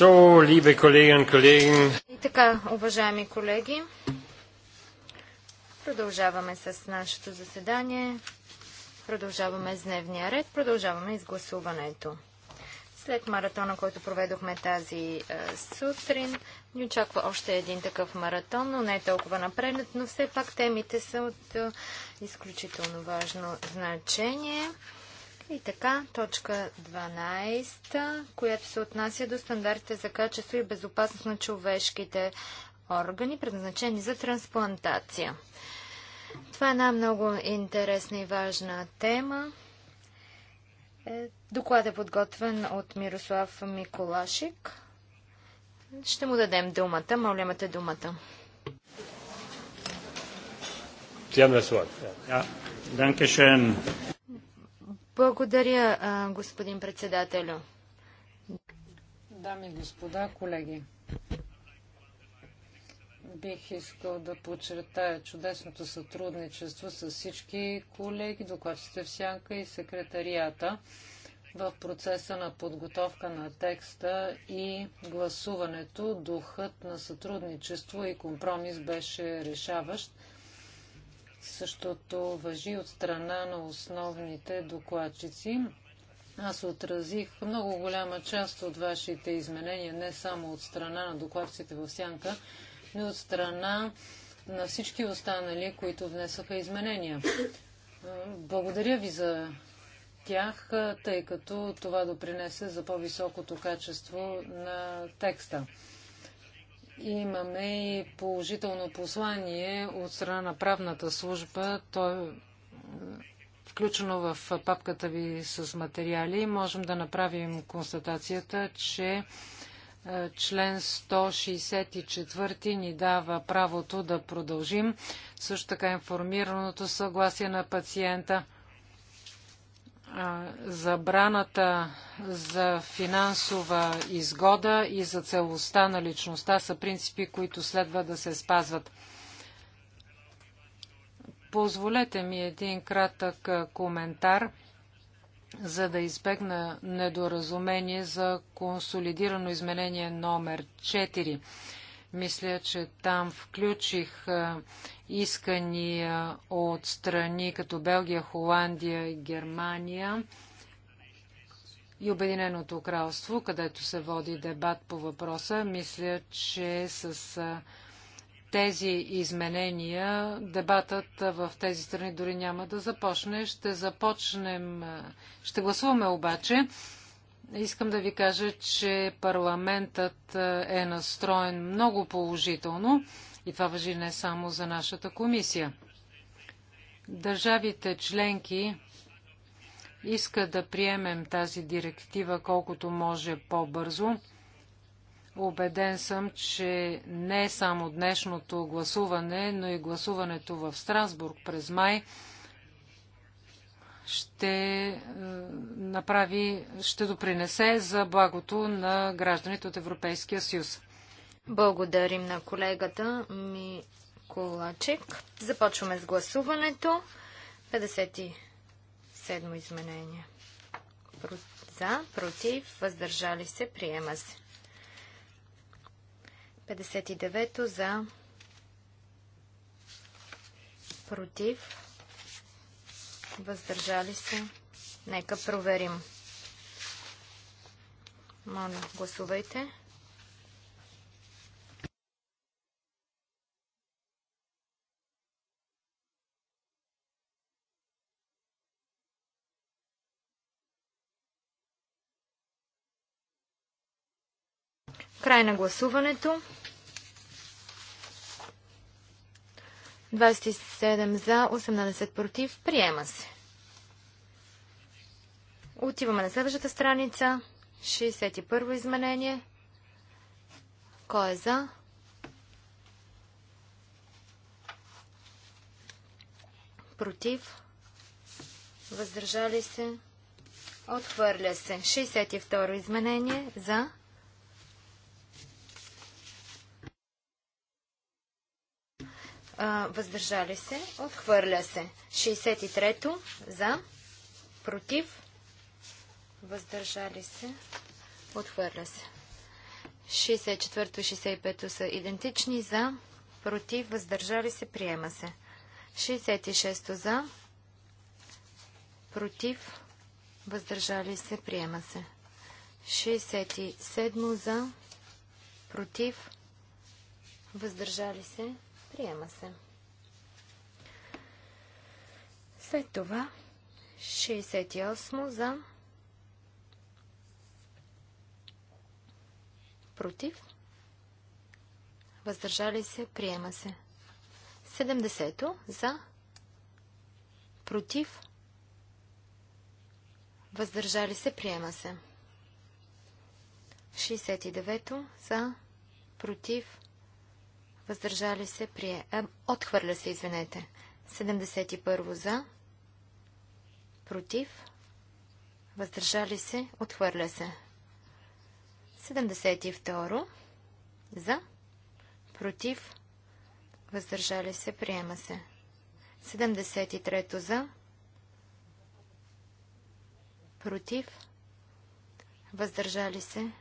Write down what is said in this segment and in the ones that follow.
So, liebe Kolleginnen und Kollegen. И така, уважаеми колеги, продължаваме с нашето заседание, продължаваме с дневния ред, продължаваме с гласуването. След маратона, който проведохме тази е, сутрин, ни очаква още един такъв маратон, но не е толкова напреднат, но все пак темите са от е, изключително важно значение. И така, точка 12, която се отнася до стандартите за качество и безопасност на човешките органи, предназначени за трансплантация. Това е една много интересна и важна тема. Е, доклад е подготвен от Мирослав Миколашик. Ще му дадем думата. Моля, имате думата. Вземам благодаря, господин председателю. Дами и господа, колеги, бих искал да подчертая чудесното сътрудничество с всички колеги, докладчите в Сянка и секретарията в процеса на подготовка на текста и гласуването. Духът на сътрудничество и компромис беше решаващ. Същото въжи от страна на основните докладчици. Аз отразих много голяма част от вашите изменения, не само от страна на докладците в Сянка, но и от страна на всички останали, които внесаха изменения. Благодаря ви за тях, тъй като това допринесе за по-високото качество на текста. Имаме и положително послание от страна на правната служба. То е включено в папката ви с материали. Можем да направим констатацията, че е, член 164 ни дава правото да продължим. Също така информираното съгласие на пациента – забраната за финансова изгода и за целостта на личността са принципи, които следва да се спазват. Позволете ми един кратък коментар, за да избегна недоразумение за консолидирано изменение номер 4. Мисля, че там включих искания от страни като Белгия, Холандия и Германия и Обединеното кралство, където се води дебат по въпроса. Мисля, че с тези изменения дебатът в тези страни дори няма да започне. Ще започнем, ще гласуваме обаче искам да ви кажа, че парламентът е, е настроен много положително и това въжи не само за нашата комисия. Държавите членки искат да приемем тази директива колкото може по-бързо. Обеден съм, че не само днешното гласуване, но и гласуването в Страсбург през май – ще е, направи, ще допринесе за благото на гражданите от Европейския съюз. Благодарим на колегата Миколачек. Започваме с гласуването. 57 изменение. За, против, въздържали се, приема се. 59 за, против, въздържали се. Нека проверим. Моля, гласувайте. Край на гласуването. 27 за, 18 против. Приема се. Отиваме на следващата страница. 61 изменение. Кой е за? Против? Въздържали се? Отхвърля се. 62 изменение. За? въздържали се, отхвърля се. 63-то за, против, въздържали се, отхвърля се. 64 и 65 са идентични за, против, въздържали се, приема се. 66 за, против, въздържали се, приема се. 67 за, против, въздържали се, приема се. След това 68 за, Против. Въздържали се. Приема се. 70 За. Против. Въздържали се. Приема се. 69 За. Против. Въздържали се. приема. отхвърля се, извинете. 71 За. Против. Въздържали се. Отхвърля се. 72 за, против, въздържали се, приема се. 73 за, против, въздържали се.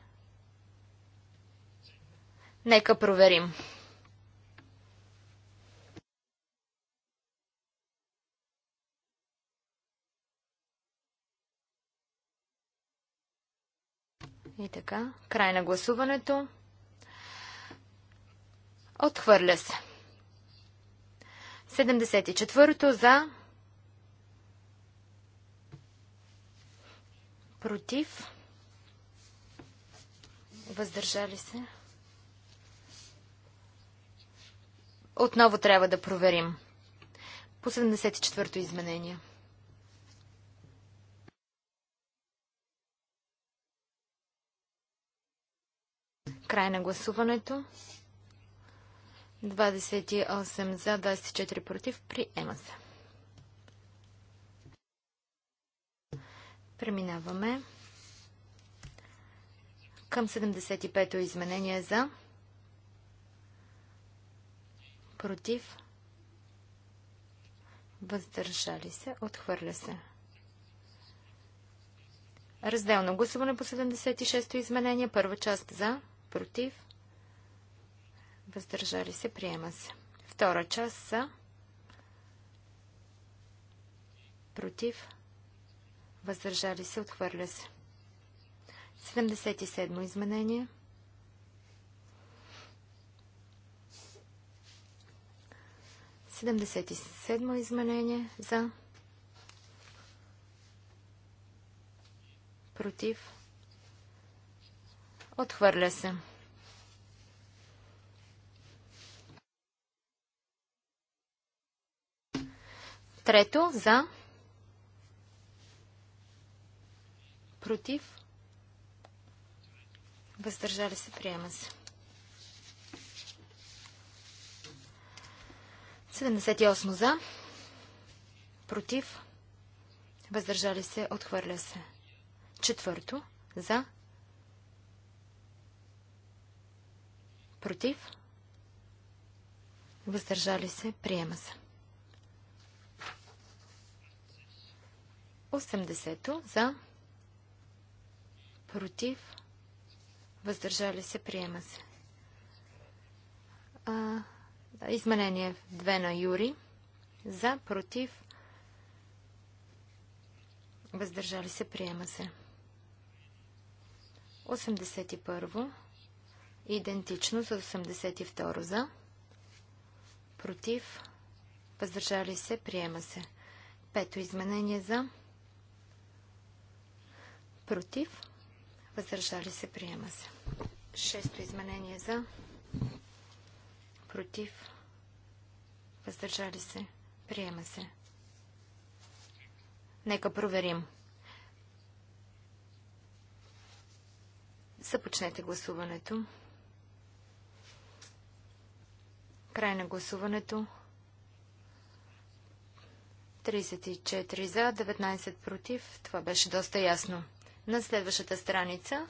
Нека проверим. И така, край на гласуването. Отхвърля се. 74-то за. Против. Въздържали се. Отново трябва да проверим. По 74-то изменение. Край на гласуването. 28 за, 24 против. Приема се. Преминаваме към 75-то изменение за против въздържали се, отхвърля се. Разделно гласуване по 76-то изменение. Първа част за против, въздържали се, приема се. Втора част са против, въздържали се, отхвърля се. 77 изменение. Седемдесет и седмо изменение за против Отхвърля се. Трето за. Против. Въздържали се. Приема се. 78 за. Против. Въздържали се. Отхвърля се. Четвърто за. Против? Въздържали се? Приема се. 80-то за. Против? Въздържали се? Приема се. А, да, изменение 2 на Юри. За, против, въздържали се, приема се. 81. Идентично с 82 за. Против. Въздържали се. Приема се. Пето изменение за. Против. Въздържали се. Приема се. Шесто изменение за. Против. Въздържали се. Приема се. Нека проверим. Започнете гласуването. Край на гласуването. 34 за, 19 против. Това беше доста ясно. На следващата страница,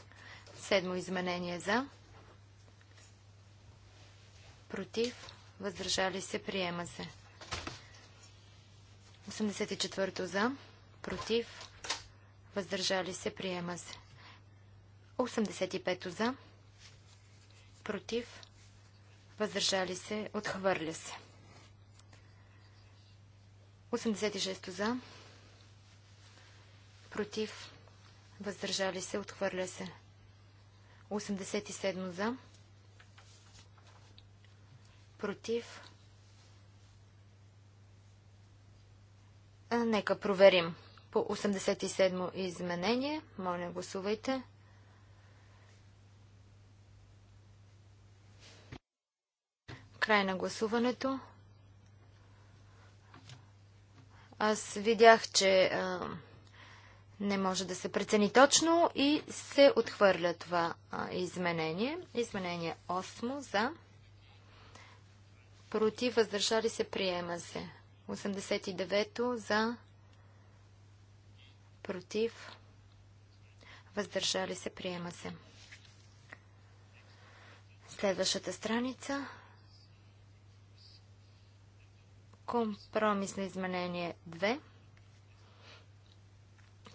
седмо изменение за, против, въздържали се, приема се. 84 за, против, въздържали се, приема се. 85 за, против, въздържали се, отхвърля се. 86 за, против, въздържали се, отхвърля се. 87 за, против. А, нека проверим. По 87 изменение, моля гласувайте. Край на гласуването. Аз видях, че а, не може да се прецени точно и се отхвърля това а, изменение. Изменение 8 за. Против, въздържали се, приема се. 89-то за. Против, въздържали се, приема се. Следващата страница Компромисно изменение 2.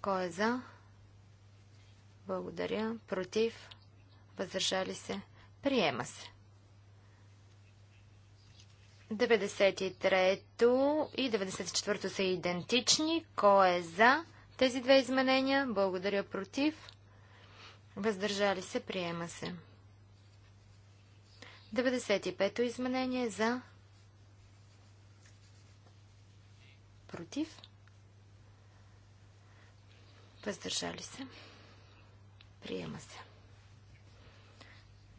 Кой е за? Благодаря. Против? Въздържали се? Приема се. 93-то и 94-то са идентични. Кой е за тези две изменения? Благодаря. Против? Въздържали се? Приема се. 95-то изменение за? против, въздържали се, приема се.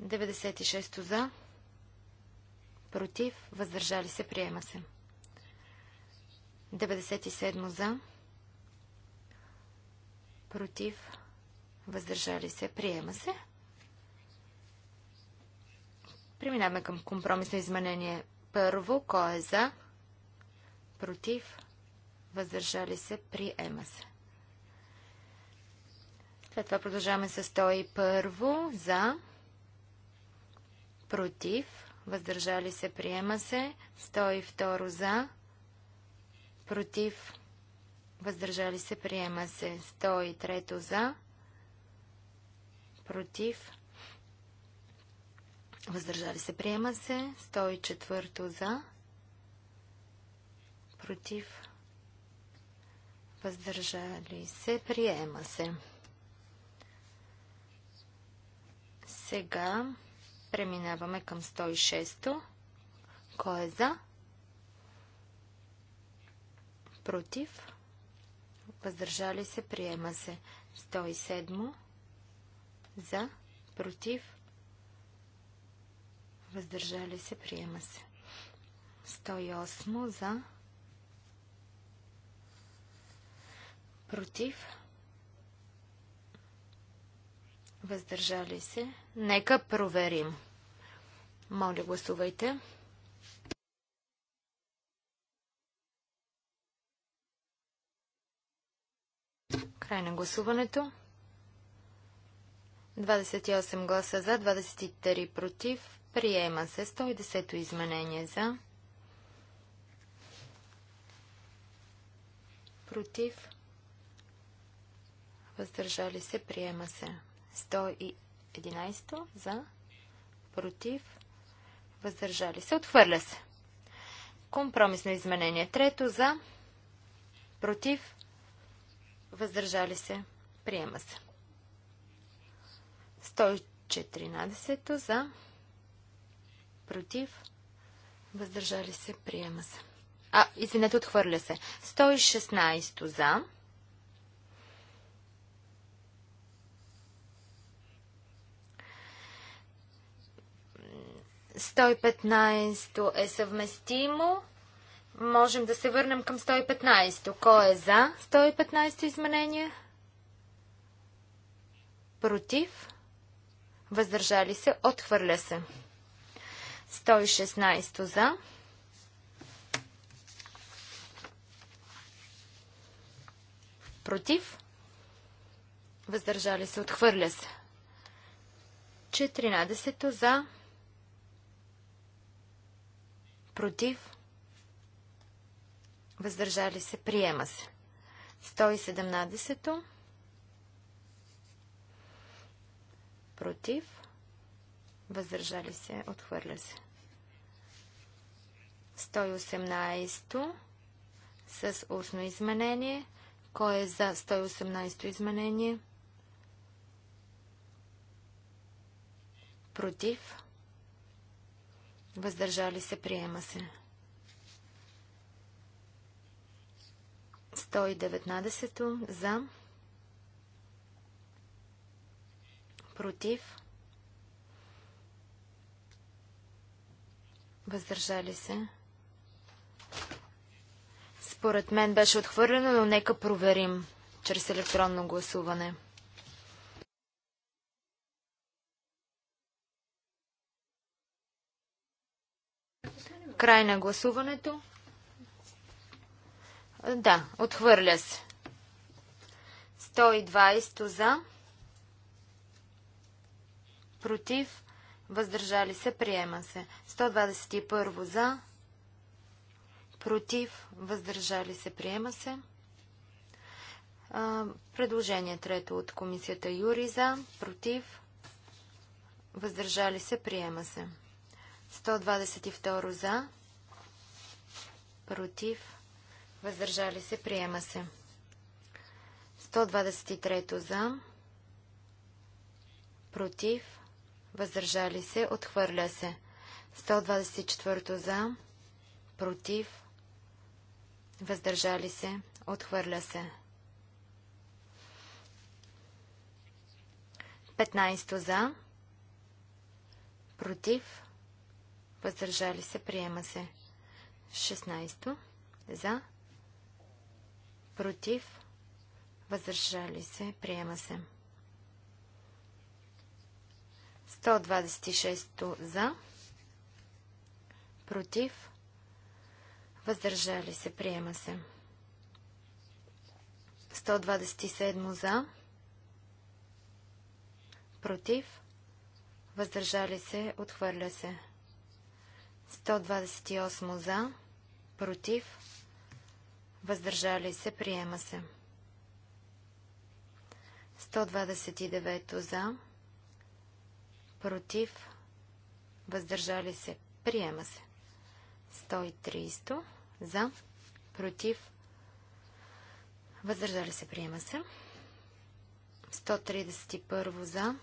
96 за, против, въздържали се, приема се. 97 за, против, въздържали се, приема се. Преминаваме към компромисно изменение. Първо, кой е за? Против? въздържали се, приема се. След това продължаваме с 101 за, против, въздържали се, приема се, 102 за, против, въздържали се, приема се, 103 за, против, въздържали се, приема се, 104 за, против, въздържали се, приема се. Сега преминаваме към 106-то. Кой е за? Против? Въздържали се, приема се. 107 За? Против? Въздържали се, приема се. 108 За? Против. Въздържали се. Нека проверим. Моля, гласувайте. Край на гласуването. 28 гласа за, 23 против. Приема се 110 изменение за. Против въздържали се, приема се. 111 за, против, въздържали се, отхвърля се. Компромисно изменение. Трето за, против, въздържали се, приема се. 114 за, против, въздържали се, приема се. А, извинете, отхвърля се. 116 за, 115 е съвместимо. Можем да се върнем към 115. Кой е за 115 изменение? Против? Въздържали се? Отхвърля се. 116 за. Против? Въздържали се? Отхвърля се. 14 за против, въздържали се, приема се. 117-то, против, въздържали се, отхвърля се. 118-то, с устно изменение. Кой е за 118-то изменение? Против, Въздържали се, приема се. 119 за. Против. Въздържали се. Според мен беше отхвърлено, но нека проверим чрез електронно гласуване. Край на гласуването. Да, отхвърля се. 120 за. Против. Въздържали се. Приема се. 121 за. Против. Въздържали се. Приема се. Предложение трето от комисията Юри за. Против. Въздържали се. Приема се. 122 за, против, въздържали се, приема се. 123 за, против, въздържали се, отхвърля се. 124 за, против, въздържали се, отхвърля се. 15 за, против, въздържали се, приема се. 16 за, против, въздържали се, приема се. 126 за, против, въздържали се, приема се. 127 за, против, въздържали се, отхвърля се. 128 за, против, въздържали се, приема се. 129 за, против, въздържали се, приема се. 130 за, против, въздържали се, приема се. 131 за,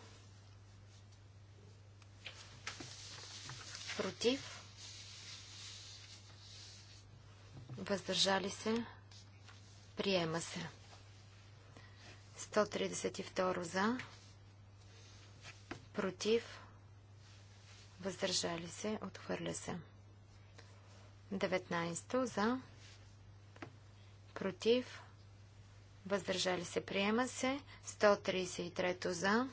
против, въздържали се, приема се. 132 за, против, въздържали се, отхвърля се. 19 за, против, въздържали се, приема се. 133 за,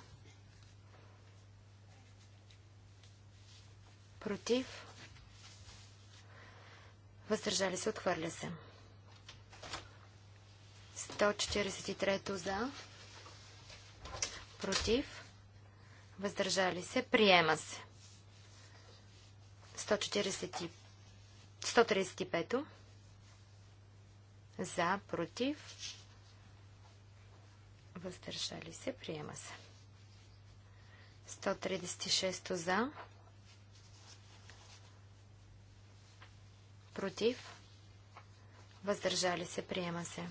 против, въздържали се, отхвърля се. 143 за, против, въздържали се, приема се. 140... 135 за, против, въздържали се, приема се. 136 за, против, въздържали се, приема се.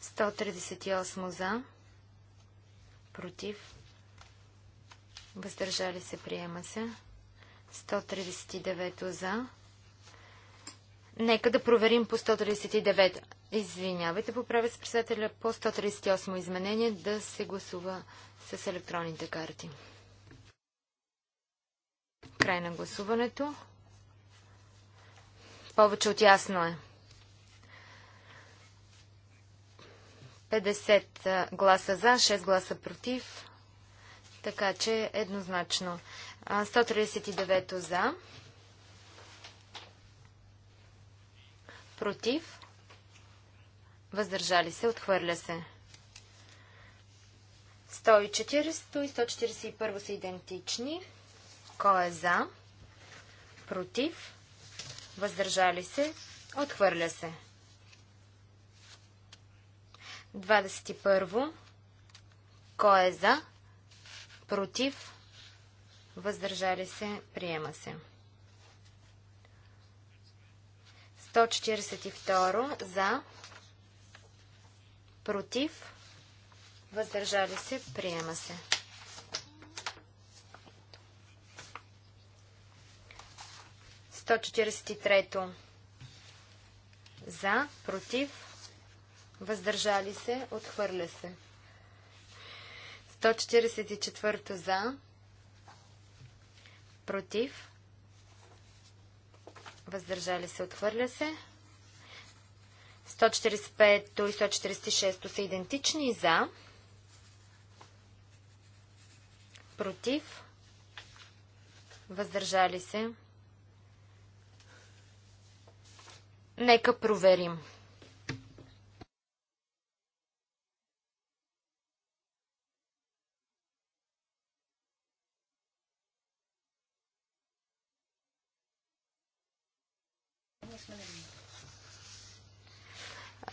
Сто за, против, въздържали се, приема се. 139 за. Нека да проверим по 139. Извинявайте, поправя с председателя по 138 изменение да се гласува с електронните карти. Край на гласуването. Повече от ясно е. 50 гласа за, 6 гласа против. Така че еднозначно. 139 за. Против. Въздържали се. Отхвърля се. 140 и 141 са идентични. Кой е за? Против? Въздържали се? Отхвърля се. 21. Кой е за? Против? Въздържали се? Приема се. 142. За? Против? Въздържали се? Приема се. 143 за, против, въздържали се, отхвърля се. 144 за, против, въздържали се, отхвърля се. 145 и 146 са идентични за, против, въздържали се, Нека проверим.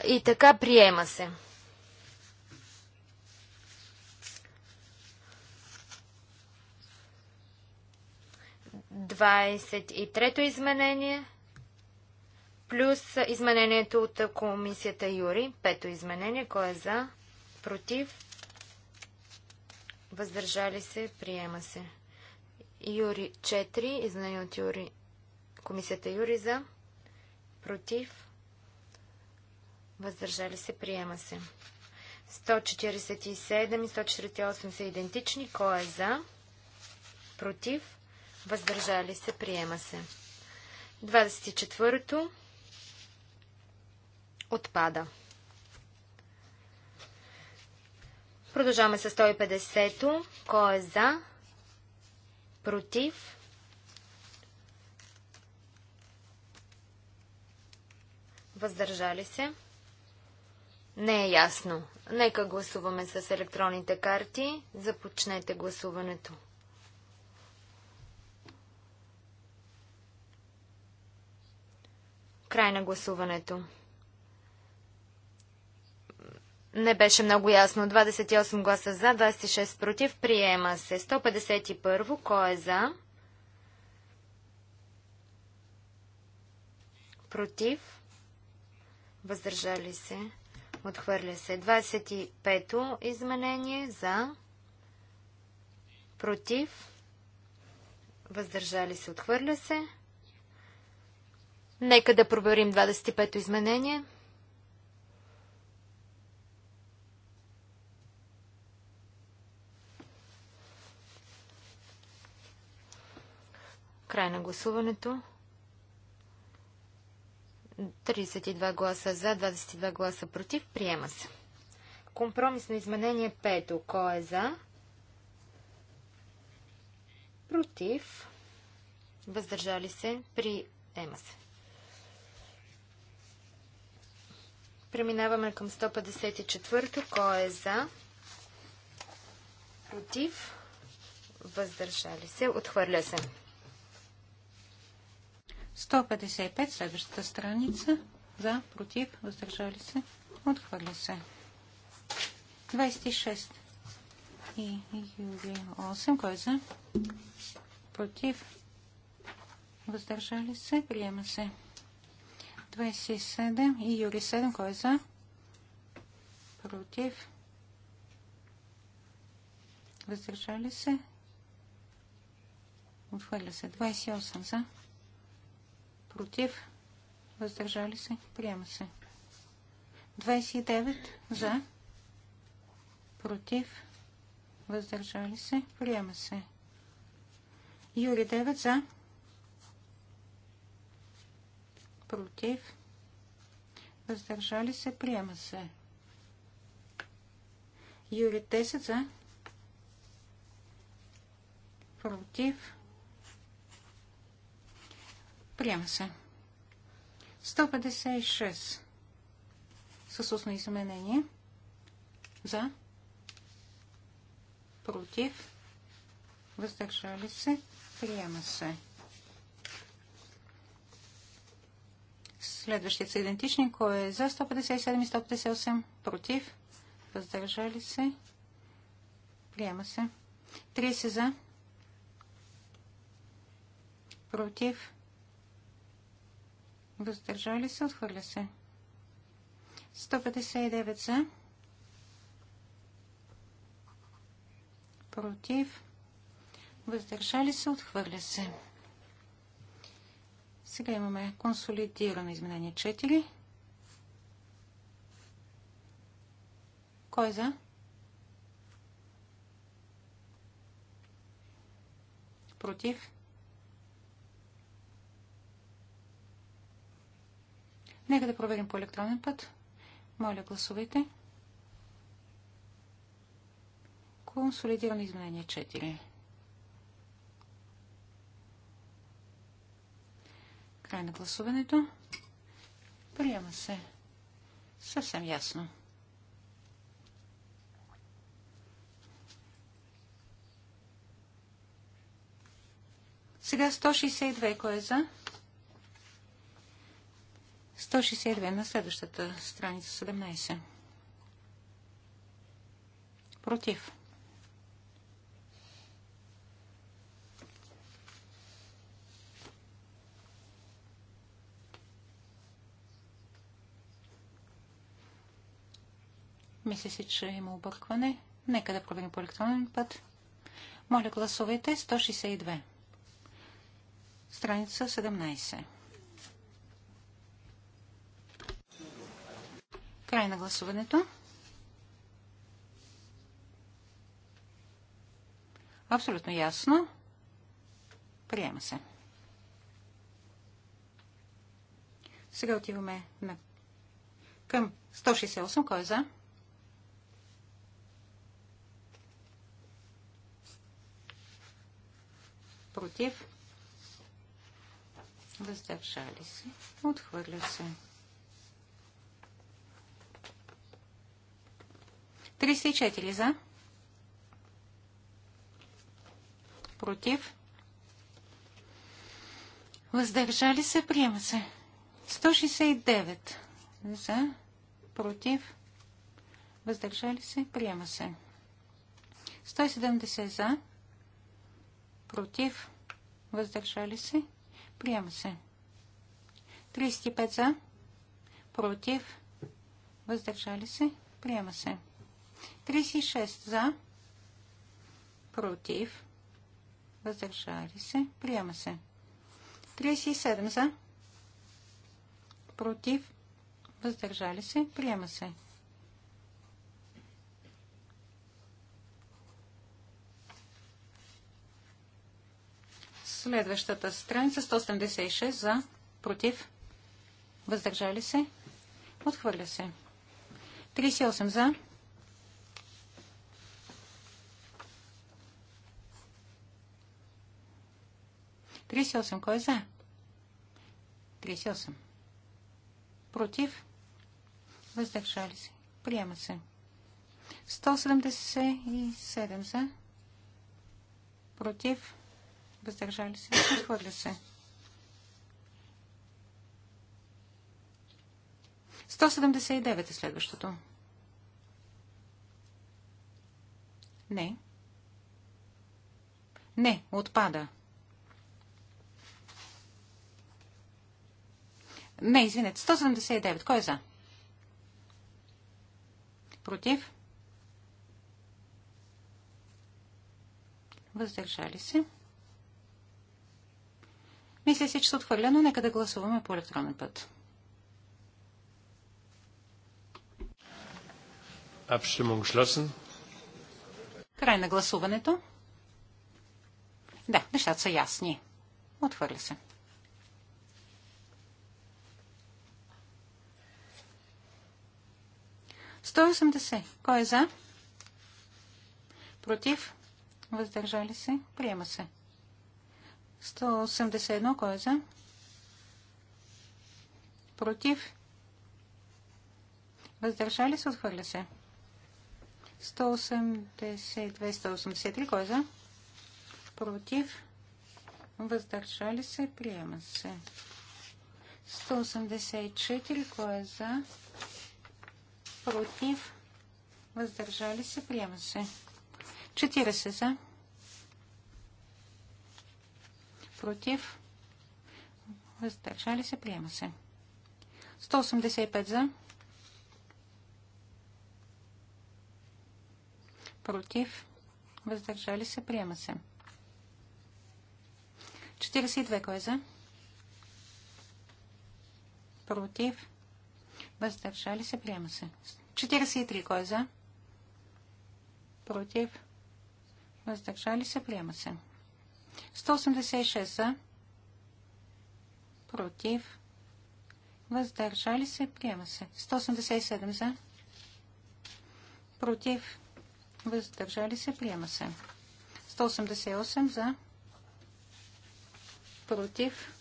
И така приема се. Двадесет и трето изменение – плюс изменението от комисията Юри. Пето изменение. Кой е за? Против? Въздържали се? Приема се. Юри 4. Изменение от Юри. Комисията Юри за? Против? Въздържали се? Приема се. 147 и 148 са идентични. Кой е за? Против? Въздържали се? Приема се. 24. то Отпада. Продължаваме с 150-то. Кой е за? Против? Въздържали се? Не е ясно. Нека гласуваме с електронните карти. Започнете гласуването. Край на гласуването не беше много ясно. 28 гласа за, 26 против. Приема се. 151. Кой е за? Против. Въздържали се. Отхвърля се. 25-то изменение за. Против. Въздържали се. Отхвърля се. Нека да проверим 25-то изменение. Край на гласуването. 32 гласа за, 22 гласа против. Приема се. Компромисно изменение 5. Кой е за? Против. Въздържали се. Приема се. Преминаваме към 154. Кой е за? Против. Въздържали се. Отхвърля се. 155, следващата страница. За, против, въздържали се, отхвърля се. 26 и Юли 8. Кой е за? Против, въздържали се, приема се. 27 и Юли 7. Кой е за? Против, въздържали се, отхвърля се. 28 за против, въздържали се, приема се. 29 за, против, въздържали се, приема се. Юри 9 за, против, въздържали се, приема се. Юри 10 за, против, Приема се. 156 с устно изменение. За. Против. Въздържали се. Приема се. Следващите са идентични. Кой е за 157 и 158? Против. Въздържали се. Приема се. 30 за. Против. Въздържали се. Отхвърля се. 159 за. Против. Въздържали се. Отхвърля се. Сега имаме консолидирано изменение 4. Кой е за? Против. Нека да проверим по електронен път. Моля, гласувайте. Консолидирано изменение 4. Край на гласуването. Приема се. Съвсем ясно. Сега 162. Кой е за? 162 на следващата страница 17. Против. Мисля си, че има объркване. Нека да проверим по електронен път. Моля, гласувайте 162. Страница 17. Край на гласуването. Абсолютно ясно. Приема се. Сега отиваме на... към 168. Кой е за? Против. Въздържали се. Отхвърля се. 34 за. Против. Въздържали се, приема се. 169 за. Против. Въздържали се, приема се. 170 за. Против. Въздържали се. Приема се. 35 за. Против. Въздържали се. Приема се. 36 за, против, въздържали се, приема се. 37 за, против, въздържали се, приема се. Следващата страница 176 за, против, въздържали се, отхвърля се. 38 за, 38. Кой е за? 38. Против? Въздържали се. Приема се. 177 за. Против? Въздържали се. Отхвърля се. 179 е следващото. Не. Не, отпада. Не, извинете, 179. Кой е за? Против? Въздържали се. Мисля си, че се отхвърля, но нека да гласуваме по електронен път. Край на гласуването. Да, нещата са ясни. Отхвърля се. 180. Кой е за? Против? Въздържали се? Приема се. 181. Кой е за? Против? Въздържали се? Отхвърля се. 182-183. Кой е за? Против? Въздържали се? Приема се. 184. Кой е за? Против? против, въздържали се, приема се. 40 за, против, въздържали се, приема се. 185 за, против, въздържали се, приема се. 42 кой е за? Против, Въздържали се. Приема се. 43. Кой е за? Против. Въздържали се. Приема се. 186 за. Против. Въздържали се. Приема се. 187 за. Против. Въздържали се. Приема се. 188 за. Против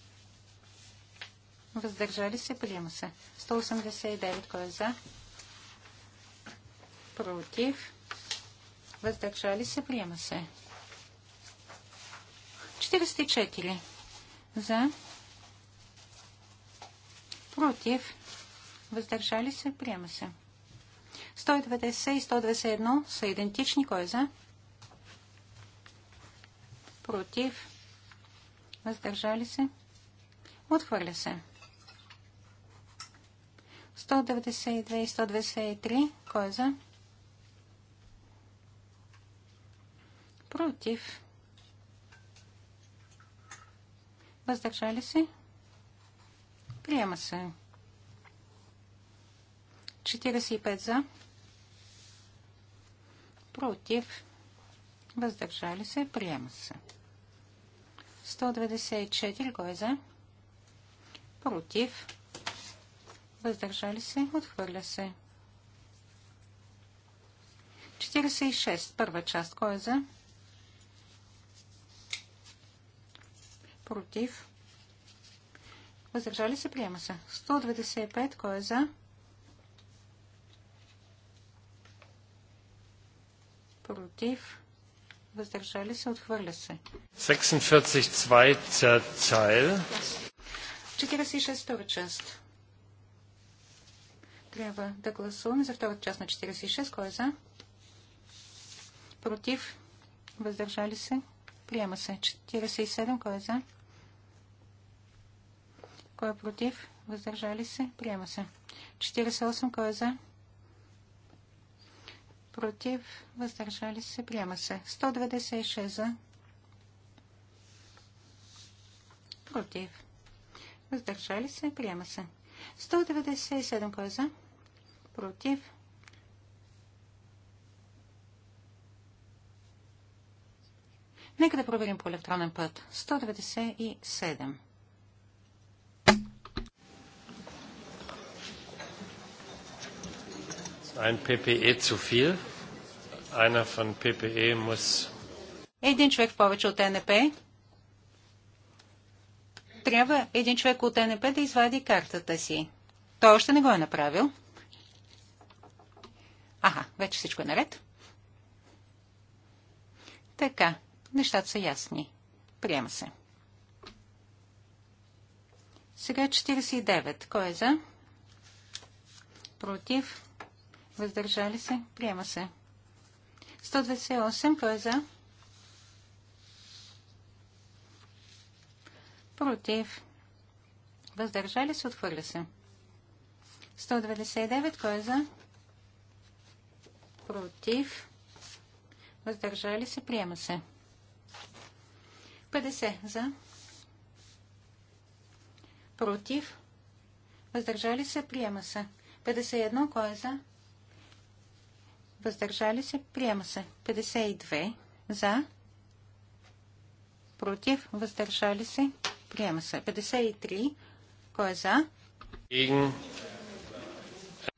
въздържали се, приема се. 189, кой е за, против, въздържали се, приема се. 44 за, против, въздържали се, приема се. 190 и 121 са идентични, кой е за, против, въздържали се, отхвърля се. 192 и 193. Кой е за? Против. Въздържали се? Приема се. 45 за. Против. Въздържали се. Приема се. 194. Кой е за? Против въздържали се, отхвърля се. 46. Първа част. Кой е за? Против. Въздържали се, приема се. 195. Кой е за? Против. Въздържали се, отхвърля се. 46. 2. 46. Втора част. Трябва да гласуваме за втората част на 46. Кой е за? Против? Въздържали се? Приема се. 47. Кой е за? Кой е против? Въздържали се? Приема се. 48. Кой е за? Против? Въздържали се? Приема се. 196 за. Против? Въздържали се? Приема се. 197. Кой е за? против, Нека да проверим по електронен път. 197. E e един човек повече от НП. Трябва един човек от НП да извади картата си. Той още не го е направил. Аха, вече всичко е наред. Така, нещата са ясни. Приема се. Сега 49. Кой е за? Против? Въздържали се? Приема се. 128. Кой е за? Против? Въздържали се? Отхвърля се. 199. Кой е за? Против? против, въздържали се, приема се. 50 за, против, въздържали се, приема се. 51, кой е за? Въздържали се, приема се. 52 за, против, въздържали се, приема се. 53, кой е за?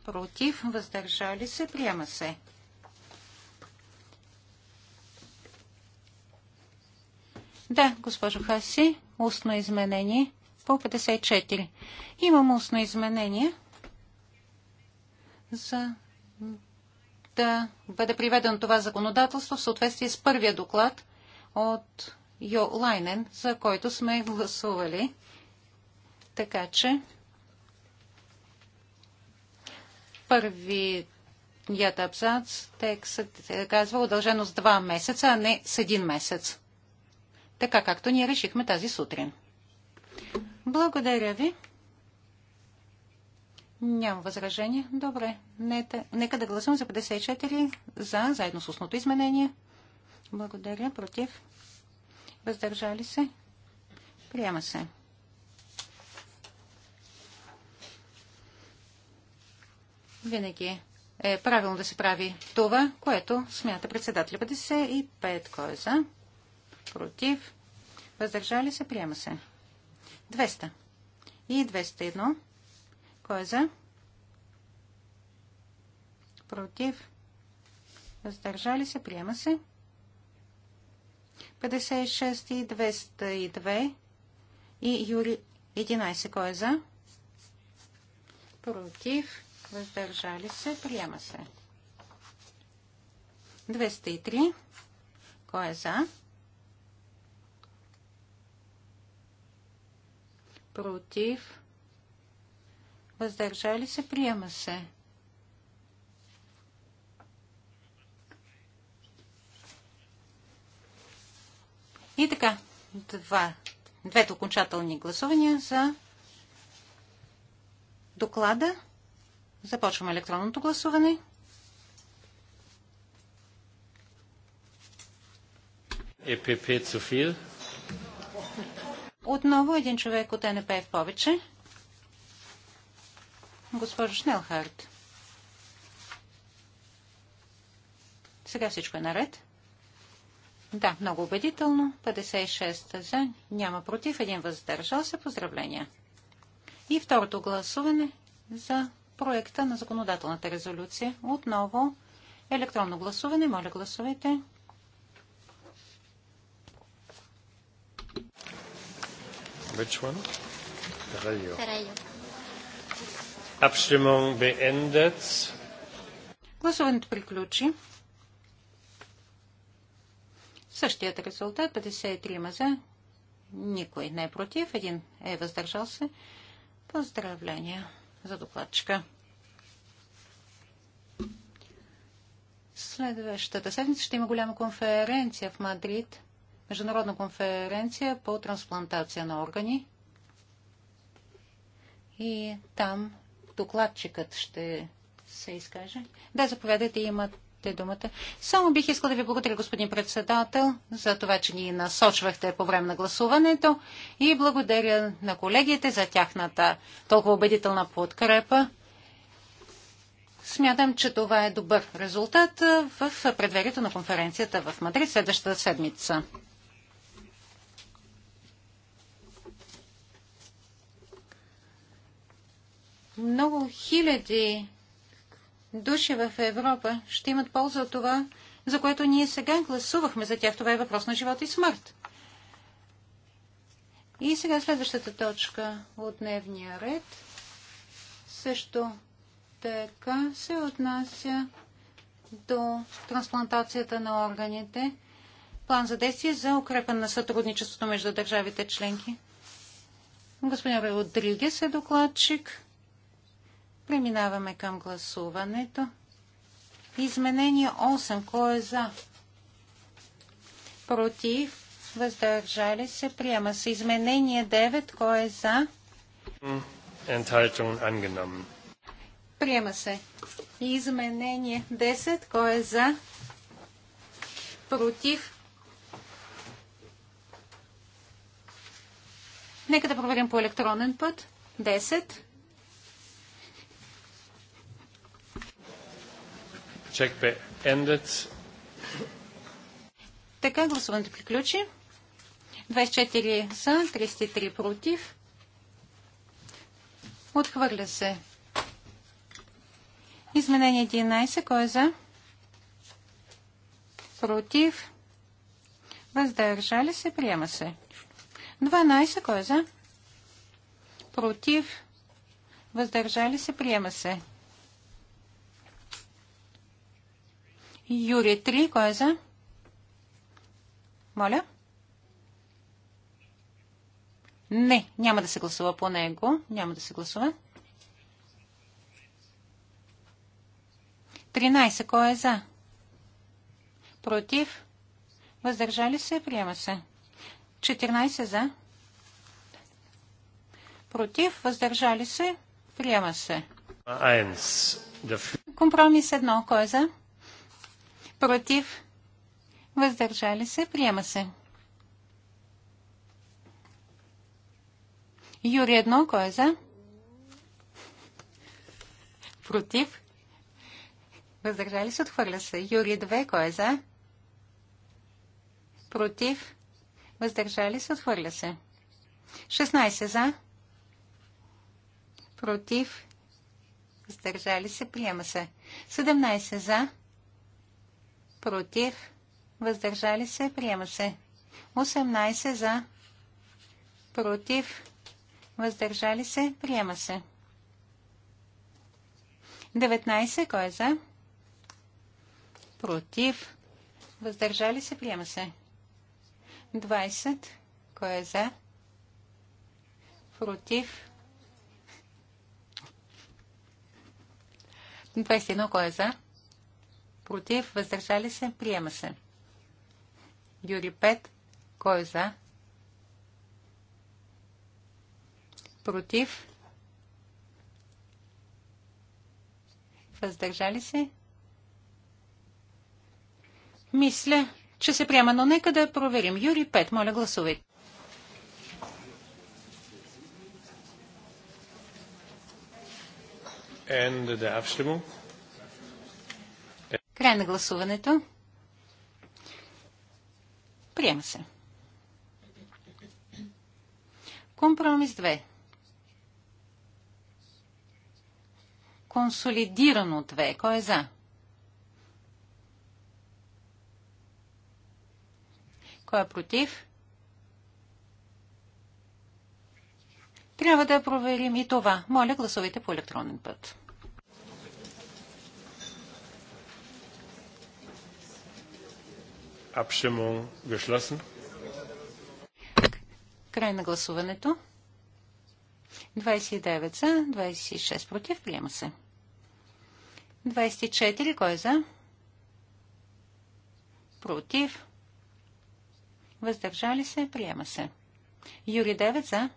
Против, въздържали се, приема се. Да, госпожо Хаси, устно изменение по 54. Имам устно изменение за да бъде приведено това законодателство в съответствие с първия доклад от Йо Лайнен, за който сме гласували. Така че първият абзац текстът е казва удължено с 2 месеца, а не с един месец така както ние решихме тази сутрин. Благодаря ви. Няма възражение. Добре. Нека, нека да гласувам за 54 за, заедно с устното изменение. Благодаря. Против. Въздържали се. Приема се. Винаги е правилно да се прави това, което смята председателя 55. Кой е за? против, въздържали се, приема се. 200 и 201. Кой е за? Против, въздържали се, приема се. 56 и 202 и Юри 11. Кой е за? Против, въздържали се, приема се. 203. Кой е за? против, въздържали се, приема се. И така, два, двете окончателни гласувания за доклада. Започваме електронното гласуване. ЕПП София. Е, отново един човек от НП е в повече. Госпожо Шнелхарт. Сега всичко е наред. Да, много убедително. 56 за, няма против, един въздържал се. Поздравления. И второто гласуване за проекта на законодателната резолюция. Отново електронно гласуване. Моля гласувайте. Which one? Abstimmung beendet. Гласуването приключи. Същият резултат 53 за, никой не е против, един е въздържал се. Поздравления за докладчика. Следващата седмица ще има голяма конференция в Мадрид – международна конференция по трансплантация на органи. И там докладчикът ще се изкаже. Да, заповядайте, имате думата. Само бих искал да ви благодаря, господин председател, за това, че ни насочвахте по време на гласуването и благодаря на колегите за тяхната толкова убедителна подкрепа. Смятам, че това е добър резултат в предверието на конференцията в Мадрид следващата седмица. много хиляди души в Европа ще имат полза от това, за което ние сега гласувахме за тях. Това е въпрос на живот и смърт. И сега следващата точка от дневния ред също така се отнася до трансплантацията на органите. План за действие за укрепване на сътрудничеството между държавите членки. Господин Родригес е докладчик. Преминаваме към гласуването. Изменение 8. Кой е за? Против? Въздържали се? Приема се. Изменение 9. Кой е за? Enthaltung angenommen. Приема се. Изменение 10. Кой е за? Против? Нека да проверим по електронен път. 10. Check ended. Така гласуването приключи. 24 за, 33 против. Отхвърля се. Изменение 11. Кой е за? Против. Въздържали се. Приема се. 12. Кой е за? Против. Въздържали се. Приема се. Юрий, 3, кой е за? Моля? Не, няма да се гласува по него. Няма да се гласува. 13. Кой е за? Против? Въздържали се? Приема се. 14 за. Против? Въздържали се? Приема се. Компромис 1. Кой е за? против, въздържали се, приема се. Юри едно, кой е за? Против. Въздържали се, отхвърля се. Юри 2, кой е за? Против. Въздържали се, отхвърля се. 16 за. Против. Въздържали се, приема се. 17 за против, въздържали се, приема се. 18 за, против, въздържали се, приема се. 19, кой е за? Против, въздържали се, приема се. 20, кой е за? Против. 21, кой е за? против, въздържали се, приема се. Юри 5, кой е за? Против, въздържали се. Мисля, че се приема, но нека да проверим. Юри 5, моля гласувайте. And the Abstimmung. Край на гласуването. Приема се. Компромис 2. Консолидирано 2. Кой е за? Кой е против? Трябва да проверим и това. Моля, гласувайте по електронен път. Abstimmung geschlossen. Край на гласуването. 29 за, 26 против. Приема се. 24. Кой е за? Против. Въздържали се. Приема се. Юри 9 за.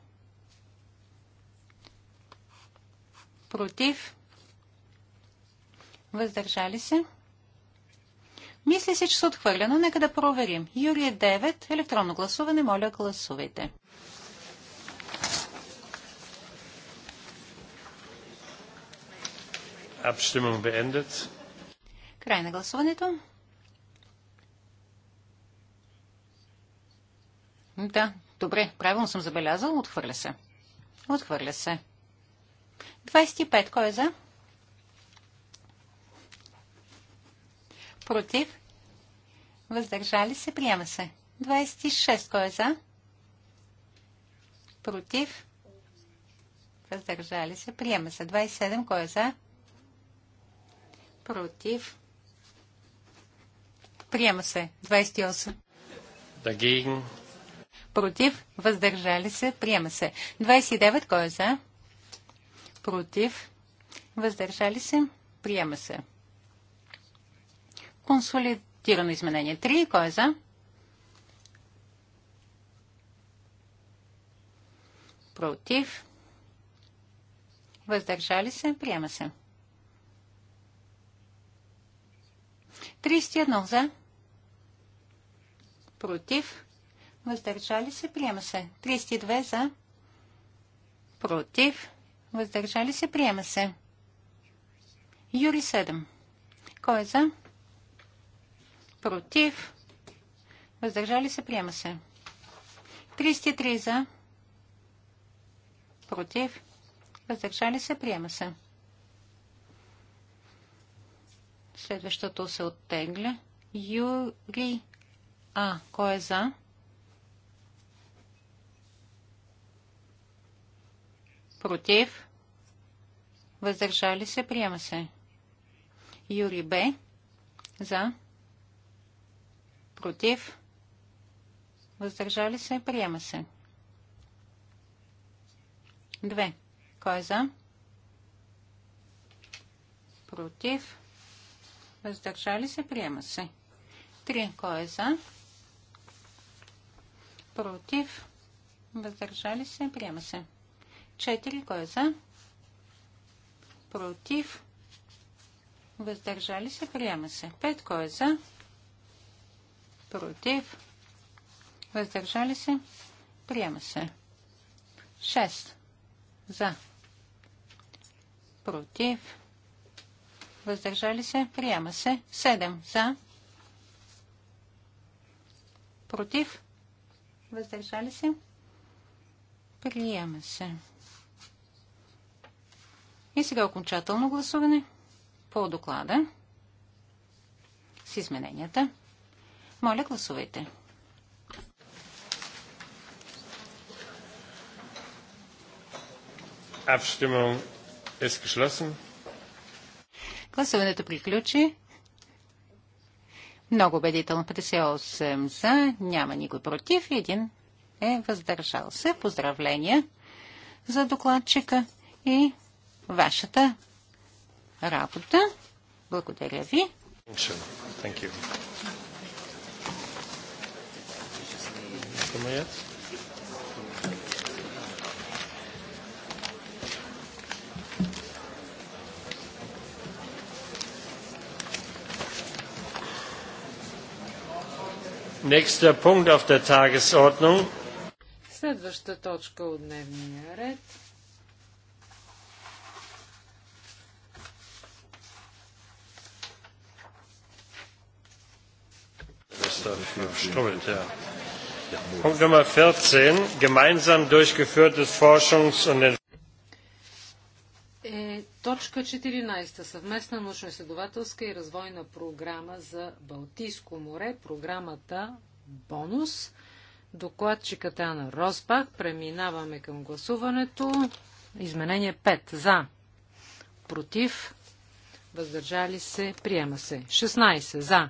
Против. Въздържали се. Мисля се, че са отхвърлено. Нека да проверим. Юрия 9. Електронно гласуване. Моля, гласувайте. beendet. Край на гласуването. Да, добре, правилно съм забелязал. Отхвърля се. Отхвърля се. 25. Кой е за? против, въздържали се, приема се. 26. Кой е за? Против, въздържали се, приема се. 27. Кой е за? Против, приема се. 28. Dagegen. Против, въздържали се, приема се. 29. Кой е за? Против, въздържали се, приема се. Консолидирано изменение 3. Кой е за? Против. Въздържали се. Приема се. 31 за. Против. Въздържали се. Приема се. 32 за. Против. Въздържали се. Приема се. Юри 7. Кой е за? против, въздържали се, приема се. 33 за, против, въздържали се, приема се. Следващото се оттегля. Юри А. Кой е за? Против. Въздържали се. Приема се. Юри Б. За против, въздържали се, приема се. 2. Кой е за? Против, въздържали се, приема се. Три, Кой е за? Против, въздържали се, приема се. Четири. Кой е за? Против, въздържали се, приема се. Пет, Кой е за? Против, против, въздържали се, приема се. 6 за, против, въздържали се, приема се. 7 за, против, въздържали се, приема се. И сега окончателно гласуване по доклада с измененията. Моля, гласувайте. Е Гласуването приключи. Много убедително 58 за, няма никой против, един е въздържал се. Поздравления за докладчика и вашата работа. Благодаря ви. Thank you. Können wir Nächster Punkt auf der Tagesordnung. Следваща точка от дневния ред. Das ist ja. Punkt Nummer 14, gemeinsam durchgeführtes Forschungs- und е, точка 14. Съвместна научно-изследователска и развойна програма за Балтийско море, програмата Бонус. Докладчикът е Ана Росбах. Преминаваме към гласуването. Изменение 5. За. Против. Въздържали се. Приема се. 16. За.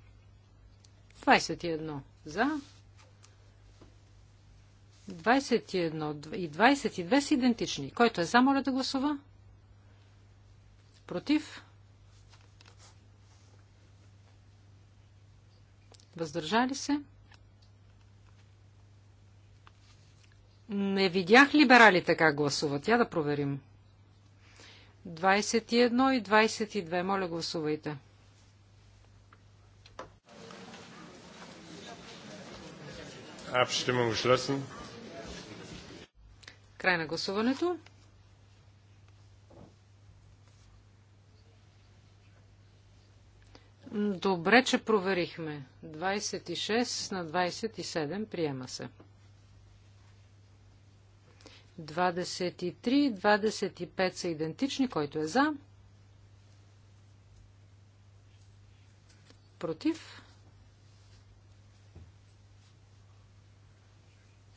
21 за. 21 и 22 са идентични. Който е за, моля да гласува. Против. Въздържали се. Не видях либералите как гласуват. Я да проверим. 21 и 22. Моля, гласувайте. 21. Abstimmung geschlossen. Край на гласуването. Добре, че проверихме. 26 на 27 приема се. 23 и 25 са идентични, който е за. Против.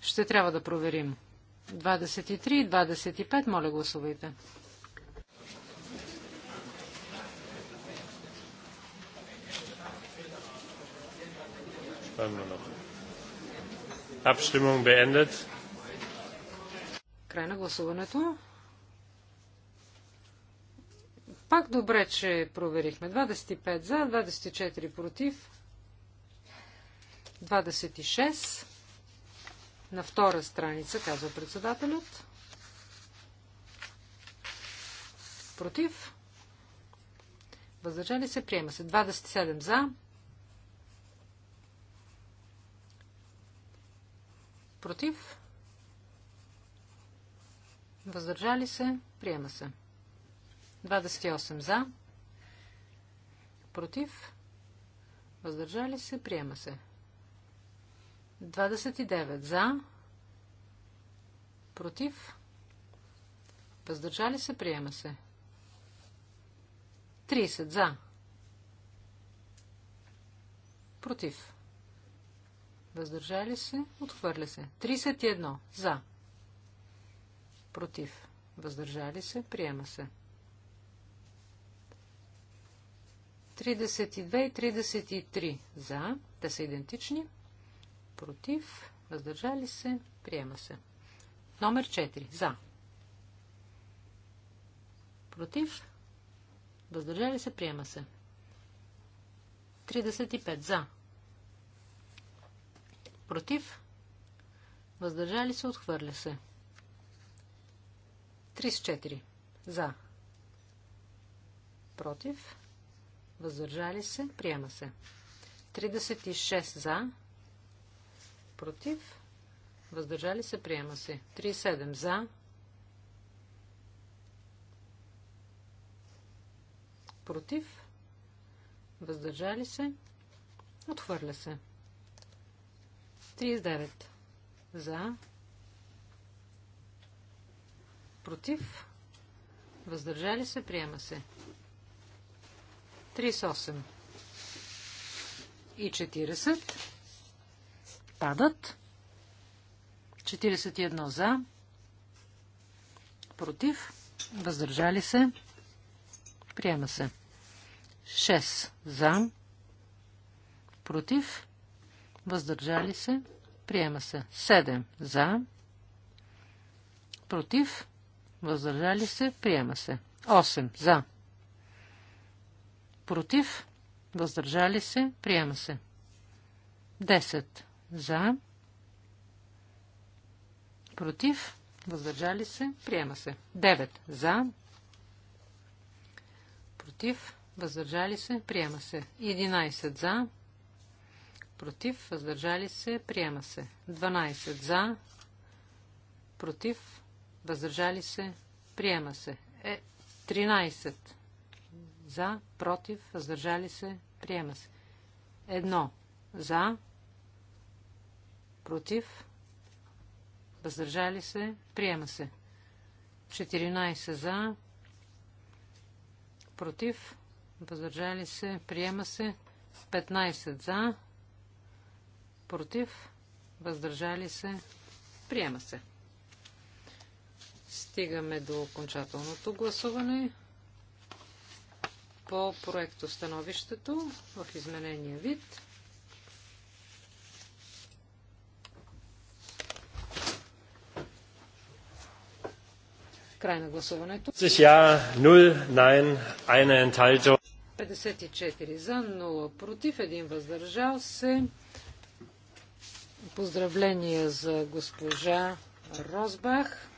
Ще трябва да проверим. 23 и 25, моля гласувайте. Abstimmung beendet. Край на гласуването. Пак добре, че проверихме. 25 за, 24 против, 26. На втора страница, казва председателят. Против. Въздържали се, приема се. 27 за. Против. Въздържали се, приема се. 28 за. Против. Въздържали се, приема се. 29 за, против, въздържали се, приема се. 30 за, против, въздържали се, отхвърля се. 31 за, против, въздържали се, приема се. 32 и 33 за, те са идентични против, въздържали се, приема се. Номер 4. За. Против, въздържали се, приема се. 35. За. Против, въздържали се, отхвърля се. 34. За. Против, въздържали се, приема се. 36 за, против, въздържали се, приема се. 37 за, против, въздържали се, отхвърля се. 39 за, против, въздържали се, приема се. 38 и 40 отпадат. 41 за, против, въздържали се, приема се. 6 за, против, въздържали се, приема се. 7 за, против, въздържали се, приема се. 8 за, против, въздържали се, приема се. 10 за. Против. Въздържали се. Приема се. 9. За. Против. Въздържали се. Приема се. 11. За. Против. Въздържали се. Приема се. 12. За. Против. Въздържали се. Приема се. Е, 13. За. Против. Въздържали се. Приема се. 1. За против, въздържали се, приема се. 14 за, против, въздържали се, приема се. 15 за, против, въздържали се, приема се. Стигаме до окончателното гласуване по становището в изменения вид. Край на гласуването. 54 за, 0 против, 1 въздържал се. Поздравления за госпожа Розбах.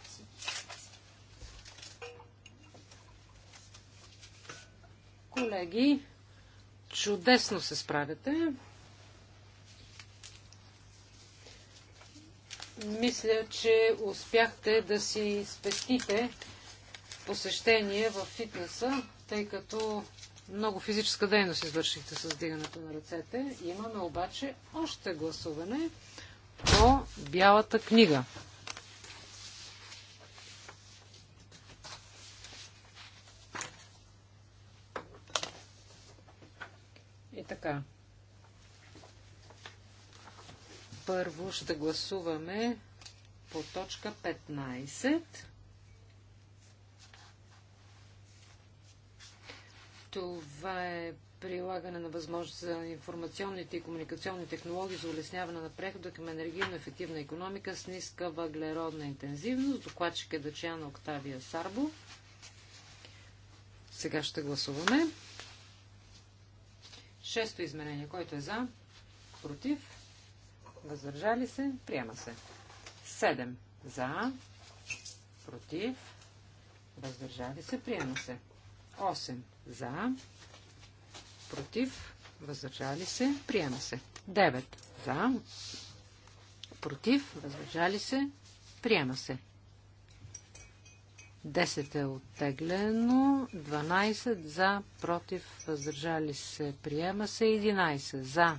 Колеги, чудесно се справяте. Мисля, че успяхте да си спестите посещение в фитнеса, тъй като много физическа дейност извършихте с дигането на ръцете. Имаме обаче още гласуване по Бялата книга. И така. Първо ще гласуваме по точка 15. Това е прилагане на възможност за информационните и комуникационни технологии за улесняване на прехода към енергийно ефективна економика с ниска въглеродна интензивност. Докладчик е Дачана Октавия Сарбо. Сега ще гласуваме. Шесто изменение. Който е за? Против? въздържали се, приема се. 7 за, против, въздържали се, приема се. 8 за, против, въздържали се, приема се. 9 за, против, въздържали се, приема се. 10 е оттеглено, 12 за, против, въздържали се, приема се, 11 за,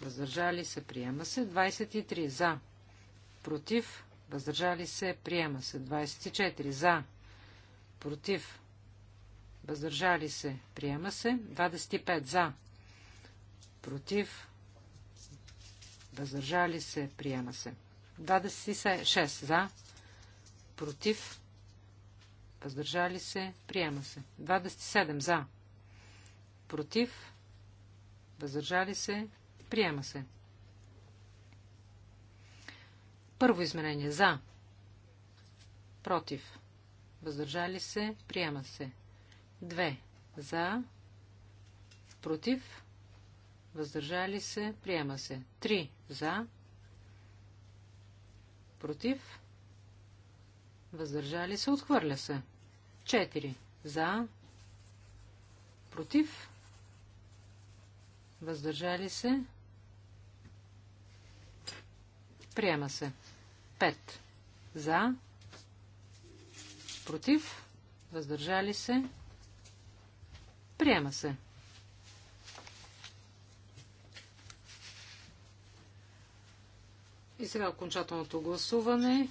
въздържали се, приема се. 23 за, против, въздържали се, приема се. 24 за, против, въздържали се, приема се. 25 за, против, въздържали се, приема се. 26 за, против, въздържали се, приема се. 27 за, против, въздържали се, Приема се. Първо изменение. За. Против. Въздържали се. Приема се. 2. За. Против. Въздържали се. Приема се. 3. За. Против. Въздържали се. Отхвърля се. Четири. За. Против. Въздържали се. Приема се. 5. За. Против. Въздържали се. Приема се. И сега окончателното гласуване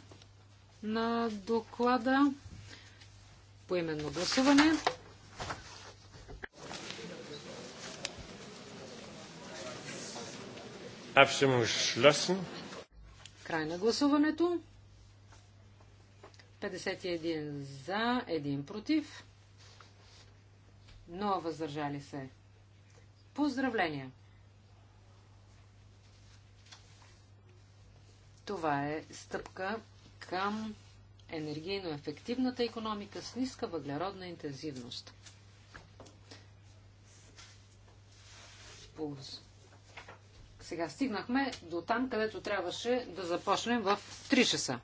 на доклада. Поименно гласуване. Абсолютно. Край на гласуването. 51 за, 1 против, Но въздържали се. Поздравления! Това е стъпка към енергийно ефективната економика с ниска въглеродна интензивност. Пулс. Сега стигнахме до там, където трябваше да започнем в 3 часа.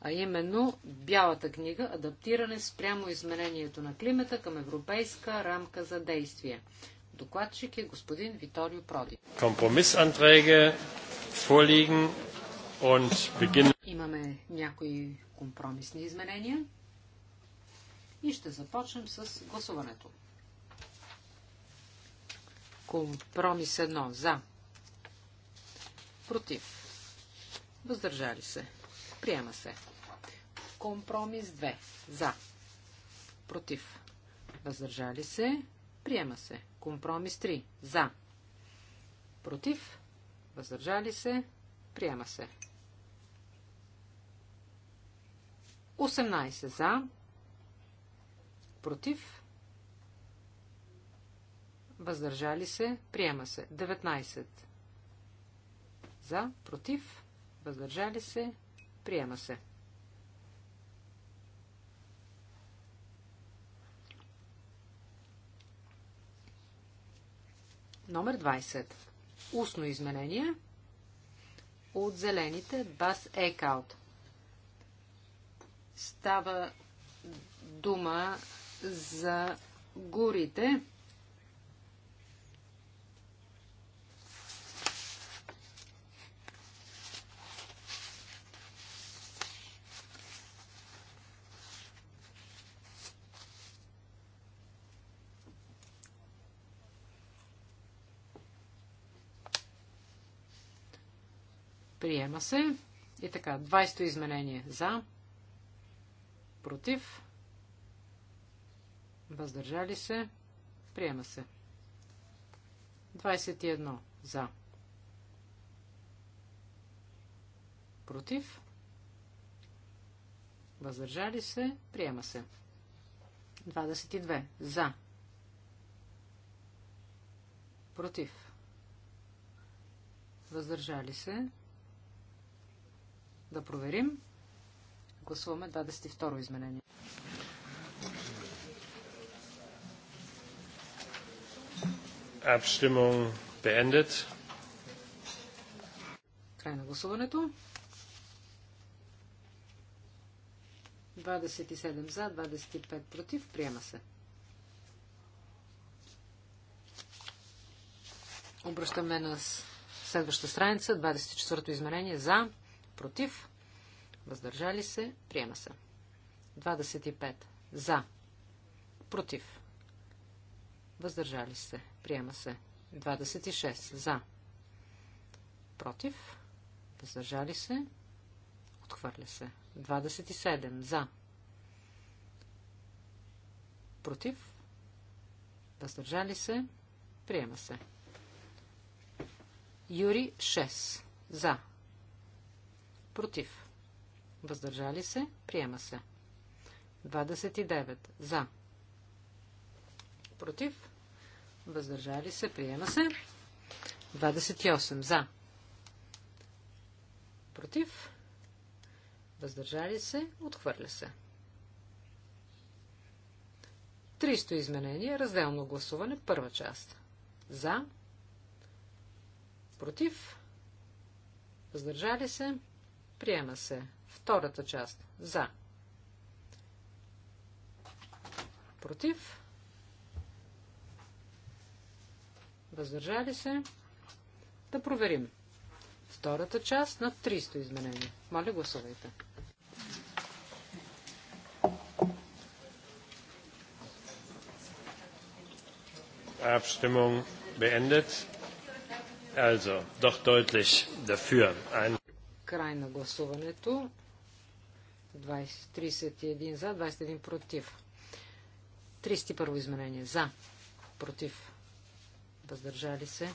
А именно Бялата книга Адаптиране спрямо изменението на климата към европейска рамка за действие. Докладчик е господин Виторио Проди. Компромисантреге vorliegen und Имаме някои компромисни изменения и ще започнем с гласуването. Компромис 1. За. Против. Въздържали се. Приема се. Компромис 2. За. Против. Въздържали се. Приема се. Компромис 3. За. Против. Въздържали се. Приема се. 18 за. Против. Въздържали се. Приема се. 19 за, против, въздържали се, приема се. Номер 20. Устно изменение от зелените бас екаут. Става дума за горите. Приема се. И така, 20-то изменение за, против, въздържали се, приема се. 21 за, против, въздържали се, приема се. 22 за, против, въздържали се, да проверим. Гласуваме 22 изменение. Abstimmung beendet. Край на гласуването. 27 за, 25 против. Приема се. Обръщаме на следваща страница. 24-то изменение за против, въздържали се, приема се. 25. За, против, въздържали се, приема се. 26. За, против, въздържали се, отхвърля се. 27. За, против, въздържали се, приема се. Юри 6. За. Против. Въздържали се. Приема се. 29. За. Против. Въздържали се. Приема се. 28. За. Против. Въздържали се. Отхвърля се. 300 изменения, Разделно гласуване. Първа част. За. Против. Въздържали се. Приема се. Втората част. За. Против. Въздържали се. Да проверим. Втората част на 300 изменения. Моля, гласувайте. Abstimmung beendet. Also, doch deutlich dafür. Ein Край на гласуването. 31 за, 21 против. 31 изменение. За. Против. Въздържали се.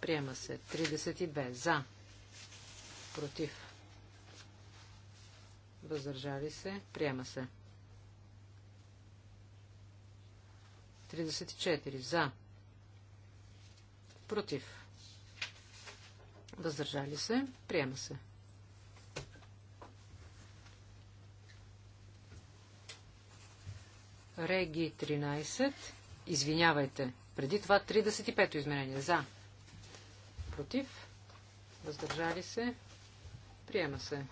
Приема се. 32. За. Против. Въздържали се. Приема се. 34. За. Против. Въздържали се. Приема се. Реги 13. Извинявайте. Преди това 35-то изменение. За. Против. Въздържали се. Приема се.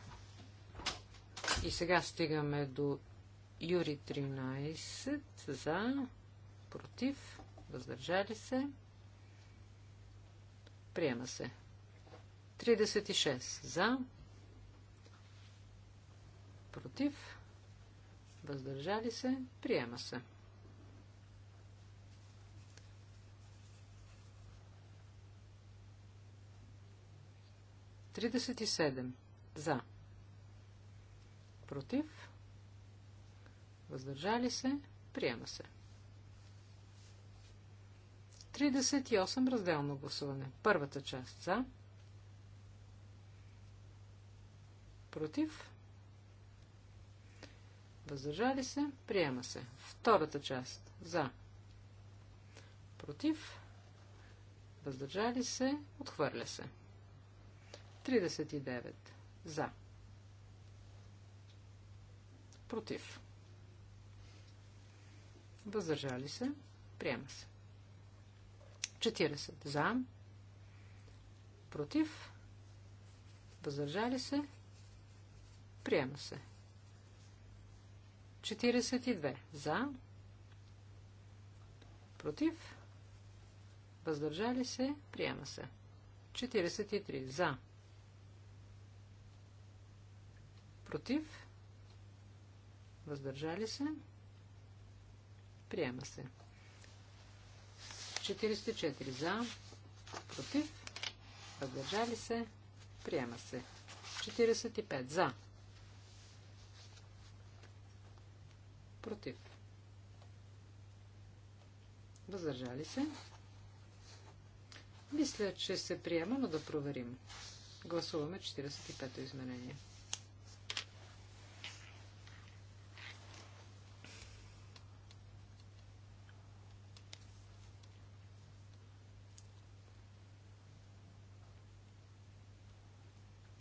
И сега стигаме до Юри 13. За. Против. Въздържали се. Приема се. 36. За. Против въздържали се, приема се. Тридесет и седем. За. Против. Въздържали се. Приема се. 38 разделно гласуване. Първата част за. Против. Въздържали се? Приема се. Втората част. За. Против. Въздържали се? Отхвърля се. 39. За. Против. Въздържали се? Приема се. 40. За. Против. Въздържали се? Приема се. 42. За. Против. Въздържали се. Приема се. 43. За. Против. Въздържали се. Приема се. 44. За. Против. Въздържали се. Приема се. 45. За. въздържали се. Мисля, че се приема, но да проверим. Гласуваме 45-то изменение.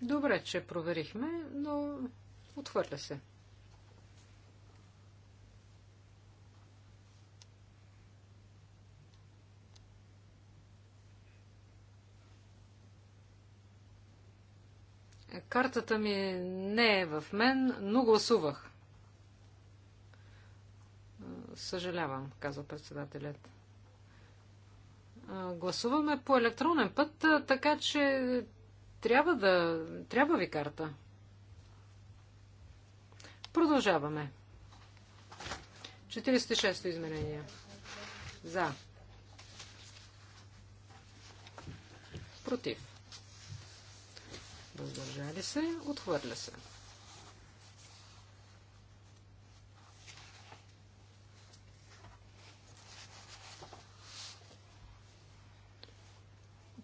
Добре, че проверихме, но отхвърля се. Картата ми не е в мен, но гласувах. Съжалявам, казва председателят. Гласуваме по електронен път, така че трябва да... Трябва ви карта. Продължаваме. 46-то изменение. За. Против въздържали се, отхвърля се.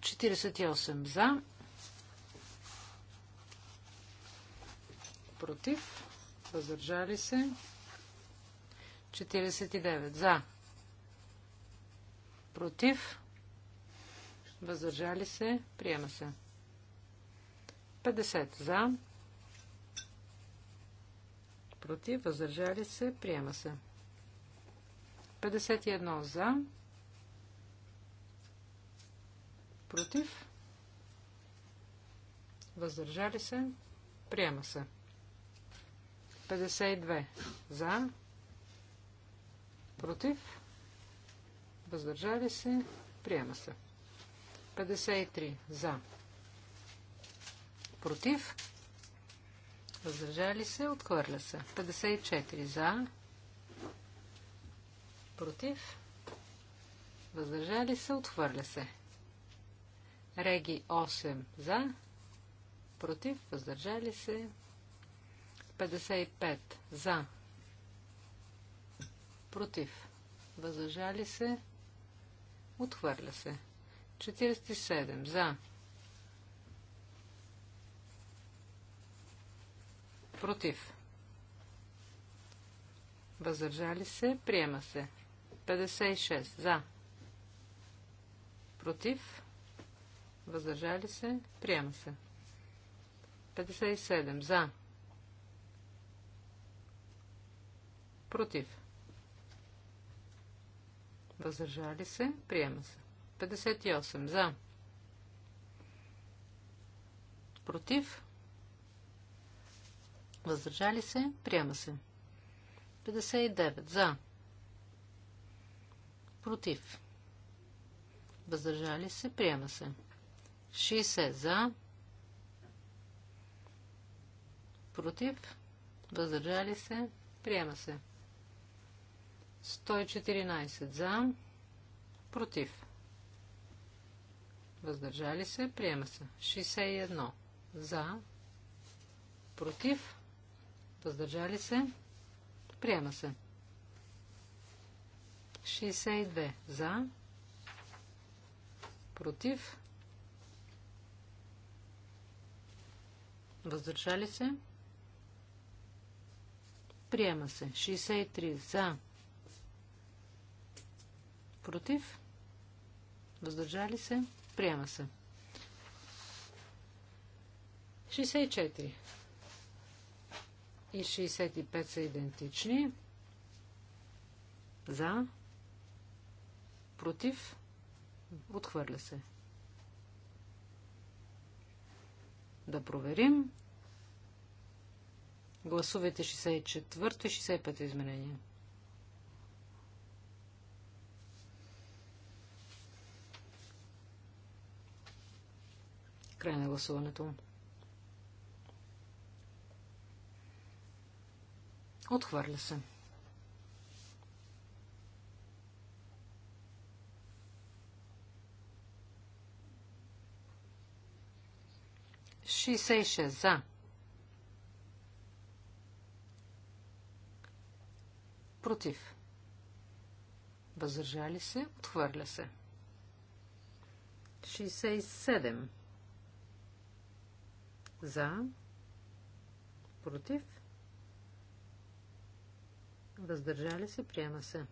Четиридесет и осем за, против, въздържали се, 49 за, против, въздържали се, приема се. 50 за. Против. Въздържали се. Приема се. 51 за. Против. Въздържали се. Приема се. 52 за. Против. Въздържали се. Приема се. 53 за против, въздържали се, отхвърля се. 54 за, против, въздържали се, отхвърля се. Реги 8 за, против, въздържали се. 55 за, против, въздържали се, отхвърля се. 47 за, Против. Въздържали се. Приема се. 56. За. Против. Въздържали се. Приема се. 57. За. Против. Въздържали се. Приема се. 58. За. Против. Въздържали се? Приема се. 59. За. Против. Въздържали се? Приема се. 60. За. Против. Въздържали се? Приема се. 114. За. Против. Въздържали се? Приема се. 61. За. Против. Въздържали се. Приема се. 62 за. Против. Въздържали се. Приема се. 63 за. Против. Въздържали се. Приема се. 64 и 65 са идентични. За. Против. Отхвърля се. Да проверим. Гласувайте 64 и 65 изменения. Край на гласуването. Отхвърля се. Шисей ше за. Против. Въздържали се. Отхвърля се. 67. За. Против въздържали се, приема се.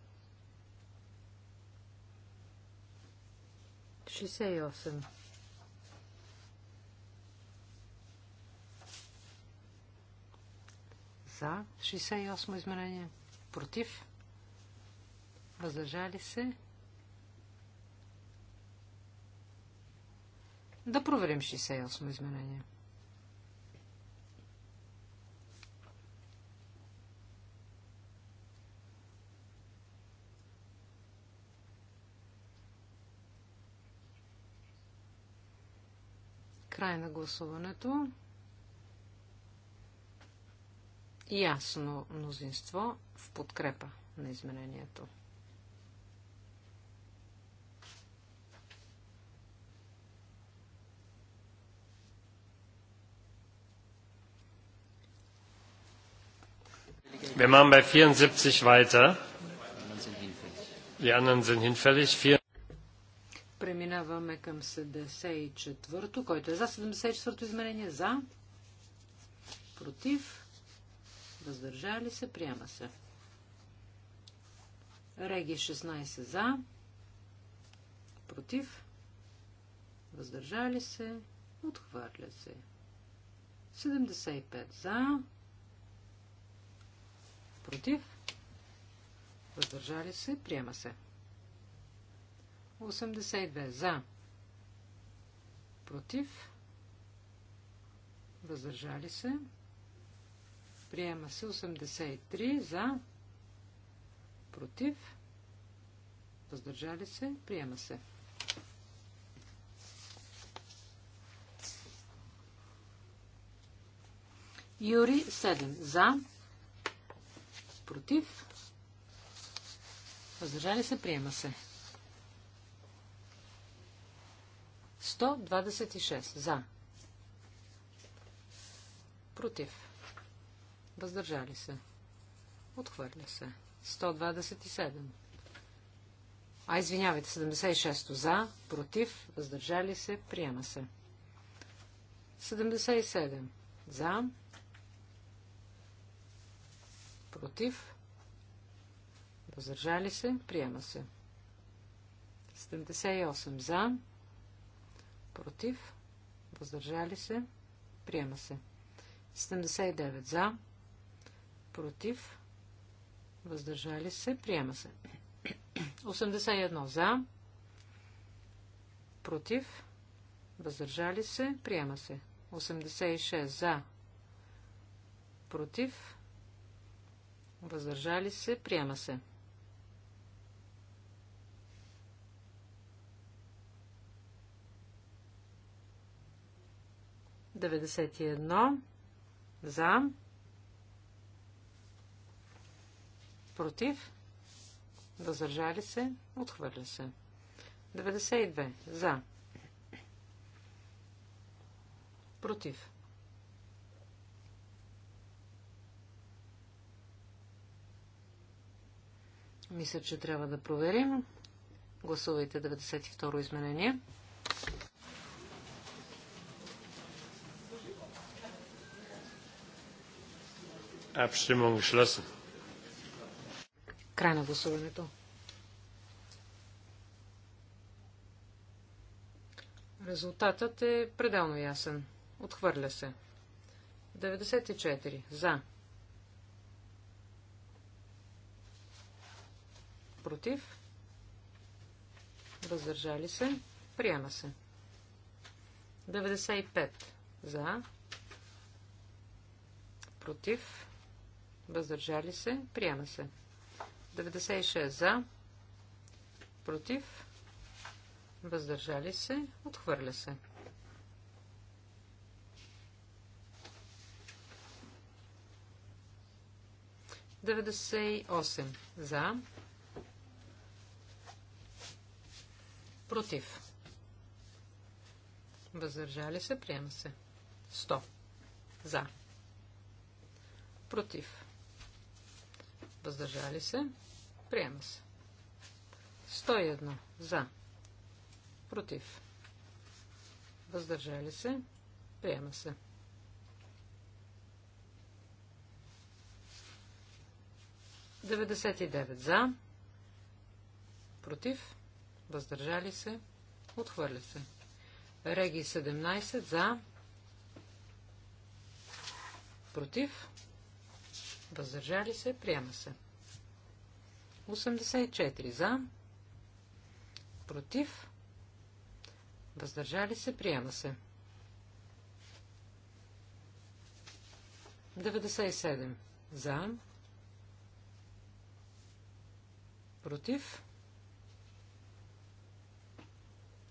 68. За 68 измерение. Против. Въздържали се. Да проверим 68 измерение. Край на гласуването. Ясно мнозинство в подкрепа на изменението. Wir machen bei 74 weiter. Die anderen sind hinfällig. Преминаваме към 74-то, който е за 74-то изменение. За. Против. Въздържали се. Приема се. Реги 16 за. Против. Въздържали се. Отхвърля се. 75 за. Против. Въздържали се. Приема се. 82 за. Против. Въздържали се. Приема се 83 за. Против. Въздържали се. Приема се. Юри 7 за. Против. Въздържали се. Приема се. 126 за. Против. Въздържали се. Отхвърля се. 127. А, извинявайте, 76 за, против, въздържали се, приема се. 77 за, против, въздържали се, приема се. 78 за, против, въздържали се, приема се. 79 за, против, въздържали се, приема се. 81 за, против, въздържали се, приема се. 86 за, против, въздържали се, приема се. 91 за, против, въздържали се, отхвърля се. 92 за, против. Мисля, че трябва да проверим. Гласувайте 92 изменение. Abstimmung geschlossen. Край на гласуването. Резултатът е пределно ясен. Отхвърля се. 94. За. Против. Въздържали се. Приема се. 95. За. Против въздържали се, приема се. 96 за, против, въздържали се, отхвърля се. Деведесет за, против, въздържали се, приема се. 100 за, против, въздържали се, приема се. 101 за, против, въздържали се, приема се. 99 за, против, въздържали се, отхвърля се. Реги 17 за, против, Въздържали се. Приема се. 84 за. Против. Въздържали се. Приема се. 97 за. Против.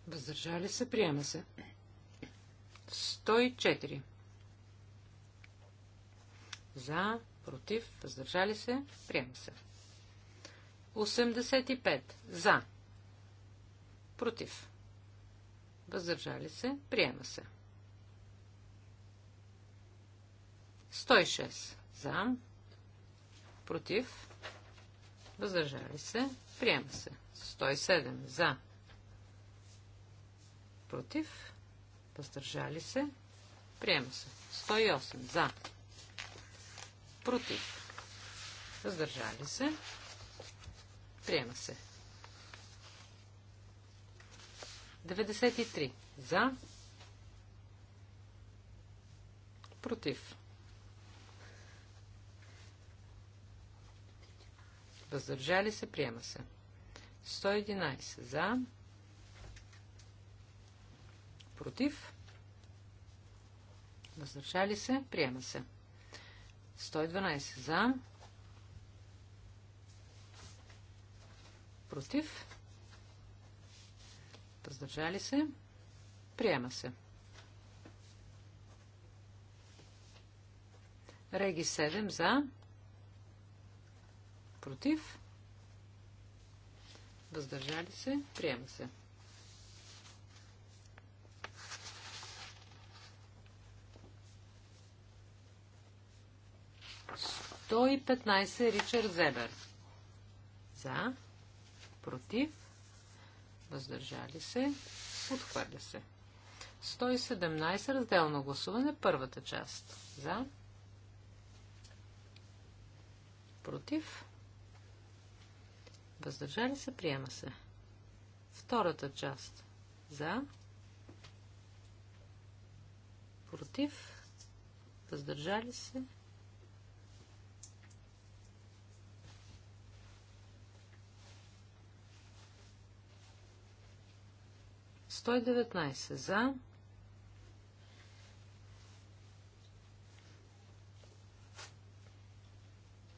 Въздържали се. Приема се. 104 за против, въздържали се, приема се. 85 за, против, въздържали се, приема се. 106 за, против, въздържали се, приема се. 107 за, против, въздържали се, приема се. 108 за, Против. Въздържали се. Приема се. 93. За. Против. Въздържали се. Приема се. 111. За. Против. Въздържали се. Приема се. 112 за. Против. Въздържали се. Приема се. Реги 7 за. Против. Въздържали се. Приема се. 115 Ричард Зебер. За. Против. Въздържали се. Отхвърля се. 117 разделно гласуване. Първата част. За. Против. Въздържали се. Приема се. Втората част. За. Против. Въздържали се. 119 за.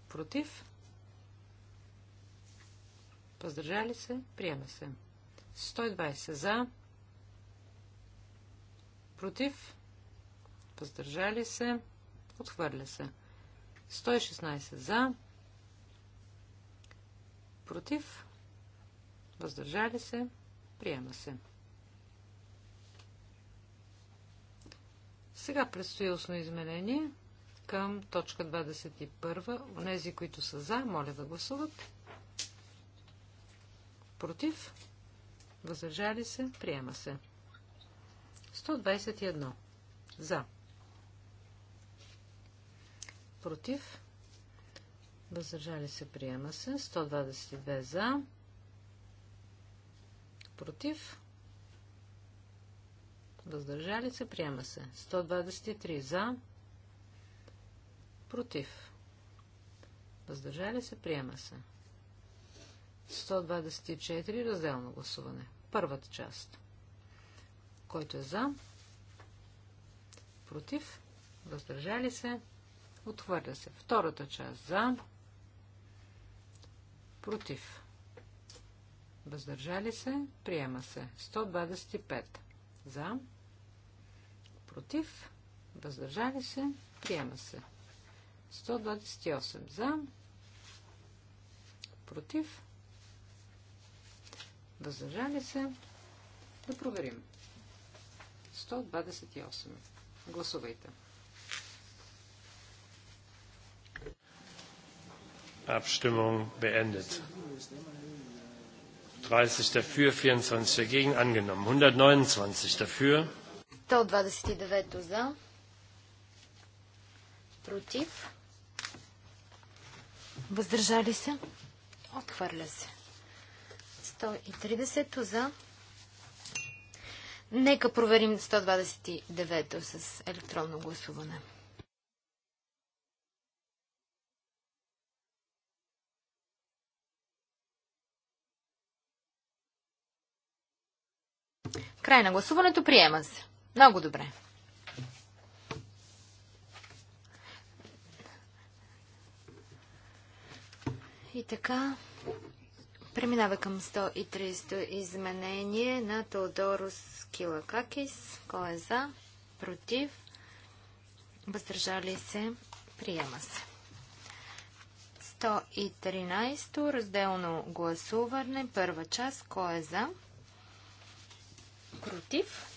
Против. Въздържали се. Приема се. 120 за. Против. Въздържали се. Отхвърля се. 116 за. Против. Въздържали се. Приема се. Сега предстои устно измерение към точка 21. Онези, които са за, моля да гласуват. Против? Въздържали се? Приема се. 121. За. Против? Въздържали се? Приема се. 122 за. Против? Въздържали се. Приема се. 123 за. Против. Въздържали се. Приема се. 124. Разделно гласуване. Първата част. Който е за. Против. Въздържали се. Отхвърля се. Втората част за. Против. Въздържали се. Приема се. 125. За против, въздържали се, приема се. 128 за, против, въздържали се, да проверим. 128. Гласувайте. Abstimmung beendet. 30 dafür, 24 dagegen angenommen. 129 dafür, 129 за. Против. Въздържали се. Отхвърля се. 130 за. Нека проверим 129 с електронно гласуване. Край на гласуването приема се. Много добре. И така, преминава към 130 изменение на Теодорус Килакакис. Кой е за? Против? Въздържали се? Приема се. 113 разделно гласуване. Първа част. Кой е за? Против?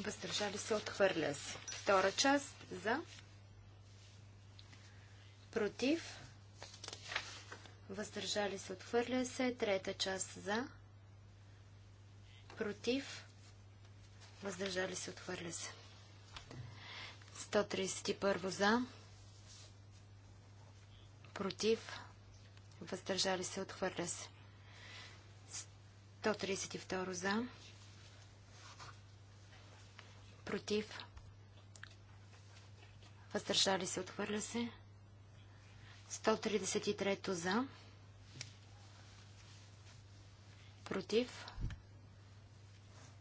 въздържали се, отхвърля се. Втора част за, против, въздържали се, отхвърля се. Трета част за, против, въздържали се, отхвърля се. 131 за, против, въздържали се, отхвърля се. 132 за, против, въздържали се, отхвърля се. 133 то за, против,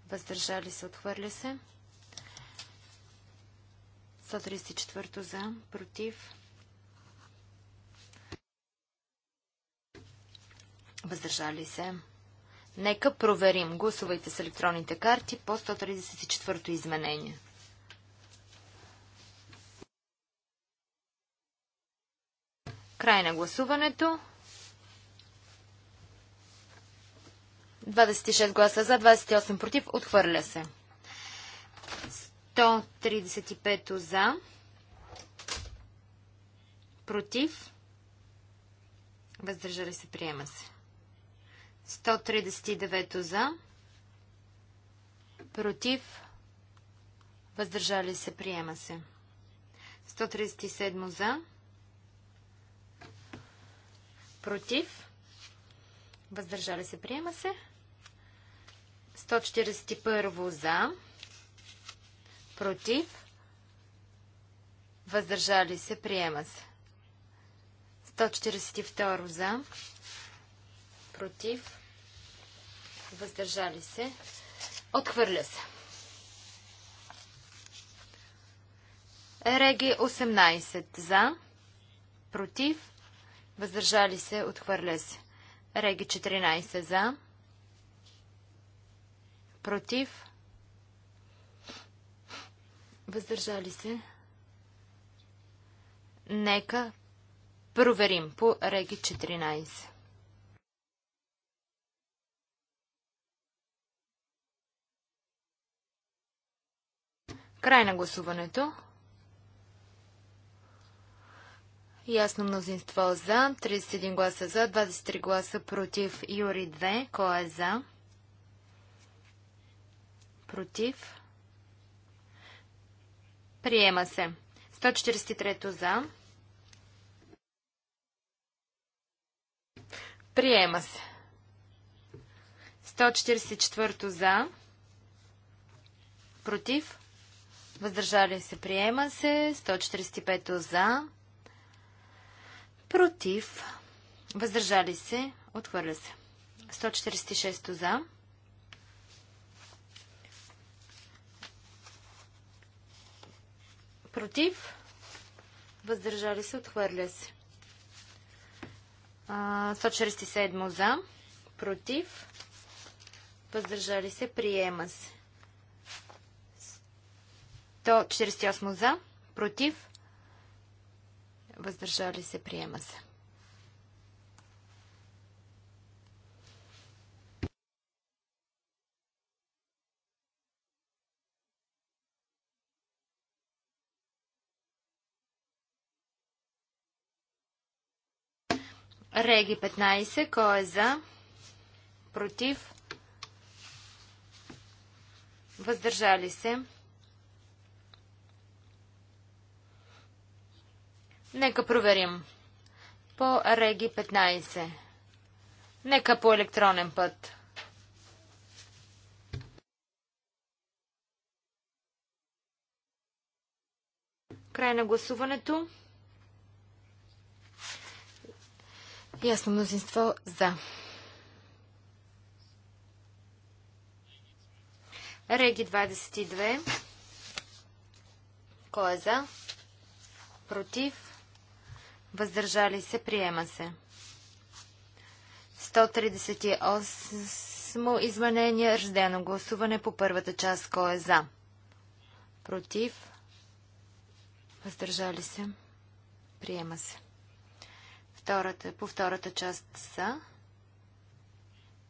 въздържали се, отхвърля се. 134 за, против, въздържали се. Нека проверим. Гласувайте с електронните карти по 134-то изменение. Край на гласуването. 26 гласа за, 28 против. Отхвърля се. 135 за. Против. Въздържали се. Приема се. 139 за. Против. Въздържали се. Приема се. 137 за. Против. Въздържали се. Приема се. 141 за. Против. Въздържали се. Приема се. 142 за против, въздържали се, отхвърля се. Реги 18 за, против, въздържали се, отхвърля се. Реги 14 за, против, въздържали се. Нека проверим по Реги 14. Край на гласуването. Ясно мнозинство за, 31 гласа за, 23 гласа против, Юри 2. Кой е за? Против. Приема се. 143 за. Приема се. 144 за. Против въздържали се, приема се. 145 за, против, въздържали се, отхвърля се. 146 за, против, въздържали се, отхвърля се. 147 за, против, въздържали се, приема се. 148 за, против, въздържали се, приема се. Реги 15, кой е за? Против? Въздържали се? Нека проверим. По Реги 15. Нека по електронен път. Край на гласуването. Ясно мнозинство за. Реги 22. Кой е за? Против? въздържали се, приема се. 138 изменение, рождено гласуване по първата част, кой е за? Против, въздържали се, приема се. Втората, по втората част са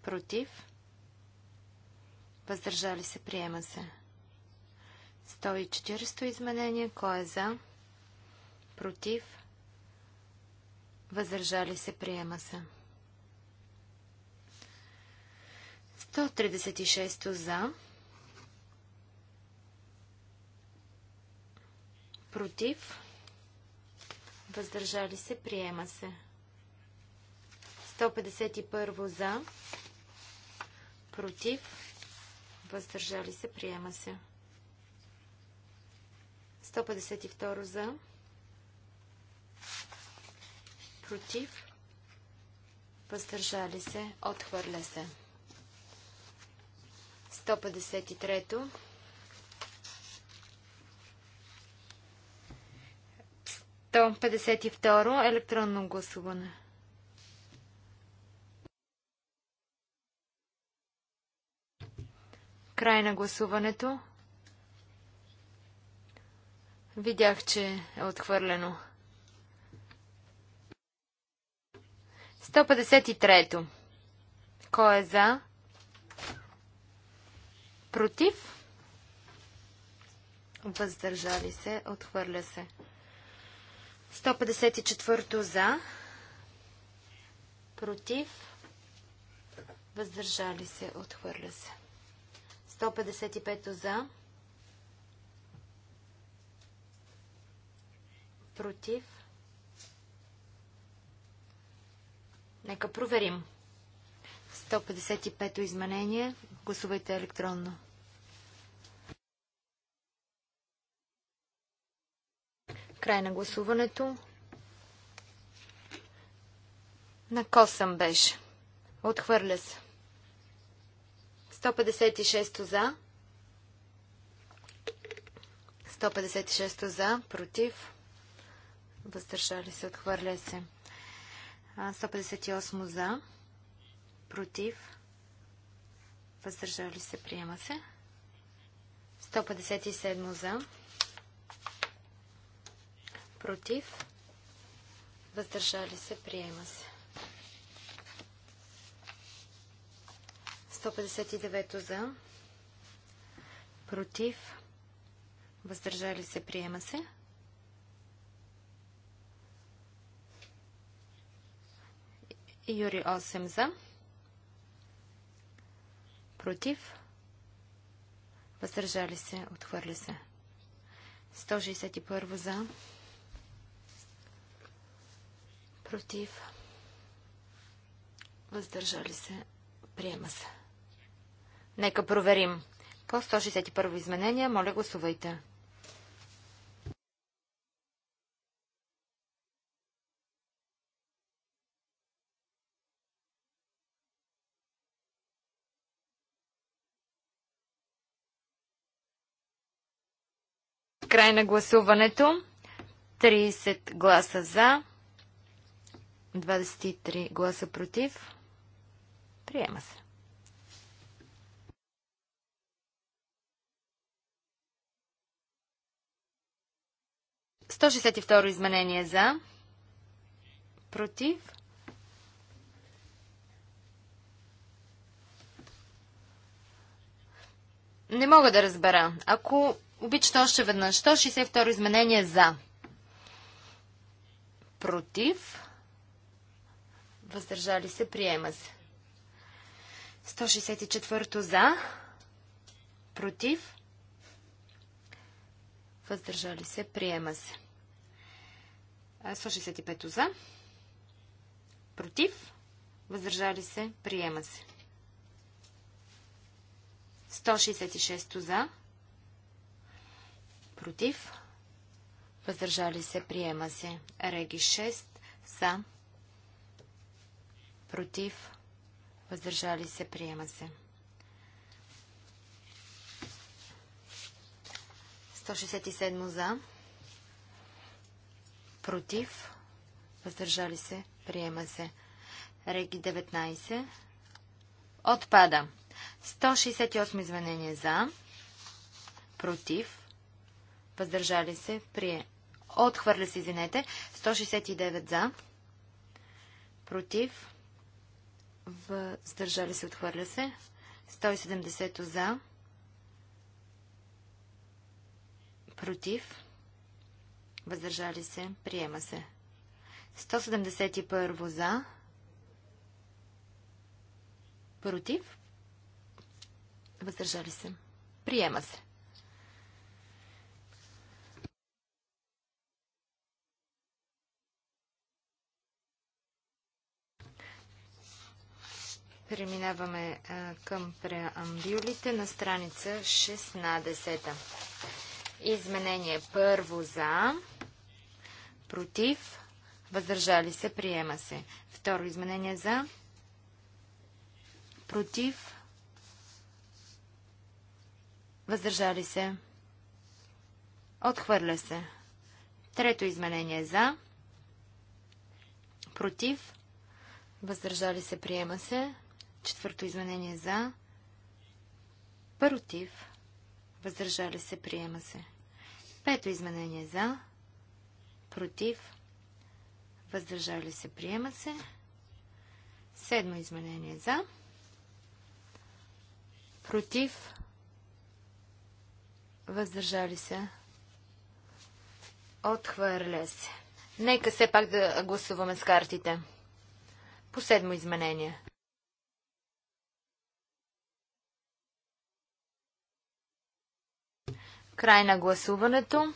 против, въздържали се, приема се. 140 изменение, кой е за? Против, Въздържали се. Приема се. 136 за. Против. Въздържали се. Приема се. 151 за. Против. Въздържали се. Приема се. 152 за против, въздържали се, отхвърля се. 153-то. То 52 електронно гласуване. Край на гласуването. Видях, че е отхвърлено. 153 Кой е за? Против? Въздържали се. Отхвърля се. 154 за. Против? Въздържали се. Отхвърля се. 155 за. Против? Нека проверим. 155-то изменение. Гласувайте електронно. Край на гласуването. На косъм беше. Отхвърля се. 156 за. 156 за. Против. Въздържали се. Отхвърля се. 158 за, против, въздържали се, приема се. 157 за, против, въздържали се, приема се. 159 за, против, въздържали се, приема се. Юри 8 за. Против. Въздържали се. Отхвърля се. 161 за. Против. Въздържали се. Приема се. Нека проверим. По 161 изменения, моля гласувайте. Край на гласуването. 30 гласа за, 23 гласа против. Приема се. Сто второ изменение за, против. Не мога да разбера. Ако Обичате още веднъж. 162 изменение за. Против. Въздържали се. Приема се. 164 за. Против. Въздържали се. Приема се. 165 за. Против. Въздържали се. Приема се. 166 за Против. Въздържали се. Приема се. Реги 6. За. Против. Въздържали се. Приема се. 167 за. Против. Въздържали се. Приема се. Реги 19. Отпада. 168 изменение за. Против въздържали се, прие. Отхвърля се, извинете, 169 за, против, въздържали се, отхвърля се, 170 за, против, въздържали се, приема се. 171 за, против, въздържали се, приема се. Преминаваме към преамбюлите на страница 16. Изменение първо за, против, въздържали се, приема се. Второ изменение за, против, въздържали се, отхвърля се. Трето изменение за, против, въздържали се, приема се. Четвърто изменение за. Против. Въздържали се. Приема се. Пето изменение за. Против. Въздържали се. Приема се. Седмо изменение за. Против. Въздържали се. Отхвърля се. Нека все пак да гласуваме с картите. По седмо изменение. Край на гласуването.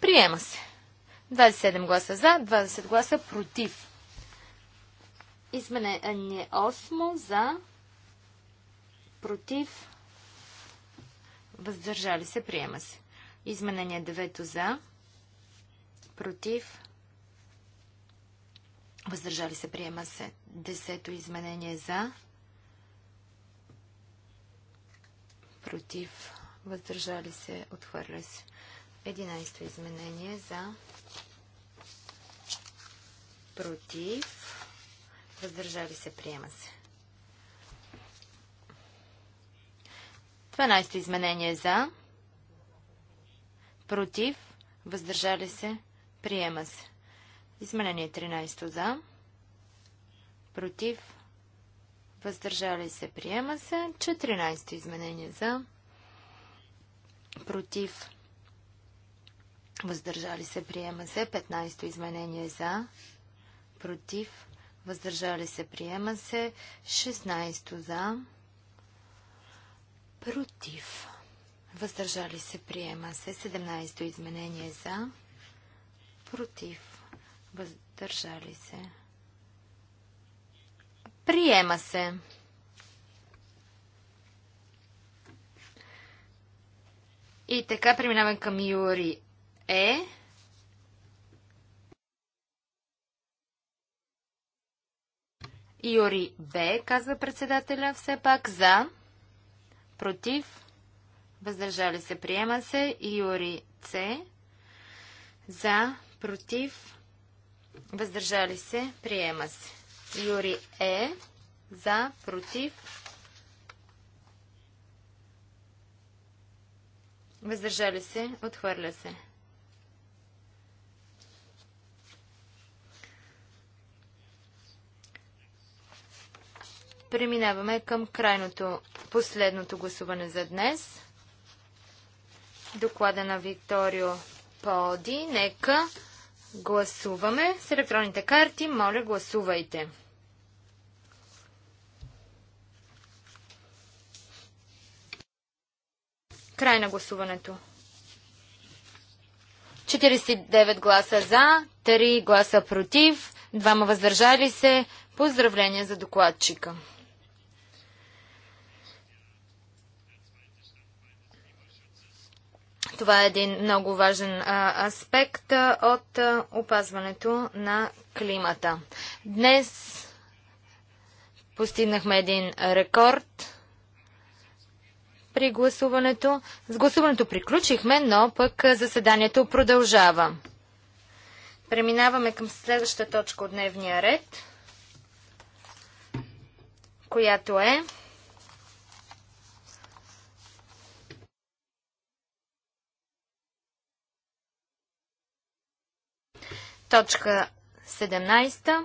Приема се. 27 гласа за, 20 гласа против. Изменение 8 за, против, въздържали се, приема се. Изменение 9 за, против, въздържали се, приема се. 10 изменение за, против, въздържали се, отхвърля се. 11 изменение за против, въздържали се, приема се. 12 изменение за против, въздържали се, приема се. Изменение 13 за против, въздържали се, приема се. 14-то изменение за, против, въздържали се, приема се. 15-то изменение за, против, въздържали се, приема се. 16-то за, против, въздържали се, приема се. 17-то изменение за, против, въздържали се, Приема се. И така преминаваме към Юри Е. Юри Б, казва председателя, все пак за, против, въздържали се, приема се. Юри С, за, против, въздържали се, приема се. Юри Е. За, против, въздържали се, отхвърля се. Преминаваме към крайното, последното гласуване за днес. Доклада на Викторио Поди. Нека Гласуваме с електронните карти. Моля, гласувайте. Край на гласуването. 49 гласа за, 3 гласа против, 2 въздържали се. Поздравления за докладчика. Това е един много важен а, аспект а, от а, опазването на климата. Днес постигнахме един рекорд при гласуването. С гласуването приключихме, но пък заседанието продължава. Преминаваме към следващата точка от дневния ред, която е Точка 17.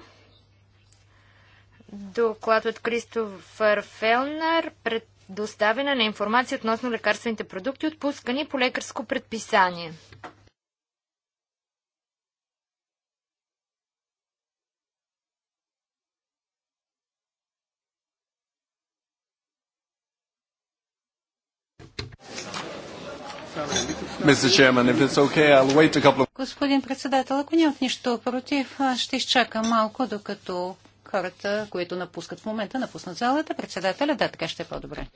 Доклад от Кристофър Фелнер. Предоставена на информация относно лекарствените продукти, отпускани по лекарско предписание. Господин председател, ако нямат нищо против, аз ще изчакам малко, докато хората, които напускат в момента, напуснат залата. Председателя, да, така ще е по-добре.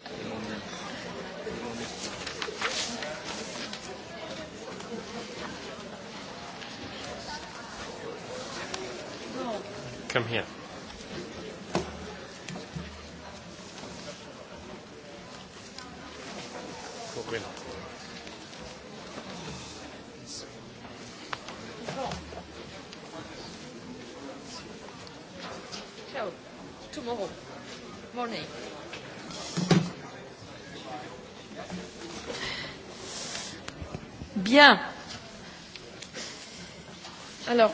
Come here. tomorrow morning. Bien. Alors,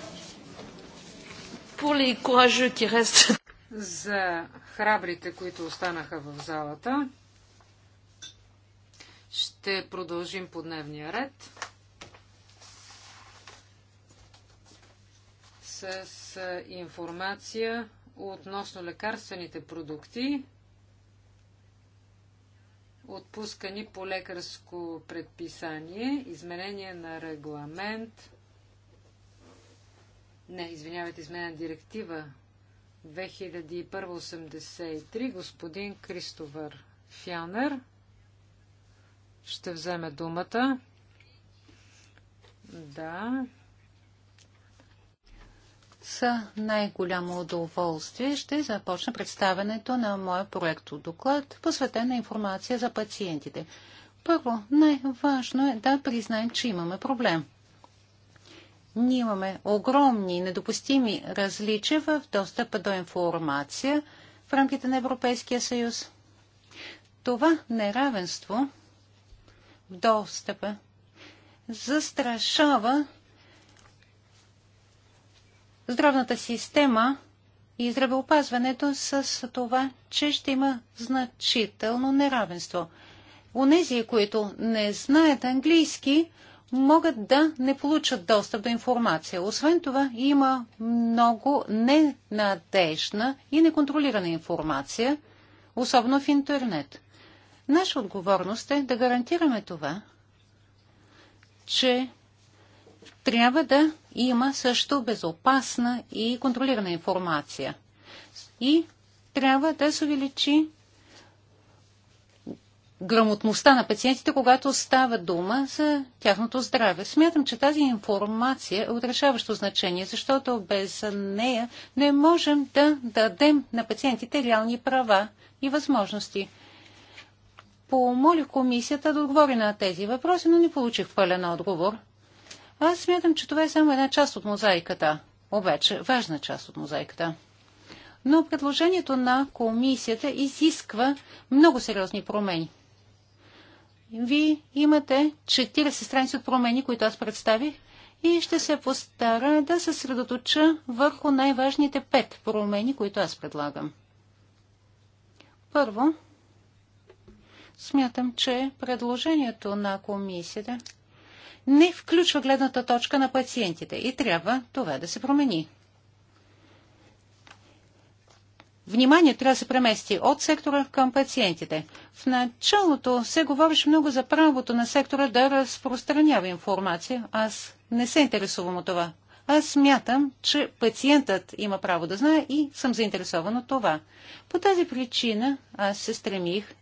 pour les courageux qui restent. За храбрите, които останаха в залата, ще продължим по дневния ред с информация относно лекарствените продукти, отпускани по лекарско предписание, изменение на регламент, не, извинявайте, изменена директива 2001-83, господин Кристовър Фянер ще вземе думата. Да с най-голямо удоволствие ще започна представенето на моя проекто доклад, посветен на информация за пациентите. Първо, най-важно е да признаем, че имаме проблем. Ние имаме огромни недопустими различия в достъпа до информация в рамките на Европейския съюз. Това неравенство в достъпа застрашава здравната система и здравеопазването с това, че ще има значително неравенство. Онези, които не знаят английски, могат да не получат достъп до информация. Освен това, има много ненадежна и неконтролирана информация, особено в интернет. Наша отговорност е да гарантираме това, че трябва да има също безопасна и контролирана информация. И трябва да се увеличи грамотността на пациентите, когато става дума за тяхното здраве. Смятам, че тази информация е от решаващо значение, защото без нея не можем да дадем на пациентите реални права и възможности. Помолих комисията да отговори на тези въпроси, но не получих пълен отговор. Аз смятам, че това е само една част от мозайката, обаче важна част от мозайката. Но предложението на комисията изисква много сериозни промени. Вие имате 40 страници от промени, които аз представих и ще се постара да се средоточа върху най-важните пет промени, които аз предлагам. Първо, смятам, че предложението на комисията не включва гледната точка на пациентите и трябва това да се промени. Внимание трябва да се премести от сектора към пациентите. В началото се говореше много за правото на сектора да разпространява информация. Аз не се интересувам от това. Аз смятам, че пациентът има право да знае и съм заинтересован от това. По тази причина аз се стремих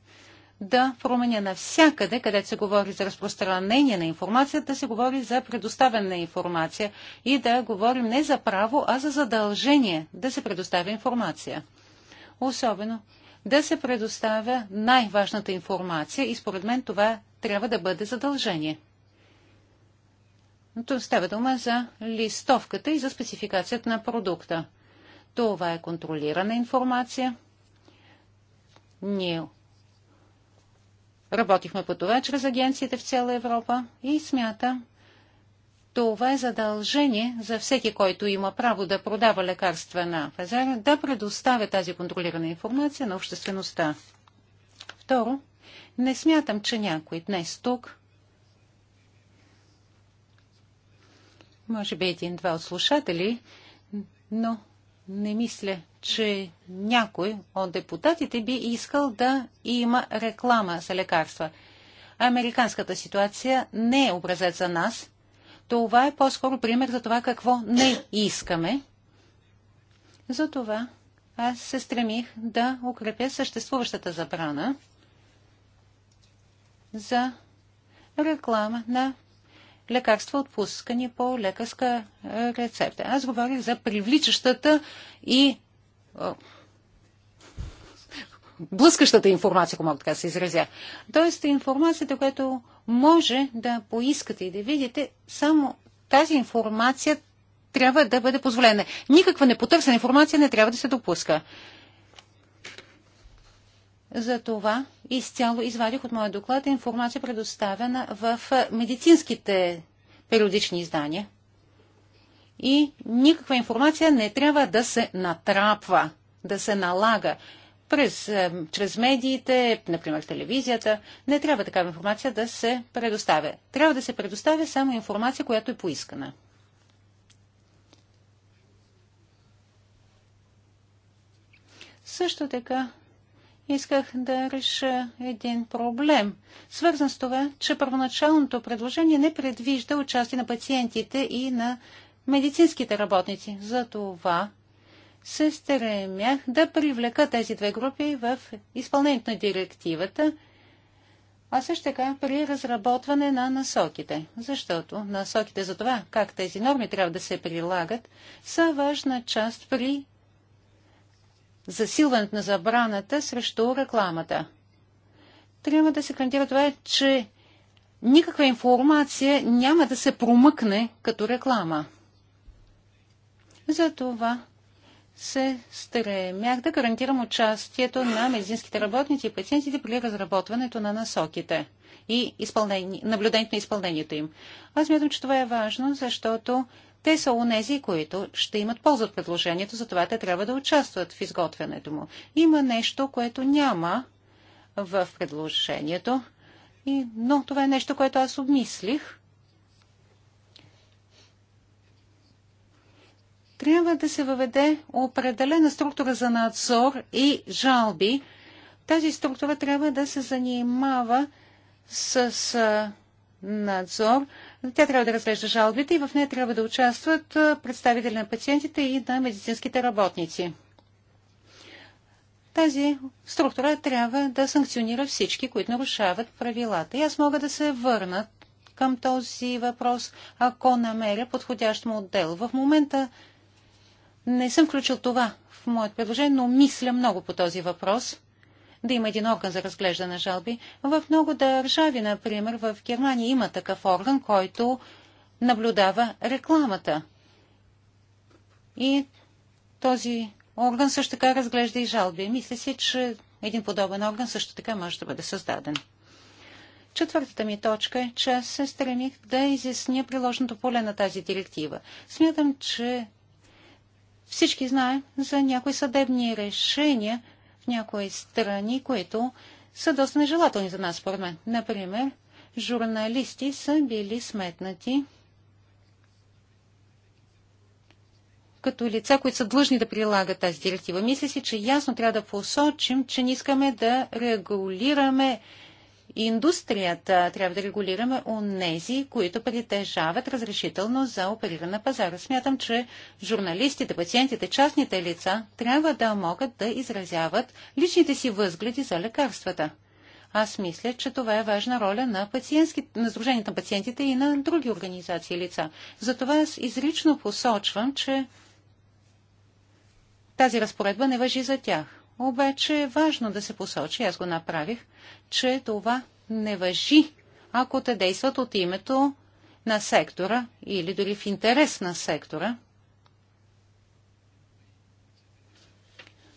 да променя навсякъде, където се говори за разпространение на информация, да се говори за предоставяне на информация и да говорим не за право, а за задължение да се предоставя информация. Особено да се предоставя най-важната информация и според мен това трябва да бъде задължение. Тук става дума за листовката и за спецификацията на продукта. Това е контролирана информация. Ние Работихме по това чрез агенциите в цяла Европа и смята това е задължение за всеки, който има право да продава лекарства на пазара, да предоставя тази контролирана информация на обществеността. Второ, не смятам, че някой днес тук, може би един-два от слушатели, но не мисля, че някой от депутатите би искал да има реклама за лекарства. Американската ситуация не е образец за нас. Това е по-скоро пример за това какво не искаме. Затова аз се стремих да укрепя съществуващата забрана за реклама на лекарства, отпускани по лекарска е, рецепта. Аз говорих за привличащата и блъскащата информация, ако мога така се изразя. Тоест информацията, която може да поискате и да видите, само тази информация трябва да бъде позволена. Никаква непотърсена информация не трябва да се допуска. За това изцяло извадих от моя доклад информация предоставена в медицинските периодични издания. И никаква информация не трябва да се натрапва, да се налага през, чрез медиите, например телевизията. Не трябва такава информация да се предоставя. Трябва да се предоставя само информация, която е поискана. Също така исках да реша един проблем, свързан с това, че първоначалното предложение не предвижда участие на пациентите и на медицинските работници. За това се стремях да привлека тези две групи в изпълнението на директивата, а също така при разработване на насоките. Защото насоките за това, как тези норми трябва да се прилагат, са важна част при засилването на забраната срещу рекламата. Трябва да се гарантира това, че никаква информация няма да се промъкне като реклама. Затова се стремях да гарантирам участието на медицинските работници и пациентите при разработването на насоките и наблюдението на изпълнението им. Аз мятам, че това е важно, защото те са онези, които ще имат полза от предложението, затова те трябва да участват в изготвянето му. Има нещо, което няма в предложението, и, но това е нещо, което аз обмислих. Трябва да се въведе определена структура за надзор и жалби. Тази структура трябва да се занимава с надзор тя трябва да разглежда жалбите и в нея трябва да участват представители на пациентите и на медицинските работници. Тази структура трябва да санкционира всички, които нарушават правилата. И аз мога да се върна към този въпрос, ако намеря подходящ му отдел. В момента не съм включил това в моят предложение, но мисля много по този въпрос да има един орган за разглеждане на жалби. В много държави, например, в Германия има такъв орган, който наблюдава рекламата. И този орган също така разглежда и жалби. Мисля си, че един подобен орган също така може да бъде създаден. Четвъртата ми точка е, че аз се стремих да изясня приложното поле на тази директива. Смятам, че всички знаем за някои съдебни решения, в някои страни, които са доста нежелателни за нас, според мен. Например, журналисти са били сметнати като лица, които са длъжни да прилагат тази директива. Мисля си, че ясно трябва да посочим, че не искаме да регулираме индустрията. Трябва да регулираме у нези, които притежават разрешително за опериране на пазара. Смятам, че журналистите, пациентите, частните лица трябва да могат да изразяват личните си възгледи за лекарствата. Аз мисля, че това е важна роля на, на Сдружението на пациентите и на други организации лица. Затова аз изрично посочвам, че тази разпоредба не въжи за тях. Обаче е важно да се посочи, аз го направих, че това не въжи, ако те действат от името на сектора или дори в интерес на сектора,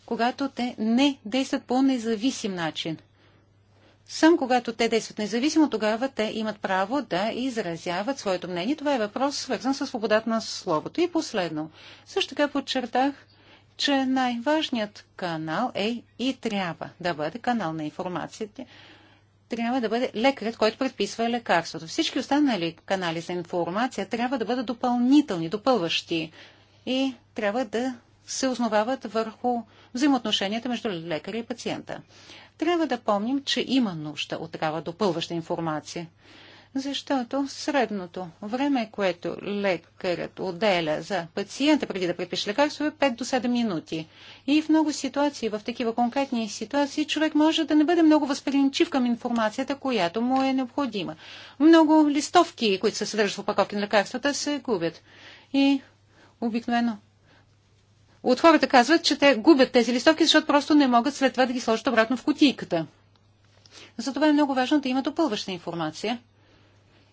когато те не действат по независим начин. Сам когато те действат независимо, тогава те имат право да изразяват своето мнение. Това е въпрос свързан с свободата на словото. И последно, също така подчертах, че най-важният канал е и трябва да бъде канал на информацията. Трябва да бъде лекарят, който предписва лекарството. Всички останали канали за информация трябва да бъдат допълнителни, допълващи и трябва да се основават върху взаимоотношенията между лекаря и пациента. Трябва да помним, че има нужда от такава допълваща информация защото средното време, което лекарят отделя за пациента преди да препише лекарство е 5 до 7 минути. И в много ситуации, в такива конкретни ситуации, човек може да не бъде много възприемчив към информацията, която му е необходима. Много листовки, които се съдържат в упаковки на лекарствата, се губят. И обикновено от хората казват, че те губят тези листовки, защото просто не могат след това да ги сложат обратно в кутийката. Затова е много важно да има допълваща информация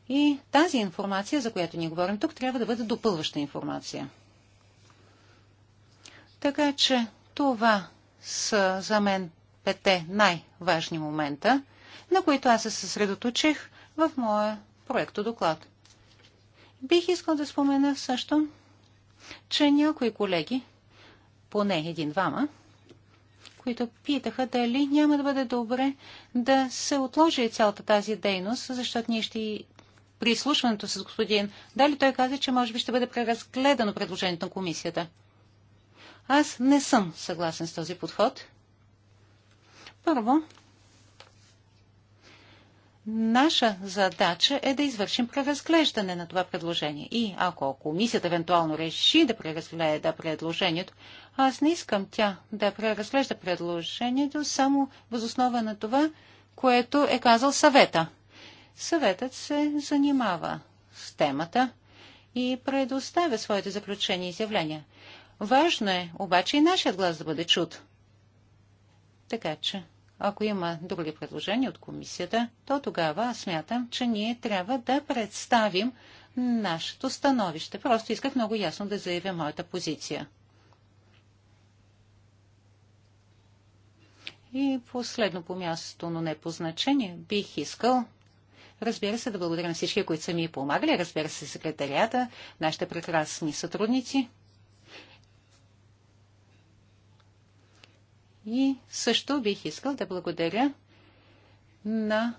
и тази информация, за която ние говорим тук, трябва да бъде допълваща информация. Така че това са за мен пете най-важни момента, на които аз се съсредоточих в моя проекто доклад. Бих искал да спомена също, че някои колеги, поне един-двама, които питаха дали няма да бъде добре да се отложи цялата тази дейност, защото ние ще при изслушването с господин Дали той каза, че може би ще бъде преразгледано предложението на комисията. Аз не съм съгласен с този подход. Първо, наша задача е да извършим преразглеждане на това предложение. И ако комисията евентуално реши да преразгледа предложението, аз не искам тя да преразглежда предложението само възоснова на това, което е казал съвета. Съветът се занимава с темата и предоставя своите заключения и изявления. Важно е обаче и нашият глас да бъде чут. Така че, ако има други предложения от комисията, то тогава аз смятам, че ние трябва да представим нашето становище. Просто исках много ясно да заявя моята позиция. И последно по място, но не по значение, бих искал Разбира се, да благодаря на всички, които са ми помагали. Разбира се, секретарията, нашите прекрасни сътрудници. И също бих искал да благодаря на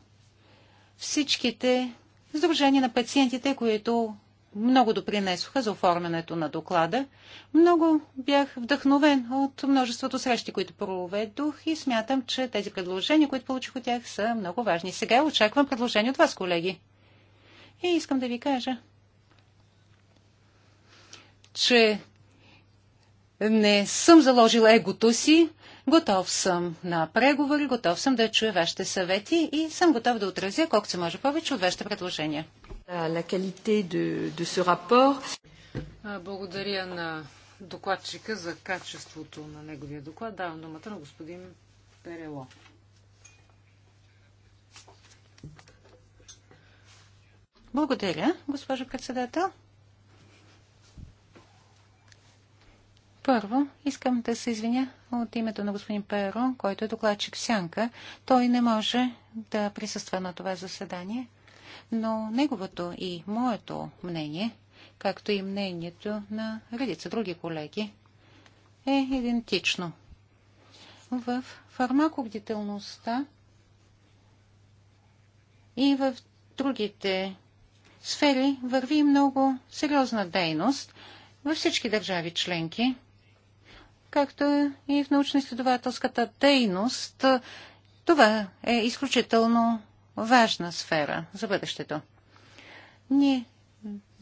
всичките сдружения на пациентите, които много допринесоха за оформянето на доклада. Много бях вдъхновен от множеството срещи, които проведох и смятам, че тези предложения, които получих от тях, са много важни. Сега очаквам предложения от вас, колеги. И искам да ви кажа, че не съм заложила егото си, готов съм на преговори, готов съм да чуя вашите съвети и съм готов да отразя колкото се може повече от вашите предложения. Благодаря на докладчика за качеството на неговия доклад. Давам думата на господин Перело. Благодаря, госпожо председател. Първо, искам да се извиня от името на господин Перо, който е докладчик Сянка. Той не може да присъства на това заседание – но неговото и моето мнение, както и мнението на редица други колеги, е идентично. В фармакобдителността и в другите сфери върви много сериозна дейност във всички държави членки, както и в научно-изследователската дейност. Това е изключително важна сфера за бъдещето. Ние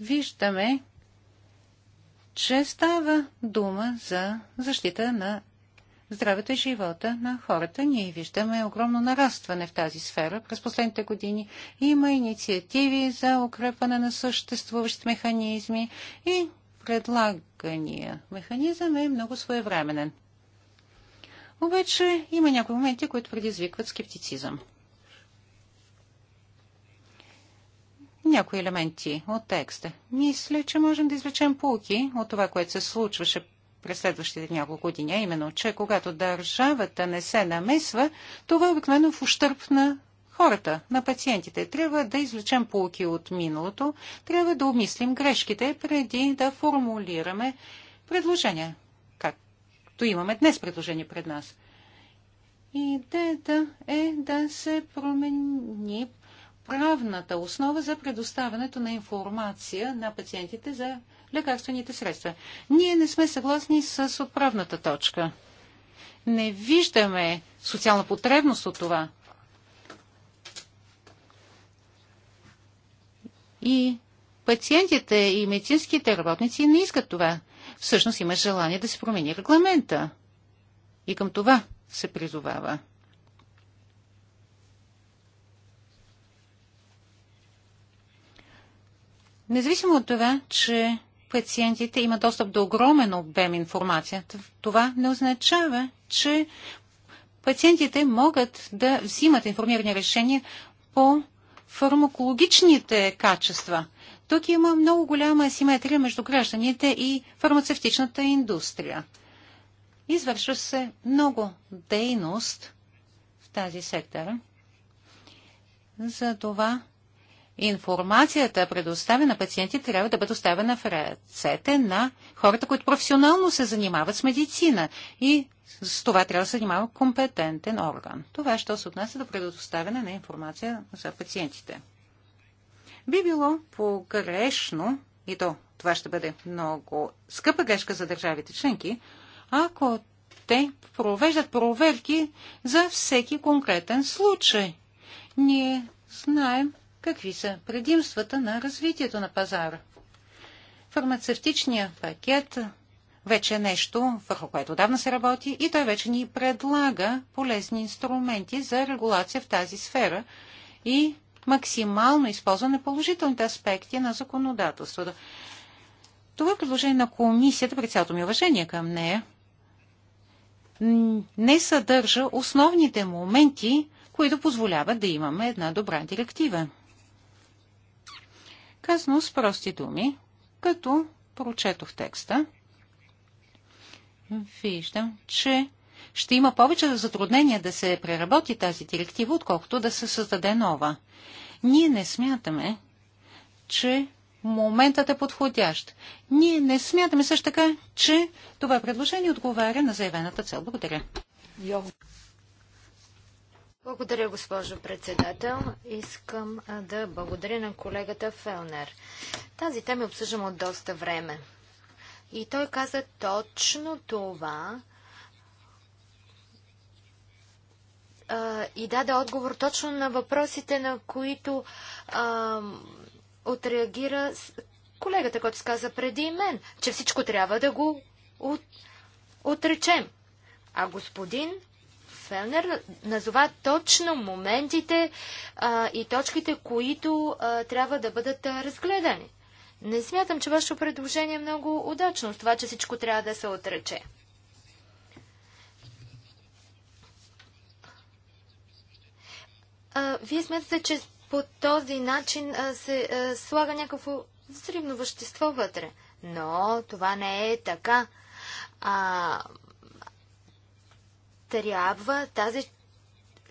виждаме, че става дума за защита на здравето и живота на хората. Ние виждаме огромно нарастване в тази сфера. През последните години има инициативи за укрепване на съществуващи механизми и предлагания механизъм е много своевременен. Обаче има някои моменти, които предизвикват скептицизъм. някои елементи от текста. Мисля, че можем да извлечем полки от това, което се случваше през следващите няколко години, именно, че когато държавата не се намесва, това е обикновено в ущърп на хората, на пациентите. Трябва да извлечем полки от миналото, трябва да обмислим грешките преди да формулираме предложения, както имаме днес предложение пред нас. Идеята е да се промени правната основа за предоставянето на информация на пациентите за лекарствените средства. Ние не сме съгласни с отправната точка. Не виждаме социална потребност от това. И пациентите и медицинските работници не искат това. Всъщност има желание да се промени регламента. И към това се призовава. Независимо от това, че пациентите имат достъп до огромен обем информация, това не означава, че пациентите могат да взимат информирани решения по фармакологичните качества. Тук има много голяма асиметрия между гражданите и фармацевтичната индустрия. Извършва се много дейност в тази сектора. За това информацията, предоставена на пациенти, трябва да бъде оставена в ръцете на хората, които професионално се занимават с медицина. И с това трябва да се занимава компетентен орган. Това ще се отнася до предоставяне на информация за пациентите. Би било погрешно, и то това ще бъде много скъпа грешка за държавите членки, ако те провеждат проверки за всеки конкретен случай. Ние знаем, Какви са предимствата на развитието на пазара? Фармацевтичният пакет вече е нещо, върху което давна се работи и той вече ни предлага полезни инструменти за регулация в тази сфера и максимално използване положителните аспекти на законодателството. Това предложение на комисията, при цялото ми уважение към нея, не съдържа основните моменти, които позволяват да имаме една добра директива. Казано с прости думи, като прочетох текста, виждам, че ще има повече затруднения да се преработи тази директива, отколкото да се създаде нова. Ние не смятаме, че моментът е подходящ. Ние не смятаме също така, че това предложение отговаря на заявената цел. Благодаря. Благодаря, госпожо председател. Искам да благодаря на колегата Фелнер. Тази тема обсъждам от доста време. И той каза точно това а, и даде отговор точно на въпросите, на които а, отреагира колегата, който сказа преди мен, че всичко трябва да го от, отречем. А господин Фелнер назова точно моментите а, и точките, които а, трябва да бъдат а, разгледани. Не смятам, че вашето предложение е много удачно с това, че всичко трябва да се отрече. А, вие смятате, че по този начин а, се а, слага някакво взривно вещество вътре. Но това не е така. А, трябва тази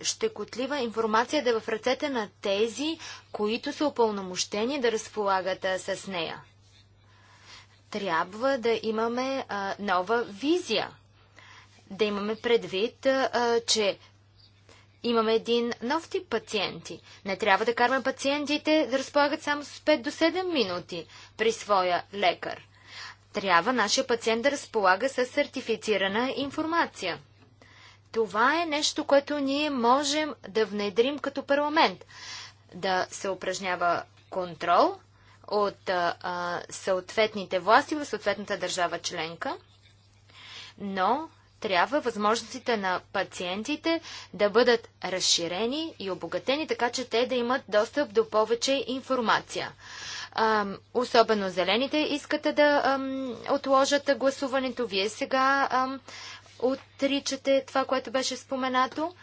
щекотлива информация да е в ръцете на тези, които са упълномощени да разполагат с нея. Трябва да имаме а, нова визия. Да имаме предвид, а, че имаме един нов тип пациенти. Не трябва да караме пациентите да разполагат само с 5 до 7 минути при своя лекар. Трябва нашия пациент да разполага с сертифицирана информация. Това е нещо, което ние можем да внедрим като парламент. Да се упражнява контрол от а, съответните власти в съответната държава членка, но трябва възможностите на пациентите да бъдат разширени и обогатени, така че те да имат достъп до повече информация. А, особено зелените искате да а, отложат гласуването. Вие сега а, отричате това, което беше споменато.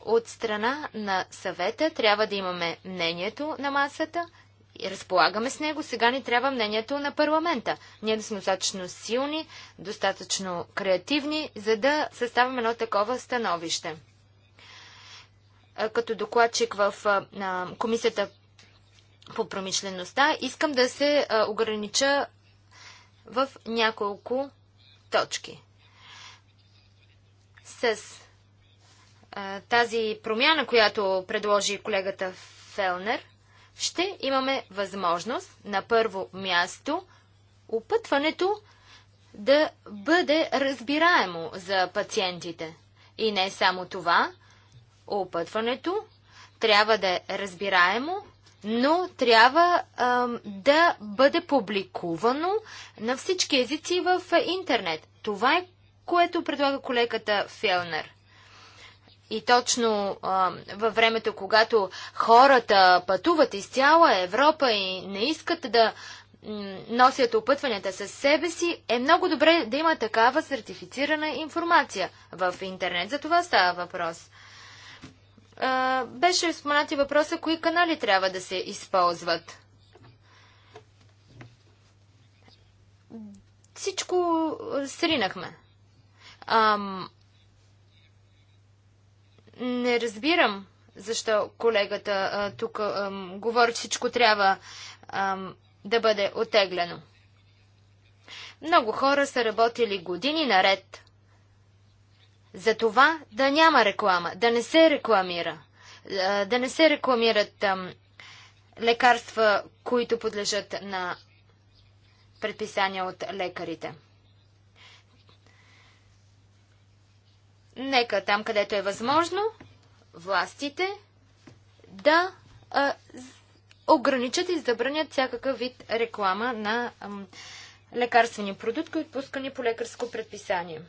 От страна на съвета трябва да имаме мнението на масата и разполагаме с него. Сега ни трябва мнението на парламента. Ние да сме достатъчно силни, достатъчно креативни, за да съставим едно такова становище. Като докладчик в Комисията по промишлеността, искам да се огранича в няколко точки с а, тази промяна, която предложи колегата Фелнер, ще имаме възможност на първо място опътването да бъде разбираемо за пациентите. И не само това, опътването трябва да е разбираемо, но трябва а, да бъде публикувано на всички езици в интернет. Това е което предлага колегата Фелнер. И точно а, във времето, когато хората пътуват из цяла Европа и не искат да носят опътванията със себе си, е много добре да има такава сертифицирана информация в интернет. За това става въпрос. А, беше споменати въпроса, кои канали трябва да се използват. Всичко сринахме. Ам... Не разбирам защо колегата а, тук ам, говори, че всичко трябва ам, да бъде отеглено. Много хора са работили години наред. За това да няма реклама, да не се рекламира, да не се рекламират ам, лекарства, които подлежат на предписания от лекарите. нека там, където е възможно, властите да а, ограничат и забранят всякакъв вид реклама на а, лекарствени продукти, отпускани по лекарско предписание.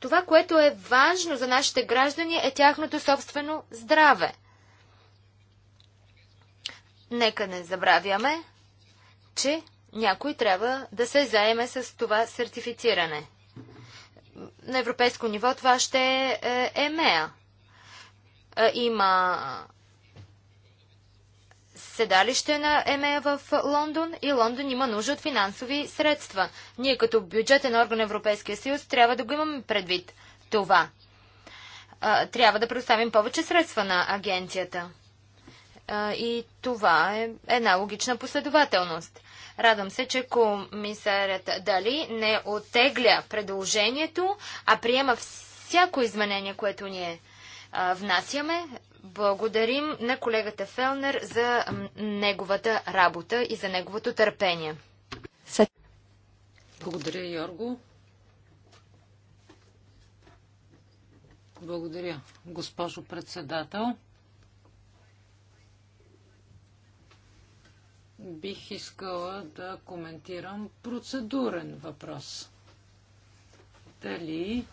Това, което е важно за нашите граждани, е тяхното собствено здраве. Нека не забравяме, че някой трябва да се заеме с това сертифициране на европейско ниво това ще е, е ЕМЕА. Е, има седалище на ЕМЕА в Лондон и Лондон има нужда от финансови средства. Ние като бюджетен орган Европейския съюз трябва да го имаме предвид това. Е, трябва да предоставим повече средства на агенцията. И това е една логична последователност. Радвам се, че комисарят Дали не отегля предложението, а приема всяко изменение, което ние а, внасяме. Благодарим на колегата Фелнер за неговата работа и за неговото търпение. Благодаря, Йорго. Благодаря, госпожо председател. бих искала да коментирам процедурен въпрос. Дали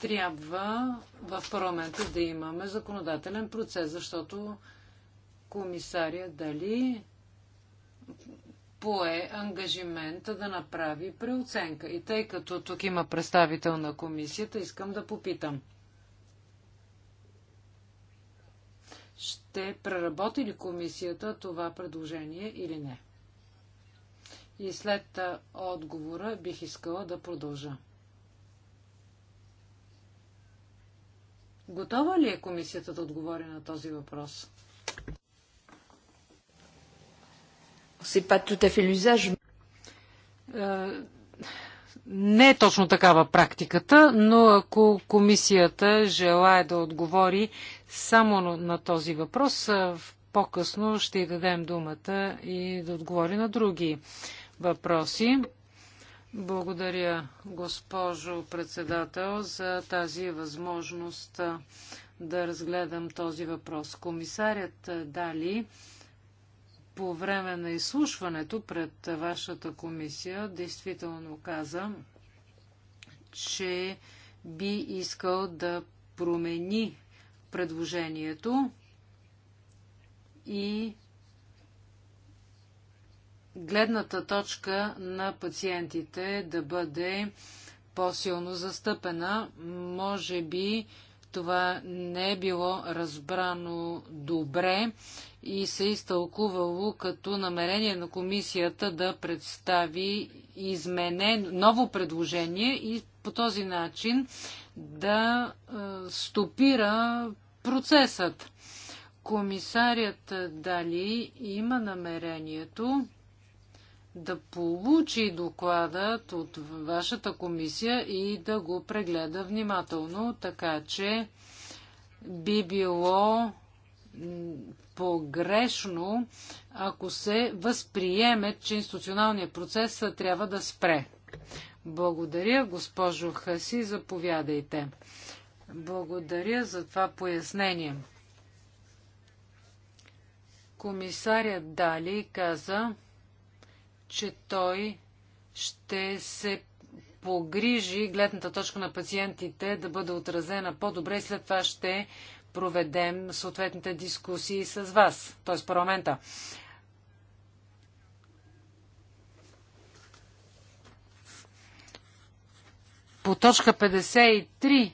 трябва в парламента да имаме законодателен процес, защото комисария дали пое ангажимента да направи преоценка. И тъй като тук има представител на комисията, искам да попитам – Ще преработи ли комисията това предложение или не? И след отговора бих искала да продължа. Готова ли е комисията да отговори на този въпрос? не е точно такава практиката, но ако комисията желая да отговори само на този въпрос, по-късно ще й дадем думата и да отговори на други въпроси. Благодаря, госпожо председател, за тази възможност да разгледам този въпрос. Комисарят Дали по време на изслушването пред вашата комисия действително каза, че би искал да промени предложението и гледната точка на пациентите да бъде по-силно застъпена. Може би това не е било разбрано добре и се изтълкувало като намерение на комисията да представи изменен, ново предложение и по този начин да е, стопира процесът. Комисарят Дали има намерението да получи докладът от вашата комисия и да го прегледа внимателно, така че би било погрешно, ако се възприеме, че институционалният процес трябва да спре. Благодаря, госпожо Хаси, заповядайте. Благодаря за това пояснение. Комисарят Дали каза, че той ще се погрижи гледната точка на пациентите да бъде отразена по-добре и след това ще проведем съответните дискусии с вас, т.е. парламента. По точка 53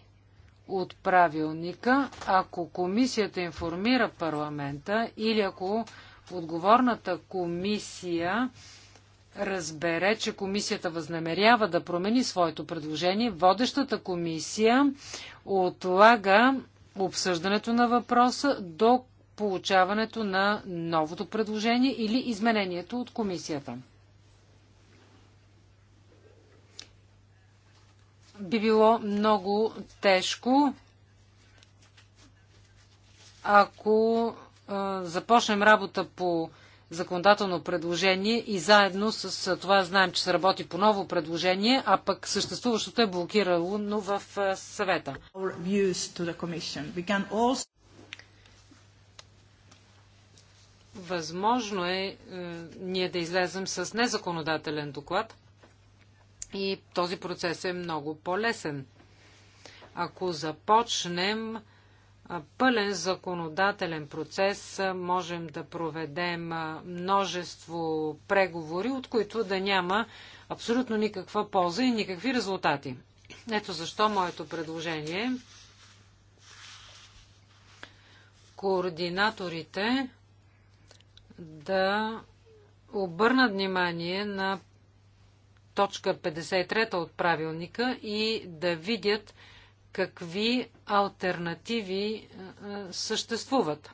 от правилника, ако комисията информира парламента или ако отговорната комисия разбере, че комисията възнамерява да промени своето предложение, водещата комисия отлага обсъждането на въпроса до получаването на новото предложение или изменението от комисията. Би било много тежко, ако започнем работа по законодателно предложение и заедно с това знаем, че се работи по ново предложение, а пък съществуващото е блокирало, но в съвета. Възможно е, е ние да излезем с незаконодателен доклад и този процес е много по-лесен. Ако започнем пълен законодателен процес можем да проведем множество преговори, от които да няма абсолютно никаква полза и никакви резултати. Ето защо моето предложение координаторите да обърнат внимание на точка 53 от правилника и да видят какви альтернативи е, е, съществуват.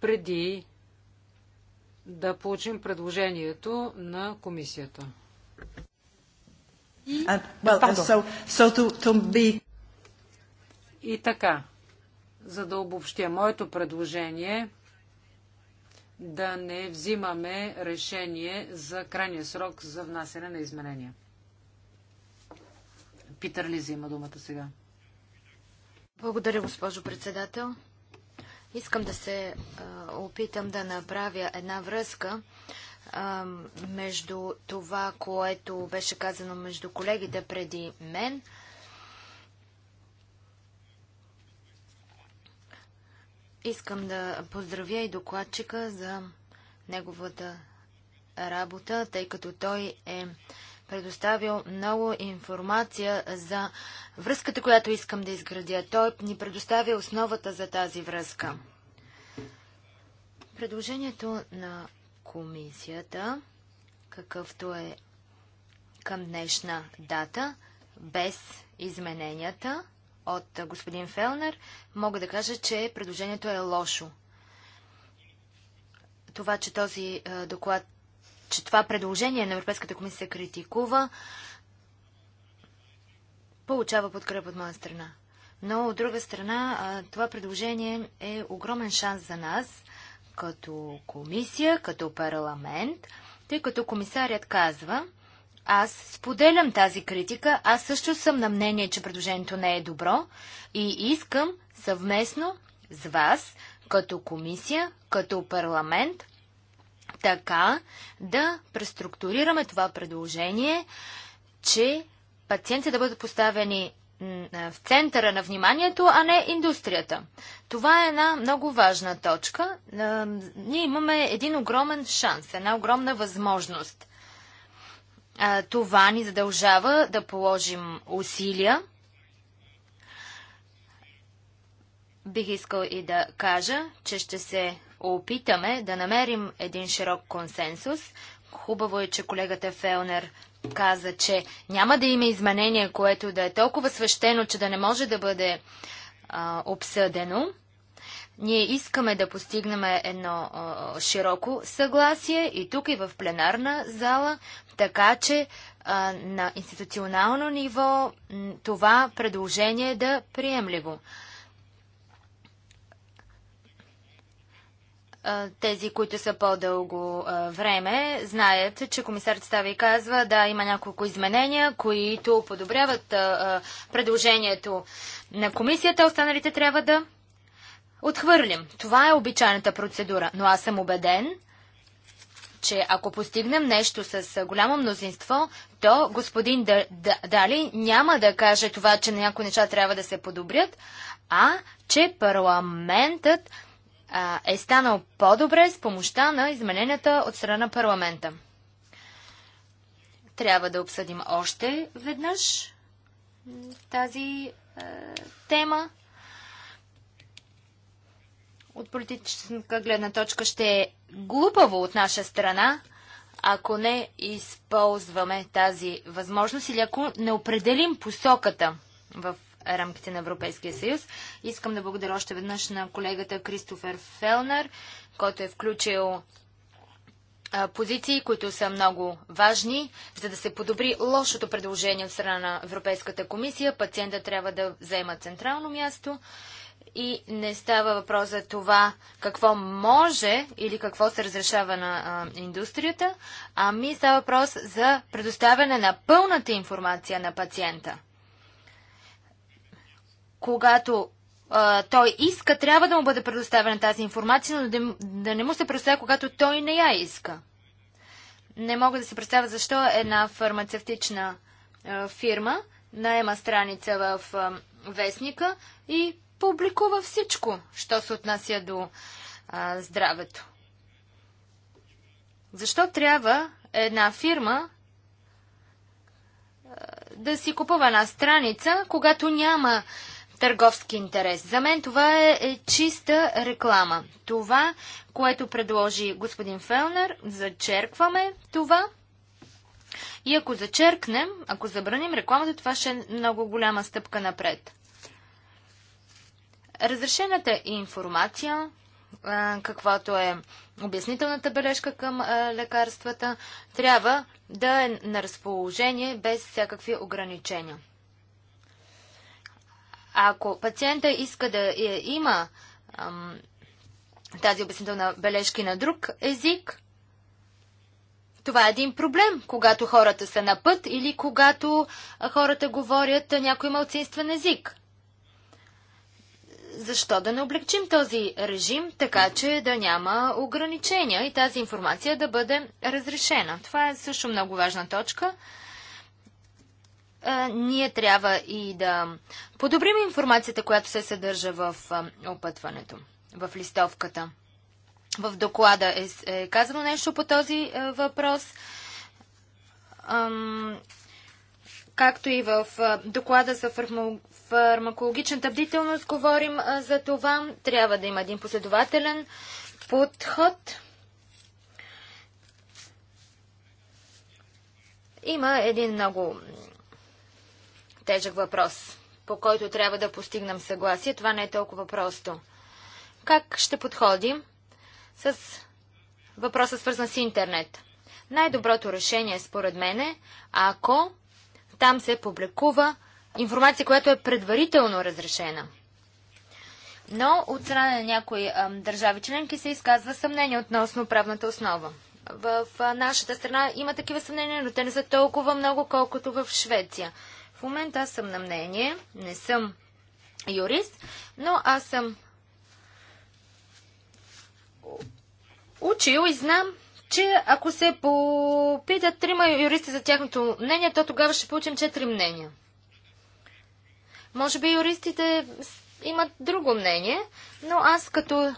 преди да получим предложението на комисията. И, така, за да обобщя моето предложение, да не взимаме решение за крайния срок за внасяне на изменения. Питър Лиза има думата сега. Благодаря, госпожо председател. Искам да се а, опитам да направя една връзка а, между това, което беше казано между колегите преди мен – Искам да поздравя и докладчика за неговата работа, тъй като той е предоставил много информация за връзката, която искам да изградя. Той ни предоставя основата за тази връзка. Предложението на комисията, какъвто е към днешна дата, без измененията, от господин Фелнер, мога да кажа, че предложението е лошо. Това, че този е, доклад, че това предложение на Европейската комисия критикува, получава подкреп от моя страна. Но от друга страна, е, това предложение е огромен шанс за нас, като комисия, като парламент, тъй като комисарят казва, аз споделям тази критика. Аз също съм на мнение, че предложението не е добро и искам съвместно с вас, като комисия, като парламент, така да преструктурираме това предложение, че пациентите да бъдат поставени в центъра на вниманието, а не индустрията. Това е една много важна точка. Ние имаме един огромен шанс, една огромна възможност – това ни задължава да положим усилия. Бих искал и да кажа, че ще се опитаме да намерим един широк консенсус. Хубаво е, че колегата Фелнер каза, че няма да има изменение, което да е толкова свещено, че да не може да бъде а, обсъдено. Ние искаме да постигнем едно а, широко съгласие и тук и в пленарна зала, така че а, на институционално ниво това предложение е да приемливо. тези, които са по-дълго време, знаят, че комисарът става и казва, да, има няколко изменения, които подобряват предложението на комисията, останалите трябва да отхвърлим. Това е обичайната процедура, но аз съм убеден, че ако постигнем нещо с голямо мнозинство, то господин Дали няма да каже това, че някои неща трябва да се подобрят, а че парламентът а, е станал по-добре с помощта на измененията от страна на парламента. Трябва да обсъдим още веднъж тази тема. От политическа гледна точка ще е глупаво от наша страна, ако не използваме тази възможност или ако не определим посоката в рамките на Европейския съюз. Искам да благодаря още веднъж на колегата Кристофер Фелнер, който е включил позиции, които са много важни, за да се подобри лошото предложение от страна на Европейската комисия. Пациента трябва да заема централно място и не става въпрос за това какво може или какво се разрешава на а, индустрията, ами става въпрос за предоставяне на пълната информация на пациента. Когато а, той иска, трябва да му бъде предоставена тази информация, но да, да не му се предоставя, когато той не я иска. Не мога да се представя защо една фармацевтична а, фирма наема страница в а, вестника и публикува всичко, що се отнася до а, здравето. Защо трябва една фирма а, да си купува една страница, когато няма търговски интерес? За мен това е, е чиста реклама. Това, което предложи господин Фелнер, зачеркваме това. И ако зачеркнем, ако забраним рекламата, това ще е много голяма стъпка напред. Разрешената информация, каквато е обяснителната бележка към лекарствата, трябва да е на разположение без всякакви ограничения. Ако пациента иска да е, има тази обяснителна бележки на друг език, това е един проблем, когато хората са на път или когато хората говорят някой малцинствен език защо да не облегчим този режим, така че да няма ограничения и тази информация да бъде разрешена? Това е също много важна точка. ние трябва и да подобрим информацията, която се съдържа в опътването, в листовката. В доклада е, е казано нещо по този е, въпрос. Ам, както и в е, доклада за фармакологичната бдителност говорим за това. Трябва да има един последователен подход. Има един много тежък въпрос, по който трябва да постигнем съгласие. Това не е толкова просто. Как ще подходим с въпроса свързан с интернет? Най-доброто решение, според мен, е, ако там се публикува информация, която е предварително разрешена. Но от страна на някои държави членки се изказва съмнение относно правната основа. В нашата страна има такива съмнения, но те не са толкова много, колкото в Швеция. В момента аз съм на мнение, не съм юрист, но аз съм учил и знам, че ако се попитат трима юристи за тяхното мнение, то тогава ще получим четири мнения. Може би юристите имат друго мнение, но аз като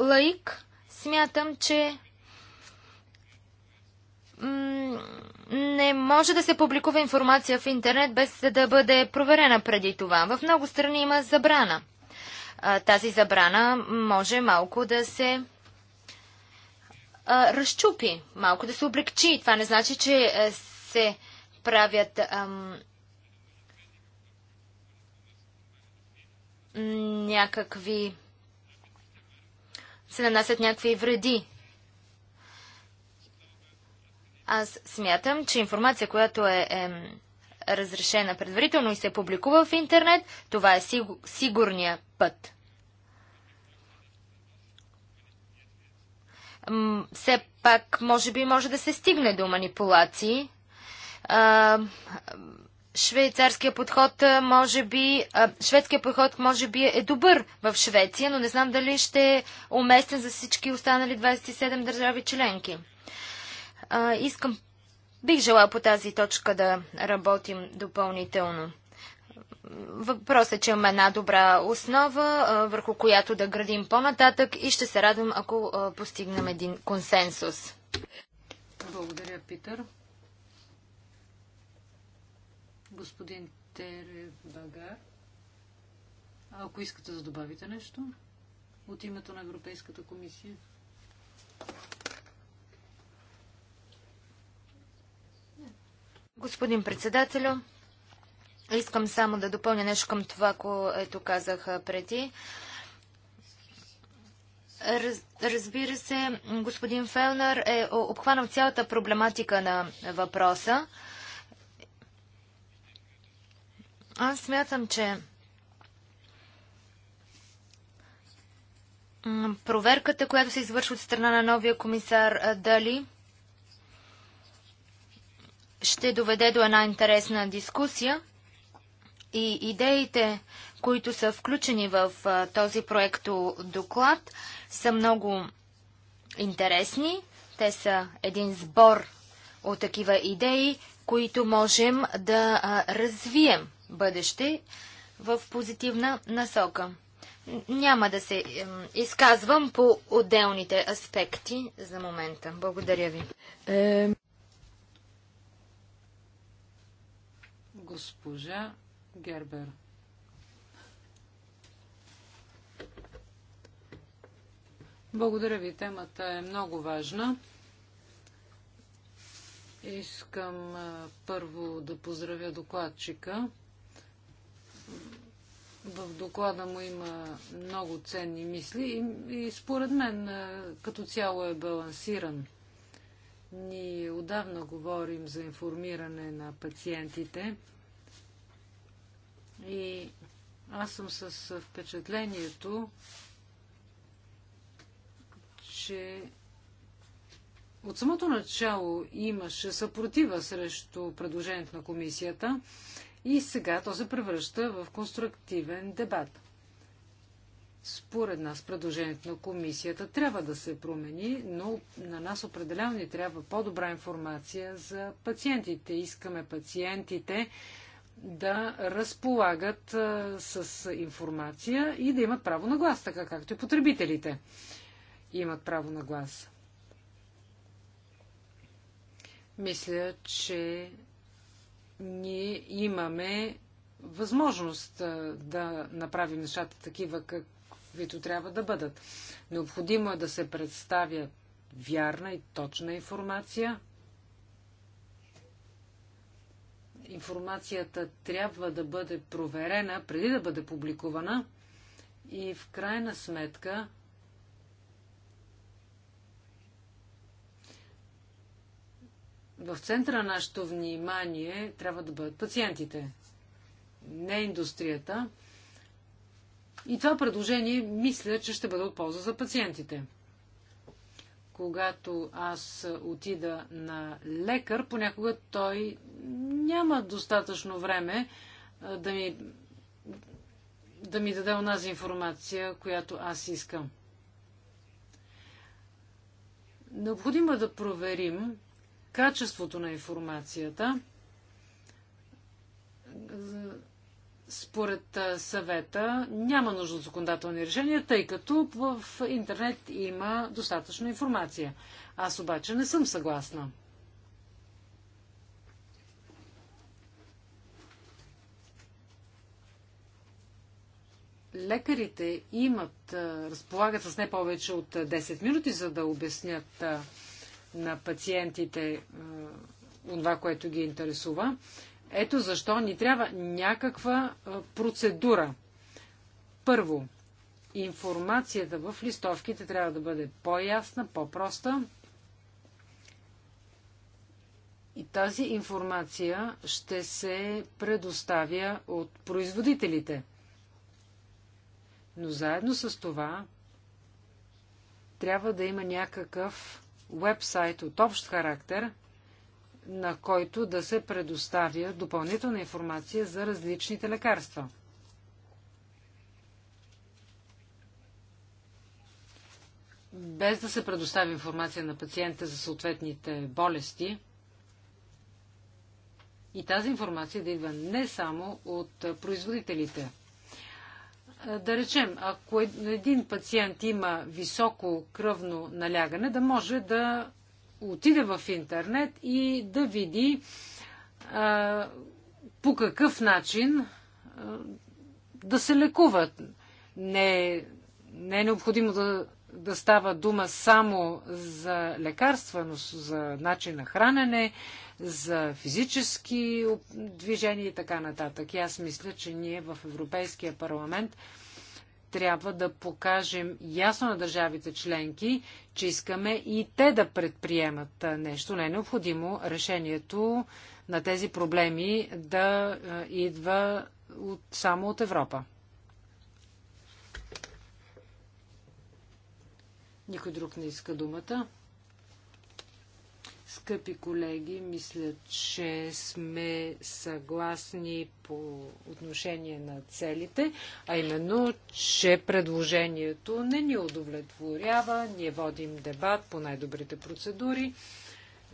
лаик смятам, че не може да се публикува информация в интернет без да бъде проверена преди това. В много страни има забрана. Тази забрана може малко да се разчупи, малко да се облегчи. Това не значи, че е, се правят ам, някакви се нанасят някакви вреди. Аз смятам, че информация, която е, е разрешена предварително и се публикува в интернет, това е сигур, сигурния път. М все пак, може би, може да се стигне до манипулации швейцарския подход може би, шведския подход може би е добър в Швеция, но не знам дали ще е уместен за всички останали 27 държави членки. искам, бих желал по тази точка да работим допълнително. Въпросът е, че имаме една добра основа, върху която да градим по-нататък и ще се радвам, ако постигнем един консенсус. Благодаря, Питър. Господин Багар, ако искате да добавите нещо от името на Европейската комисия. Господин председателю, искам само да допълня нещо към това, което казах преди. разбира се, господин Фелнер е обхванал цялата проблематика на въпроса. Аз смятам, че проверката, която се извършва от страна на новия комисар Дали, ще доведе до една интересна дискусия и идеите, които са включени в този проекто доклад, са много интересни. Те са един сбор от такива идеи, които можем да развием бъдеще в позитивна насока. Няма да се изказвам по отделните аспекти за момента. Благодаря ви. Е... Госпожа Гербер. Благодаря ви. Темата е много важна. Искам първо да поздравя докладчика в доклада му има много ценни мисли и, и според мен като цяло е балансиран. Ние отдавна говорим за информиране на пациентите и аз съм с впечатлението, че от самото начало имаше съпротива срещу предложението на комисията и сега то се превръща в конструктивен дебат. Според нас предложението на комисията трябва да се промени, но на нас определено ни трябва по-добра информация за пациентите. Искаме пациентите да разполагат а, с информация и да имат право на глас, така както и потребителите имат право на глас. Мисля, че ние имаме възможност да направим нещата такива, каквито трябва да бъдат. Необходимо е да се представя вярна и точна информация. Информацията трябва да бъде проверена преди да бъде публикувана и в крайна сметка в центъра на нашето внимание трябва да бъдат пациентите, не индустрията. И това предложение мисля, че ще бъде от полза за пациентите. Когато аз отида на лекар, понякога той няма достатъчно време да ми, да ми даде онази информация, която аз искам. Необходимо е да проверим качеството на информацията. Според съвета няма нужда от законодателни решения, тъй като в интернет има достатъчно информация. Аз обаче не съм съгласна. лекарите имат, разполагат с не повече от 10 минути, за да обяснят на пациентите това, е, което ги интересува. Ето защо ни трябва някаква е, процедура. Първо, информацията в листовките трябва да бъде по-ясна, по-проста. И тази информация ще се предоставя от производителите. Но заедно с това трябва да има някакъв вебсайт от общ характер, на който да се предоставя допълнителна информация за различните лекарства. Без да се предостави информация на пациента за съответните болести, и тази информация да идва не само от производителите, да речем, ако един пациент има високо кръвно налягане, да може да отиде в интернет и да види а, по какъв начин а, да се лекуват. Не, е, не е необходимо да да става дума само за лекарства, но за начин на хранене, за физически движения и така нататък. И аз мисля, че ние в Европейския парламент трябва да покажем ясно на държавите членки, че искаме и те да предприемат нещо. Не е необходимо решението на тези проблеми да е, идва от, само от Европа. Никой друг не иска думата. Скъпи колеги, мисля, че сме съгласни по отношение на целите, а именно, че предложението не ни удовлетворява. Ние водим дебат по най-добрите процедури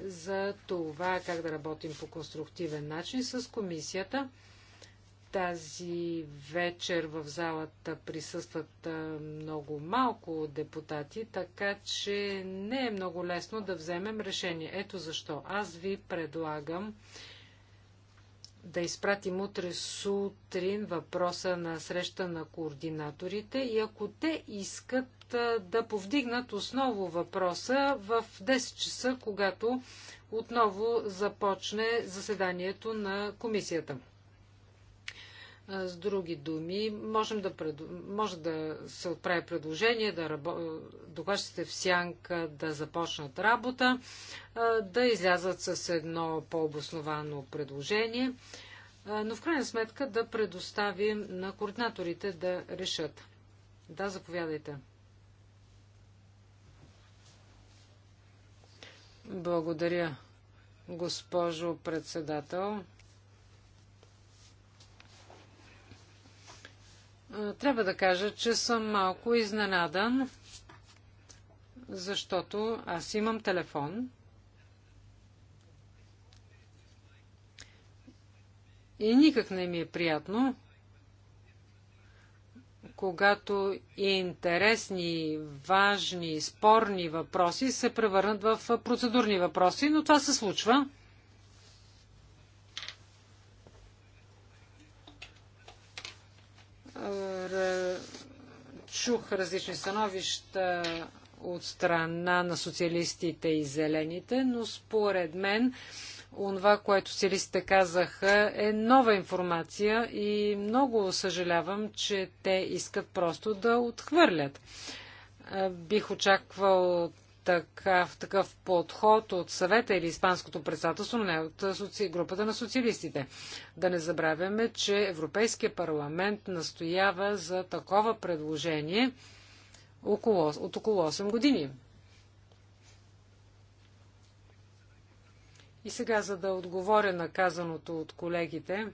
за това как да работим по конструктивен начин с комисията. Тази вечер в залата присъстват много малко депутати, така че не е много лесно да вземем решение. Ето защо аз ви предлагам да изпратим утре сутрин въпроса на среща на координаторите и ако те искат да повдигнат осново въпроса в 10 часа, когато отново започне заседанието на комисията. С други думи, можем да пред... може да се отправи предложение, да рабо... докладчите в сянка да започнат работа, да излязат с едно по-обосновано предложение, но в крайна сметка да предоставим на координаторите да решат. Да, заповядайте. Благодаря, госпожо председател. Трябва да кажа, че съм малко изненадан, защото аз имам телефон. И никак не ми е приятно, когато интересни, важни, спорни въпроси се превърнат в процедурни въпроси, но това се случва. чух различни становища от страна на социалистите и зелените, но според мен онова, което социалистите казаха, е нова информация и много съжалявам, че те искат просто да отхвърлят. Е, бих очаквал такъв, такъв подход от съвета или Испанското председателство, но не от соци... групата на социалистите. Да не забравяме, че Европейския парламент настоява за такова предложение около... от около 8 години. И сега, за да отговоря на казаното от колегите,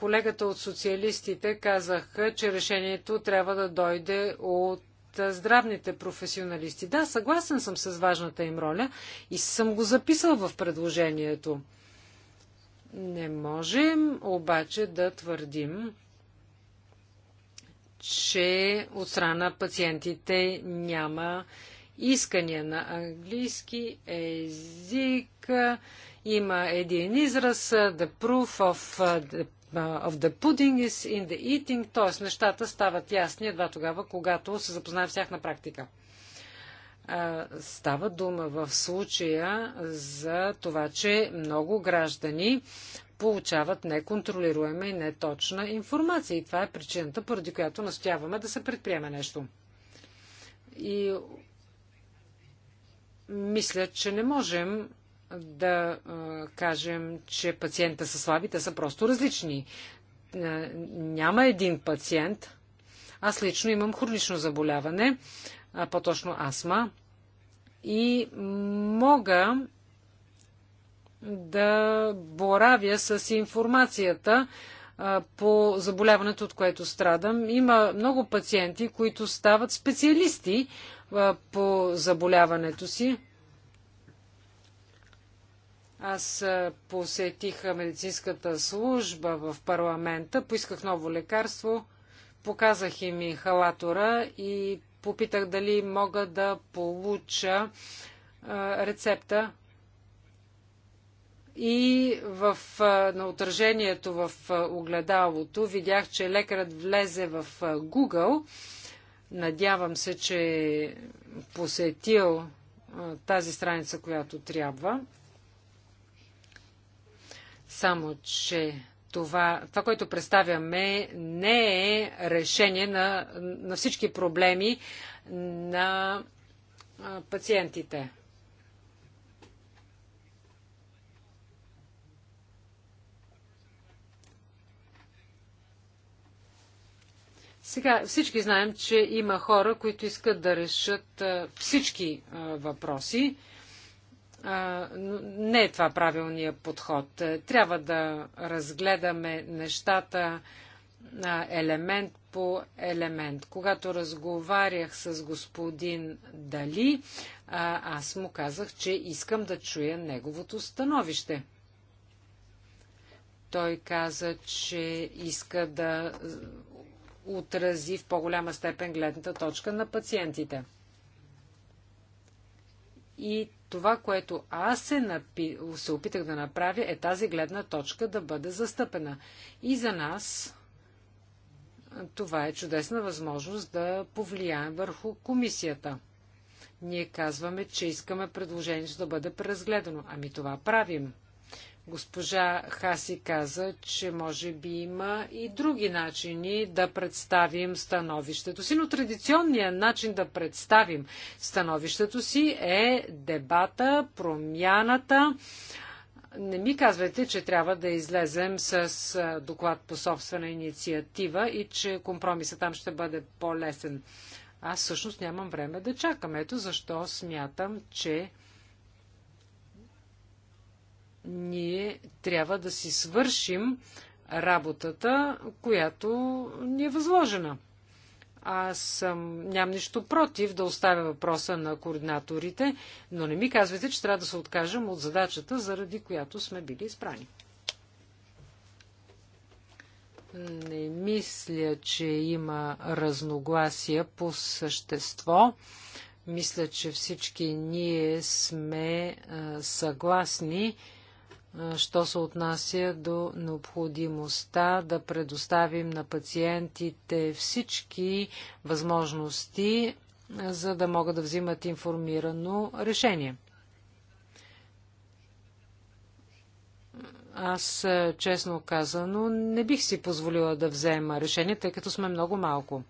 колегата от социалистите казаха, че решението трябва да дойде от здравните професионалисти. Да, съгласен съм с важната им роля и съм го записал в предложението. Не можем обаче да твърдим, че от страна пациентите няма искания на английски език. Има един израз The proof of the of the pudding is in the eating, т.е. нещата стават ясни едва тогава, когато се запознаем с тях на практика. Става дума в случая за това, че много граждани получават неконтролируема и неточна информация. И това е причината, поради която настояваме да се предприеме нещо. И мисля, че не можем да кажем, че пациента са слаби, те са просто различни. Няма един пациент. Аз лично имам хронично заболяване, по-точно астма, и мога да боравя с информацията по заболяването, от което страдам. Има много пациенти, които стават специалисти по заболяването си. Аз посетих медицинската служба в парламента, поисках ново лекарство, показах им халатора и попитах дали мога да получа а, рецепта. И в, а, на отражението в огледалото видях, че лекарът влезе в Google. Надявам се, че е посетил а, тази страница, която трябва. Само, че това, това което представяме, не е решение на, на всички проблеми на а, пациентите. Сега всички знаем, че има хора, които искат да решат всички въпроси не е това правилният подход. Трябва да разгледаме нещата елемент по елемент. Когато разговарях с господин Дали, аз му казах, че искам да чуя неговото становище. Той каза, че иска да отрази в по-голяма степен гледната точка на пациентите. И това, което аз се, напи... се опитах да направя, е тази гледна точка да бъде застъпена. И за нас това е чудесна възможност да повлияем върху комисията. Ние казваме, че искаме предложението да бъде преразгледано. Ами това правим. Госпожа Хаси каза, че може би има и други начини да представим становището си, но традиционният начин да представим становището си е дебата, промяната. Не ми казвайте, че трябва да излезем с доклад по собствена инициатива и че компромисът там ще бъде по-лесен. Аз всъщност нямам време да чакам. Ето защо смятам, че ние трябва да си свършим работата, която ни е възложена. Аз съм, нямам нищо против да оставя въпроса на координаторите, но не ми казвайте, че трябва да се откажем от задачата, заради която сме били избрани. Не мисля, че има разногласия по същество. Мисля, че всички ние сме а, съгласни, що се отнася до необходимостта да предоставим на пациентите всички възможности, за да могат да взимат информирано решение. Аз, честно казано, не бих си позволила да взема решение, тъй като сме много малко.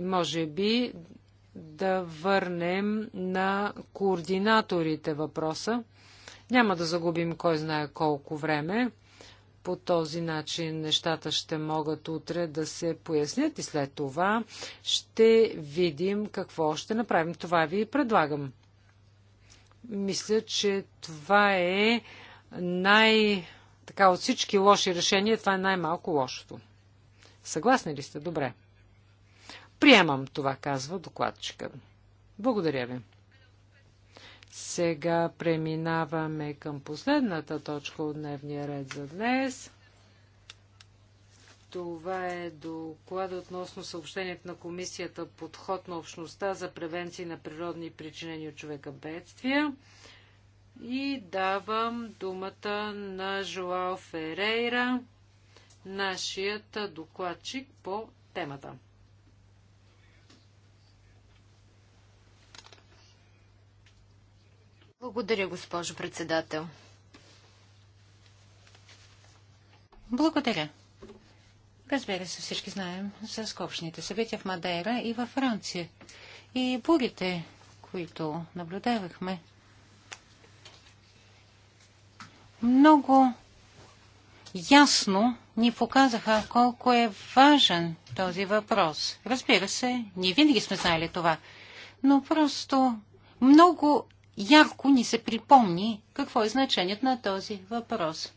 Може би да върнем на координаторите въпроса. Няма да загубим кой знае колко време. По този начин нещата ще могат утре да се пояснят и след това ще видим какво ще направим. Това ви предлагам. Мисля, че това е най... Така, от всички лоши решения, това е най-малко лошото. Съгласни ли сте? Добре. Приемам това, казва докладчика. Благодаря ви. Сега преминаваме към последната точка от дневния ред за днес. Това е доклад относно съобщението на Комисията Подход на общността за превенции на природни причинени от човека бедствия. И давам думата на Жоао Ферейра, нашият докладчик по темата. Благодаря, госпожо председател. Благодаря. Разбира се, всички знаем за скопшните събития в Мадейра и във Франция. И бурите, които наблюдавахме. Много ясно ни показаха колко е важен този въпрос. Разбира се, ние винаги сме знали това. Но просто много ярко ни се припомни какво е значението на този въпрос.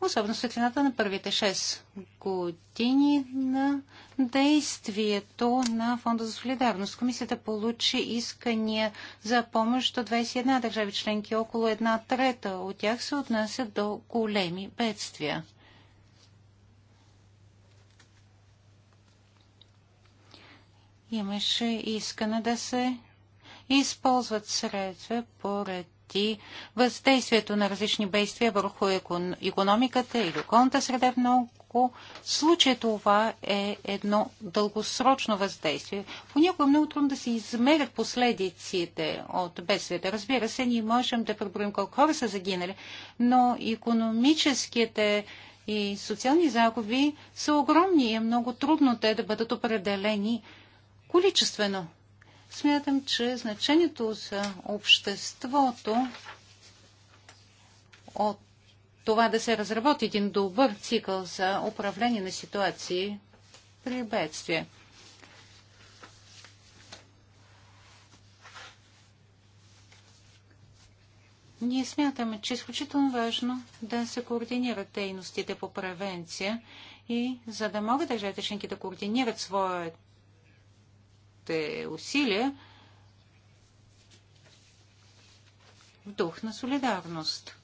Особено светлината на първите 6 години на действието на Фонда за солидарност. Комисията получи искания за помощ от 21 държави членки. Около една трета от тях се отнасят до големи бедствия. Имаше искане да се използват средства поради въздействието на различни действия върху економиката или околната среда в много случаи това е едно дългосрочно въздействие. Понякога е много трудно да се измерят последиците от бедствията. Разбира се, ние можем да преброим колко хора са загинали, но економическите и социални загуби са огромни и е много трудно те да бъдат определени количествено. Смятам, че значението за обществото от това да се разработи един добър цикъл за управление на ситуации при бедствие. Ние смятаме, че е изключително важно да се координират дейностите по превенция и за да могат държавите членки да координират своят вашите усилия в дух на солидарност.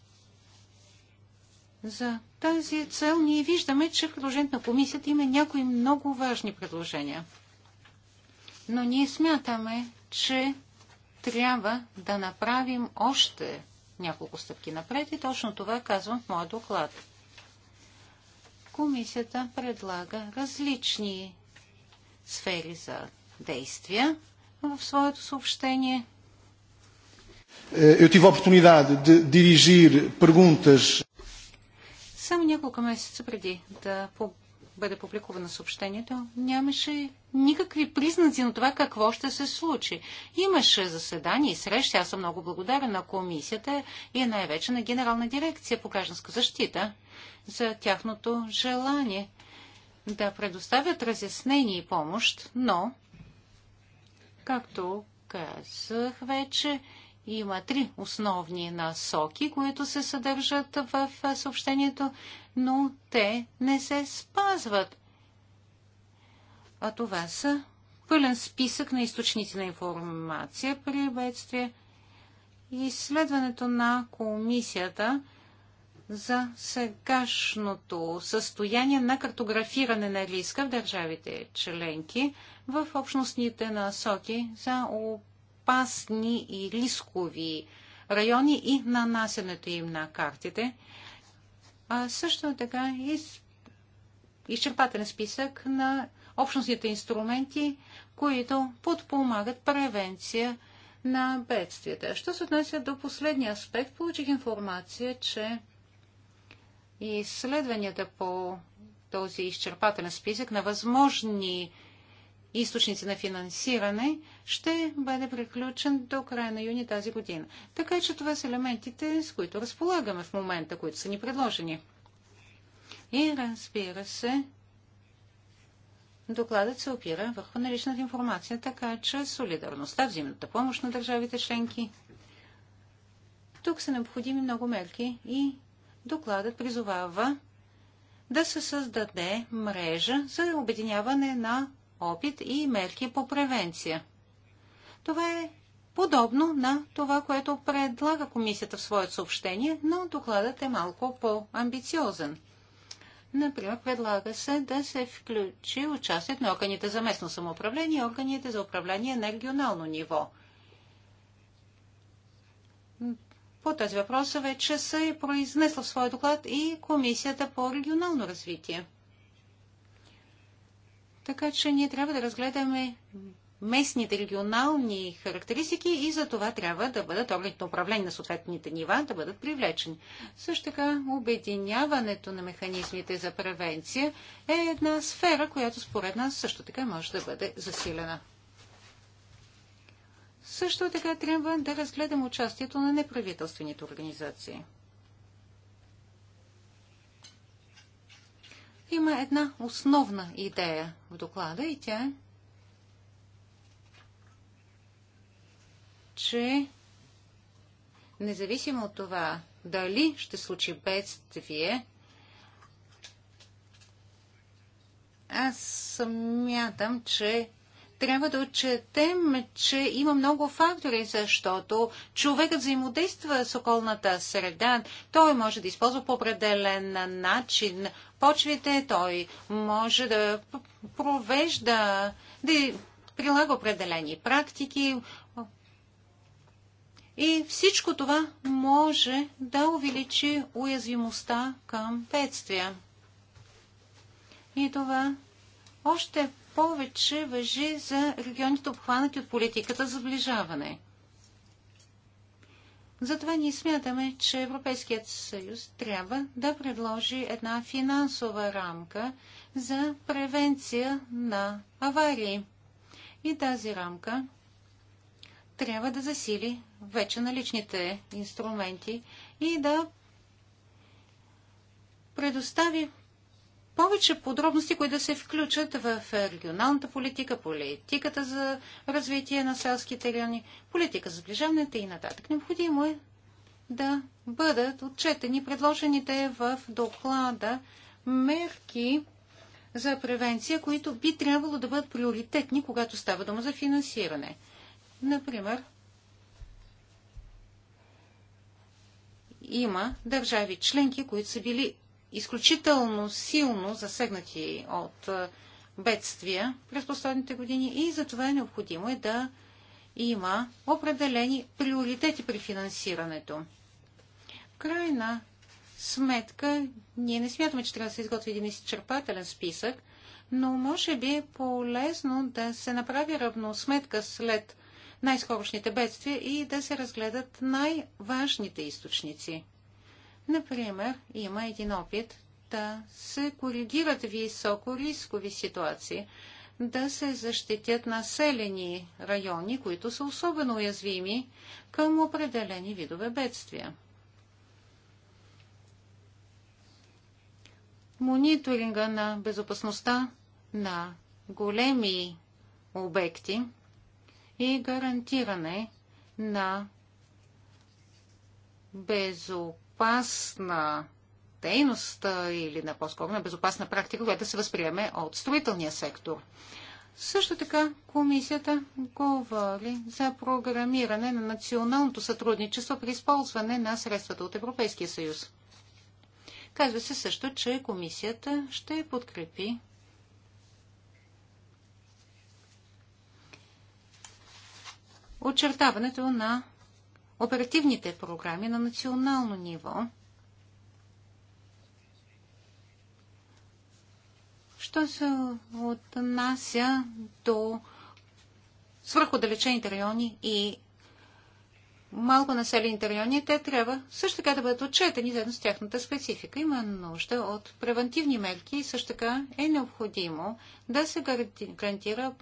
За тази цел ние виждаме, че в предложението на комисията има някои много важни предложения. Но ние смятаме, че трябва да направим още няколко стъпки напред и точно това казвам в моя доклад. Комисията предлага различни сфери за действия в своето съобщение. Е, eu tive a oportunidade de dirigir perguntas. Само няколко месеца преди да бъде публикувано съобщението, нямаше никакви признаци на това какво ще се случи. Имаше заседания и срещи. Аз съм много благодарен на комисията и най-вече на Генерална дирекция по гражданска защита за тяхното желание да предоставят разяснение и помощ, но Както казах вече, има три основни насоки, които се съдържат в съобщението, но те не се спазват. А това са пълен списък на източници на информация, при бедствие. изследването на комисията – за сегашното състояние на картографиране на риска в държавите членки в общностните насоки за опасни и рискови райони и нанасенето им на картите. А също така из... изчерпателен списък на общностните инструменти, които подпомагат превенция на бедствията. Що се отнася до последния аспект, получих информация, че и изследванията по този изчерпателен списък на възможни източници на финансиране ще бъде приключен до края на юни тази година. Така че това са елементите, с които разполагаме в момента, които са ни предложени. И разбира се, докладът се опира върху наличната информация, така че солидарността, взаимната помощ на държавите членки. Тук са необходими много мерки и Докладът призовава да се създаде мрежа за обединяване на опит и мерки по превенция. Това е подобно на това, което предлага комисията в своето съобщение, но докладът е малко по-амбициозен. Например, предлага се да се включи участието на органите за местно самоуправление и органите за управление на регионално ниво – по този въпрос вече се е произнесла в своя доклад и Комисията по регионално развитие. Така че ние трябва да разгледаме местните регионални характеристики и за това трябва да бъдат органите на управление на съответните нива, да бъдат привлечени. Също така, обединяването на механизмите за превенция е една сфера, която според нас също така може да бъде засилена. Също така трябва да разгледам участието на неправителствените организации. Има една основна идея в доклада и тя е, че независимо от това дали ще случи бедствие, аз смятам, че трябва да отчетем, че има много фактори, защото човекът взаимодейства с околната среда. Той може да използва по определен начин почвите, той може да провежда, да прилага определени практики, и всичко това може да увеличи уязвимостта към бедствия. И това още повече въжи за регионите обхванати от политиката за сближаване. Затова ние смятаме, че Европейският съюз трябва да предложи една финансова рамка за превенция на аварии. И тази рамка трябва да засили вече наличните инструменти и да предостави повече подробности, които да се включат в регионалната политика, политиката за развитие на селските райони, политика за сближаването и нататък. Необходимо е да бъдат отчетени предложените в доклада мерки за превенция, които би трябвало да бъдат приоритетни, когато става дума за финансиране. Например, има държави членки, които са били изключително силно засегнати от бедствия през последните години и затова е необходимо е да има определени приоритети при финансирането. В крайна сметка, ние не смятаме, че трябва да се изготви един изчерпателен списък, но може би е полезно да се направи равносметка след най-скорошните бедствия и да се разгледат най-важните източници. Например, има един опит да се коригират високо рискови ситуации, да се защитят населени райони, които са особено уязвими към определени видове бедствия. Мониторинга на безопасността на големи обекти и гарантиране на безопасност безопасна дейност или на по-скоро на безопасна практика, която да се възприеме от строителния сектор. Също така комисията говори за програмиране на националното сътрудничество при използване на средствата от Европейския съюз. Казва се също, че комисията ще подкрепи очертаването на оперативните програми на национално ниво. Що се отнася до свърходалечените райони и малко населените райони, те трябва също така да бъдат отчетени заедно с тяхната специфика. Има нужда от превентивни мерки и също така е необходимо да се гарантира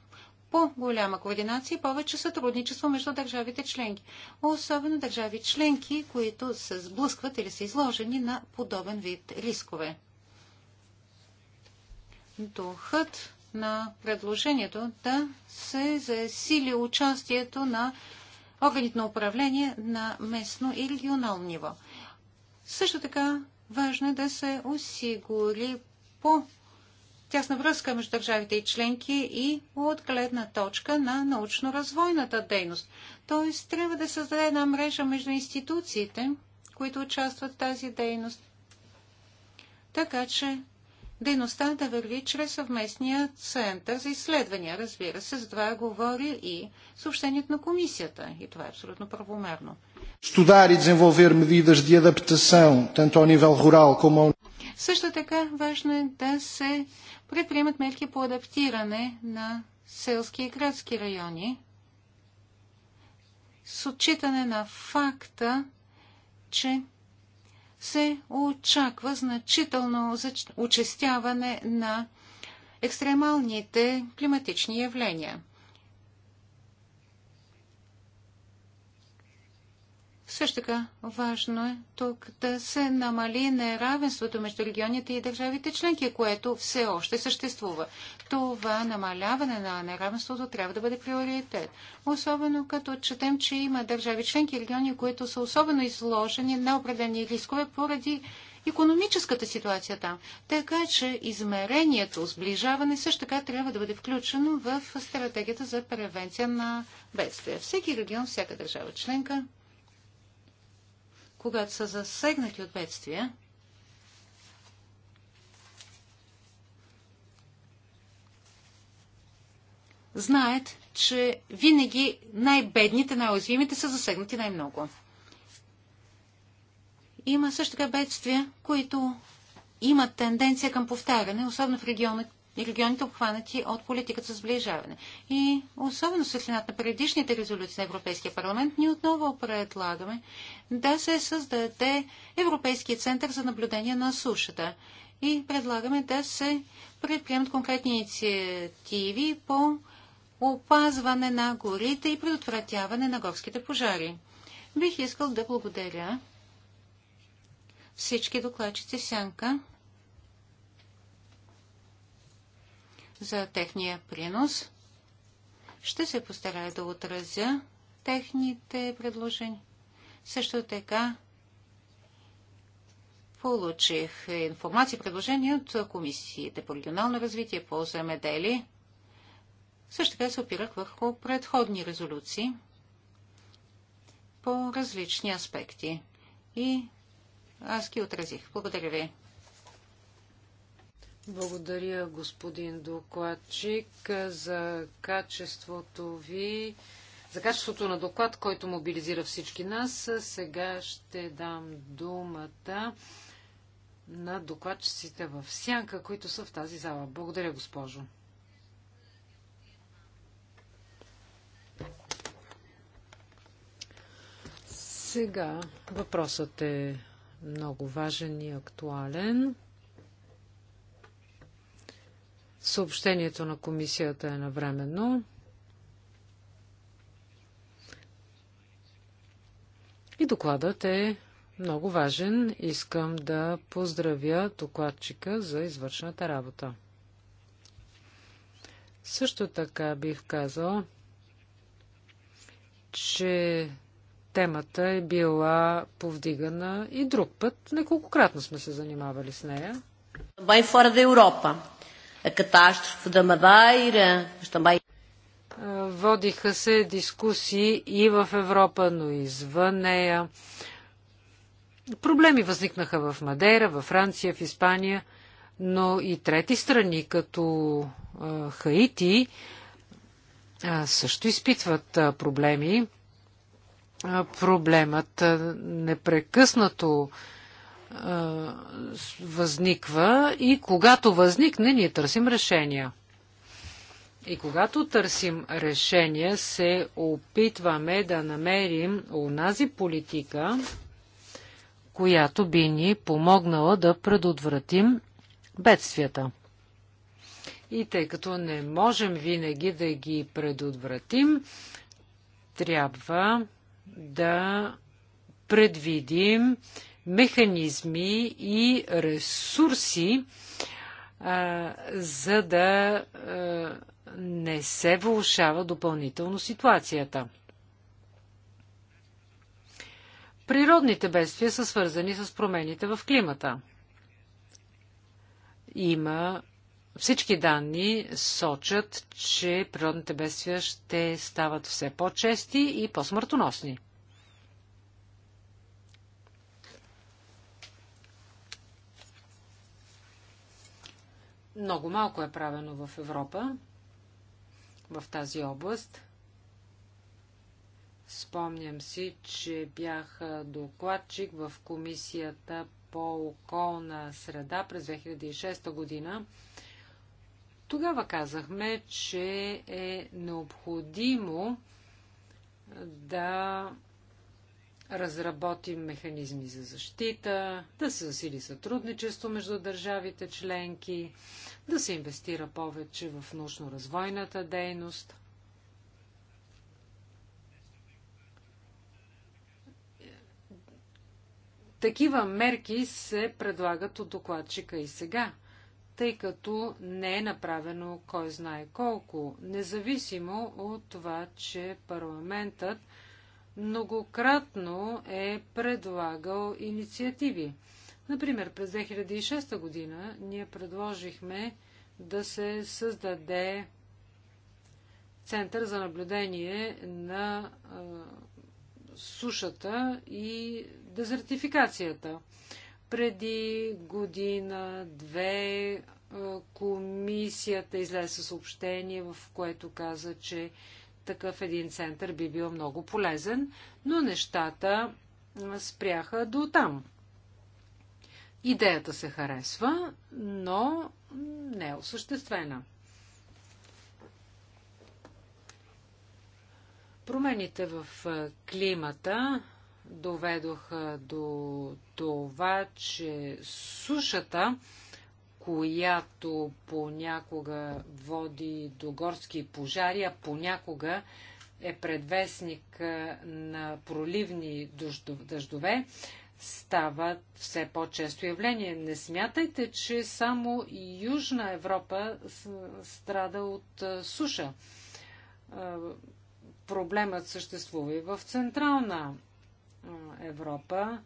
по-голяма координация и повече сътрудничество между държавите членки. Особено държави членки, които се сблъскват или са изложени на подобен вид рискове. Духът на предложението да се засили участието на органите на управление на местно и регионално ниво. Също така важно е да се осигури по тясна връзка между държавите и членки и от гледна точка на научно-развойната дейност. Тоест, трябва да създаде една мрежа между институциите, които участват в тази дейност. Така че дейността да върви чрез съвместния център за изследвания. Разбира се, за това говори и съобщението на комисията. И това е абсолютно правомерно. Estudar e desenvolver medidas de adaptação, tanto ao nível rural como ao... Също така важно е да се предприемат мерки по адаптиране на селски и градски райони с отчитане на факта, че се очаква значително участяване на екстремалните климатични явления. Също така важно е тук да се намали неравенството между регионите и държавите членки, което все още съществува. Това намаляване на неравенството трябва да бъде приоритет. Особено като четем, че има държави членки и региони, които са особено изложени на определени рискове поради економическата ситуация там. Така че измерението, сближаване също така трябва да бъде включено в стратегията за превенция на бедствия. Всеки регион, всяка държава членка когато са засегнати от бедствия, знаят, че винаги най-бедните, най-уязвимите са засегнати най-много. Има също така бедствия, които имат тенденция към повтаряне, особено в регионите, и регионите обхванати от политиката за сближаване. И особено светлината на предишните резолюции на Европейския парламент, ние отново предлагаме да се създаде Европейския център за наблюдение на сушата. И предлагаме да се предприемат конкретни инициативи по опазване на горите и предотвратяване на горските пожари. Бих искал да благодаря всички докладчици Сянка за техния принос. Ще се постарая да отразя техните предложения. Също така получих информация и предложения от комисията по регионално развитие, по земеделие. Също така се опирах върху предходни резолюции по различни аспекти. И аз ги отразих. Благодаря ви. Благодаря, господин докладчик, за качеството ви, за качеството на доклад, който мобилизира всички нас. Сега ще дам думата на докладчиците в сянка, които са в тази зала. Благодаря, госпожо. Сега въпросът е много важен и актуален. Съобщението на комисията е навременно. И докладът е много важен. Искам да поздравя докладчика за извършната работа. Също така бих казал, че темата е била повдигана и друг път. Неколкократно сме се занимавали с нея. Бай фора да Европа a catástrofe da Madeira, mas também. Водиха се дискусии и в Европа, но извън нея. Проблеми възникнаха в Мадера, във Франция, в Испания, но и трети страни, като Хаити, също изпитват проблеми. Проблемът непрекъснато възниква и когато възникне, ние търсим решения. И когато търсим решения се опитваме да намерим онази политика, която би ни помогнала да предотвратим бедствията. И тъй като не можем винаги да ги предотвратим, трябва да предвидим механизми и ресурси, а, за да а, не се влушава допълнително ситуацията. Природните бедствия са свързани с промените в климата. Има всички данни сочат, че природните бедствия ще стават все по-чести и по-смъртоносни. Много малко е правено в Европа в тази област. Спомням си, че бях докладчик в комисията по околна среда през 2006 година. Тогава казахме, че е необходимо да разработим механизми за защита, да се засили сътрудничество между държавите членки, да се инвестира повече в научно-развойната дейност. Такива мерки се предлагат от докладчика и сега, тъй като не е направено кой знае колко, независимо от това, че парламентът многократно е предлагал инициативи. Например, през 2006 година ние предложихме да се създаде Център за наблюдение на а, сушата и дезертификацията. Преди година, две, комисията излезе съобщение, в което каза, че такъв един център би бил много полезен, но нещата спряха до там. Идеята се харесва, но не е осъществена. Промените в климата доведоха до това, че сушата, която понякога води до горски пожари, а понякога е предвестник на проливни дъждове, стават все по-често явление. Не смятайте, че само Южна Европа страда от суша. Проблемът съществува и в Централна Европа.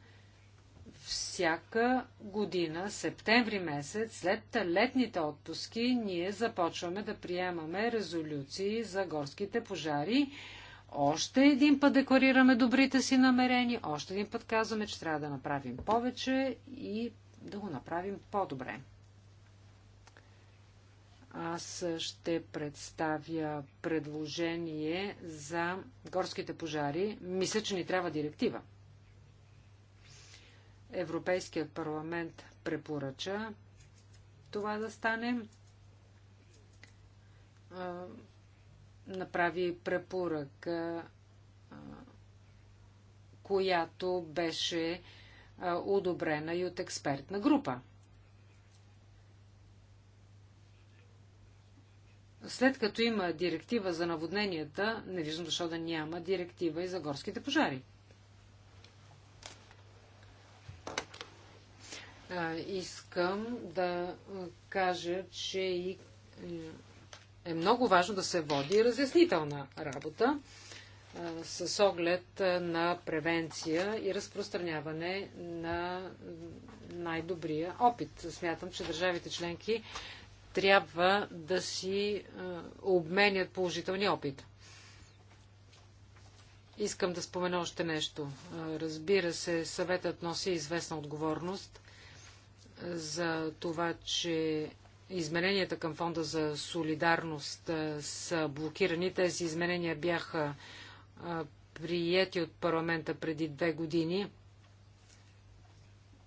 Всяка година, септември месец, след летните отпуски, ние започваме да приемаме резолюции за горските пожари още един път декларираме добрите си намерения, още един път казваме, че трябва да направим повече и да го направим по-добре. Аз ще представя предложение за горските пожари. Мисля, че ни трябва директива. Европейският парламент препоръча това да стане направи препоръка, която беше одобрена и от експертна група. След като има директива за наводненията, не виждам защо да няма директива и за горските пожари. Искам да кажа, че и е, е много важно да се води разяснителна работа с оглед на превенция и разпространяване на най-добрия опит. Смятам, че държавите членки трябва да си обменят положителния опит. Искам да спомена още нещо. Разбира се, съветът носи известна отговорност за това, че измененията към Фонда за солидарност са блокирани. Тези изменения бяха приети от парламента преди две години.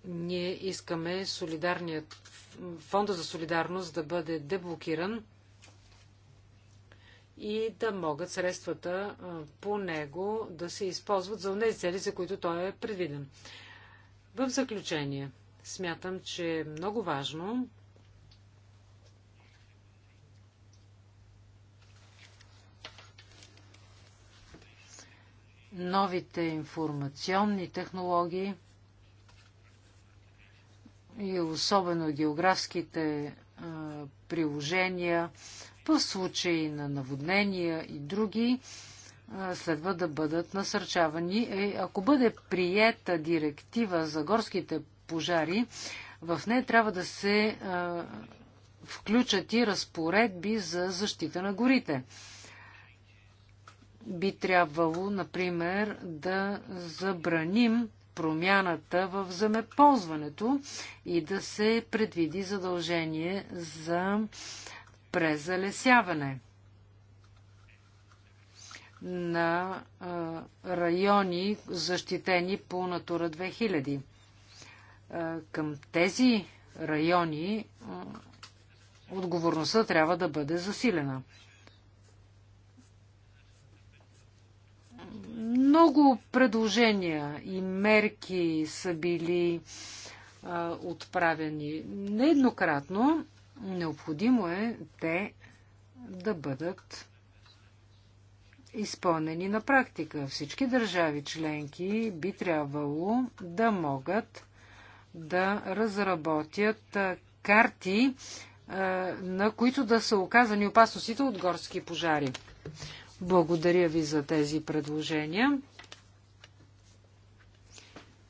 Ние искаме солидарният фонда за солидарност да бъде деблокиран и да могат средствата по него да се използват за тези цели, за които той е предвиден. В заключение, смятам, че е много важно новите информационни технологии и особено географските а, приложения в случаи на наводнения и други а, следва да бъдат насърчавани. Е, ако бъде приета директива за горските пожари, в нея трябва да се а, включат и разпоредби за защита на горите. Би трябвало, например, да забраним промяната в земеползването и да се предвиди задължение за презалесяване на райони, защитени по Натура 2000. Към тези райони отговорността трябва да бъде засилена. Много предложения и мерки са били а, отправени нееднократно. Необходимо е те да бъдат изпълнени на практика. Всички държави членки би трябвало да могат да разработят карти, на които да са оказани опасностите от горски пожари. Благодаря ви за тези предложения.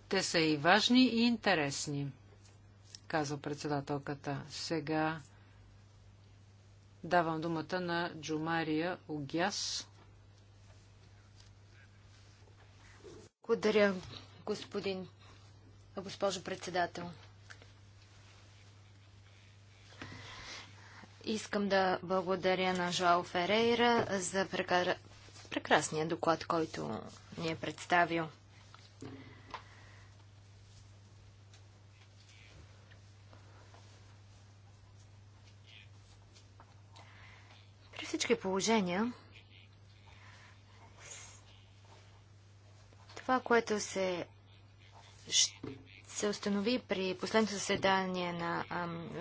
Те са и важни, и интересни, казва председателката. Сега давам думата на Джумария Огяс. Благодаря, господин госпожо председател. Искам да благодаря на Жоао Ферейра за прекара... прекрасния доклад, който ни е представил. При всички положения, това, което се се установи при последното заседание на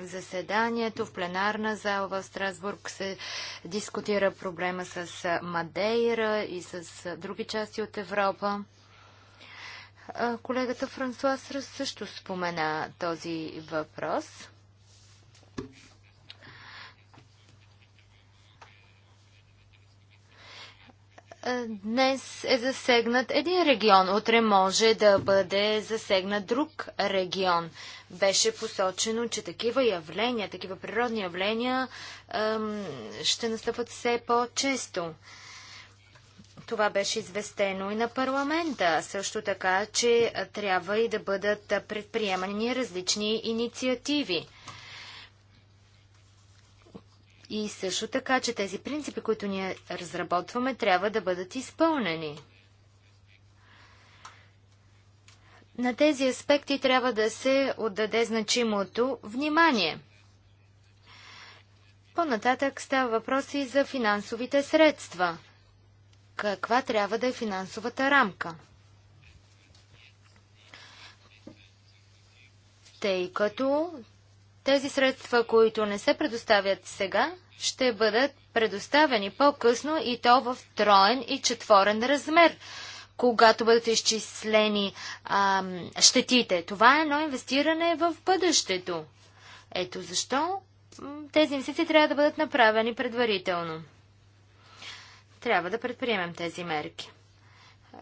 заседанието в пленарна зала в Страсбург се дискутира проблема с Мадейра и с други части от Европа. колегата Франсуас също спомена този въпрос. Е, днес е засегнат един регион, утре може да бъде засегнат друг регион. Беше посочено, че такива явления, такива природни явления ще настъпват все по-често. Това беше известено и на парламента, също така, че трябва и да бъдат предприемани различни инициативи. И също така, че тези принципи, които ние разработваме, трябва да бъдат изпълнени. На тези аспекти трябва да се отдаде значимото внимание. По-нататък става въпрос и за финансовите средства. Каква трябва да е финансовата рамка? Тъй като тези средства, които не се предоставят сега, ще бъдат предоставени по-късно и то в троен и четворен размер, когато бъдат изчислени ам, щетите. Това е едно инвестиране в бъдещето. Ето защо тези инвестиции трябва да бъдат направени предварително. Трябва да предприемем тези мерки.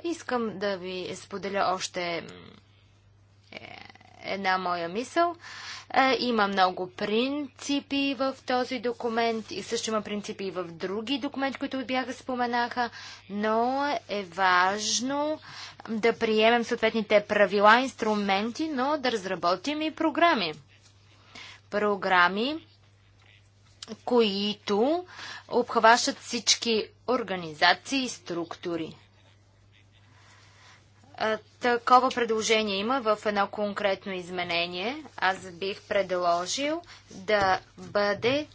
Искам да ви споделя още е, една моя мисъл. Е, има много принципи в този документ и също има принципи и в други документи, които бяха споменаха, но е важно да приемем съответните правила, инструменти, но да разработим и програми. Програми, които обхващат всички организации и структури. Такова предложение има в едно конкретно изменение. Аз бих предложил да бъде,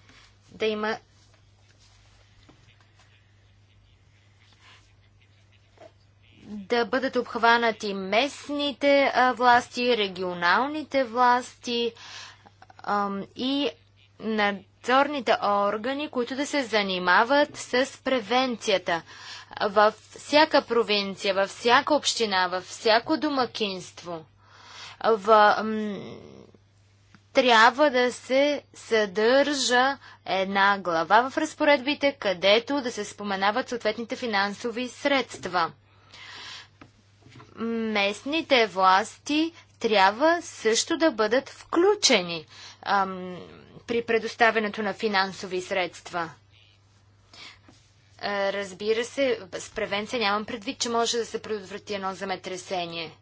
да има да бъдат обхванати местните власти, регионалните власти и на надзорните органи, които да се занимават с превенцията. Във всяка провинция, във всяка община, във всяко домакинство. В, трябва да се съдържа една глава в разпоредбите, където да се споменават съответните финансови средства. Местните власти трябва също да бъдат включени. Ам, при предоставянето на финансови средства. Разбира се, с превенция нямам предвид, че може да се предотврати едно земетресение.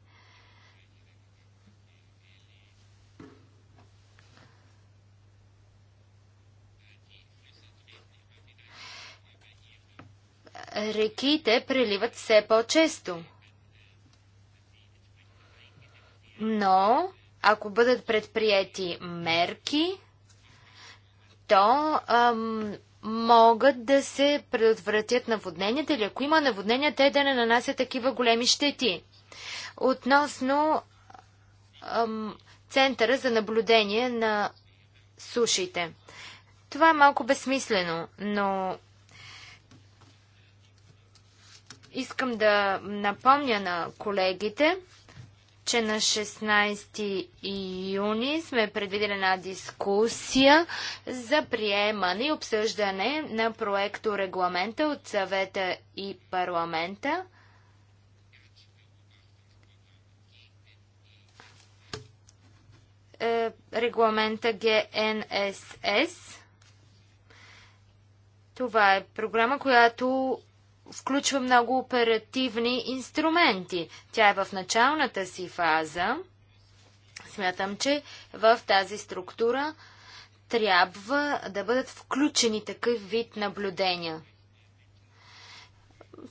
Реките преливат все по-често. Но, ако бъдат предприяти мерки, то ам, могат да се предотвратят наводненията или ако има наводнения, те да не нанасят такива големи щети. Относно ам, Центъра за наблюдение на сушите. Това е малко безсмислено, но искам да напомня на колегите, че на 16 юни сме предвидели една дискусия за приемане и обсъждане на проекто регламента от съвета и парламента. Е, регламента ГНСС. Това е програма, която включва много оперативни инструменти. Тя е в началната си фаза. Смятам, че в тази структура трябва да бъдат включени такъв вид наблюдения.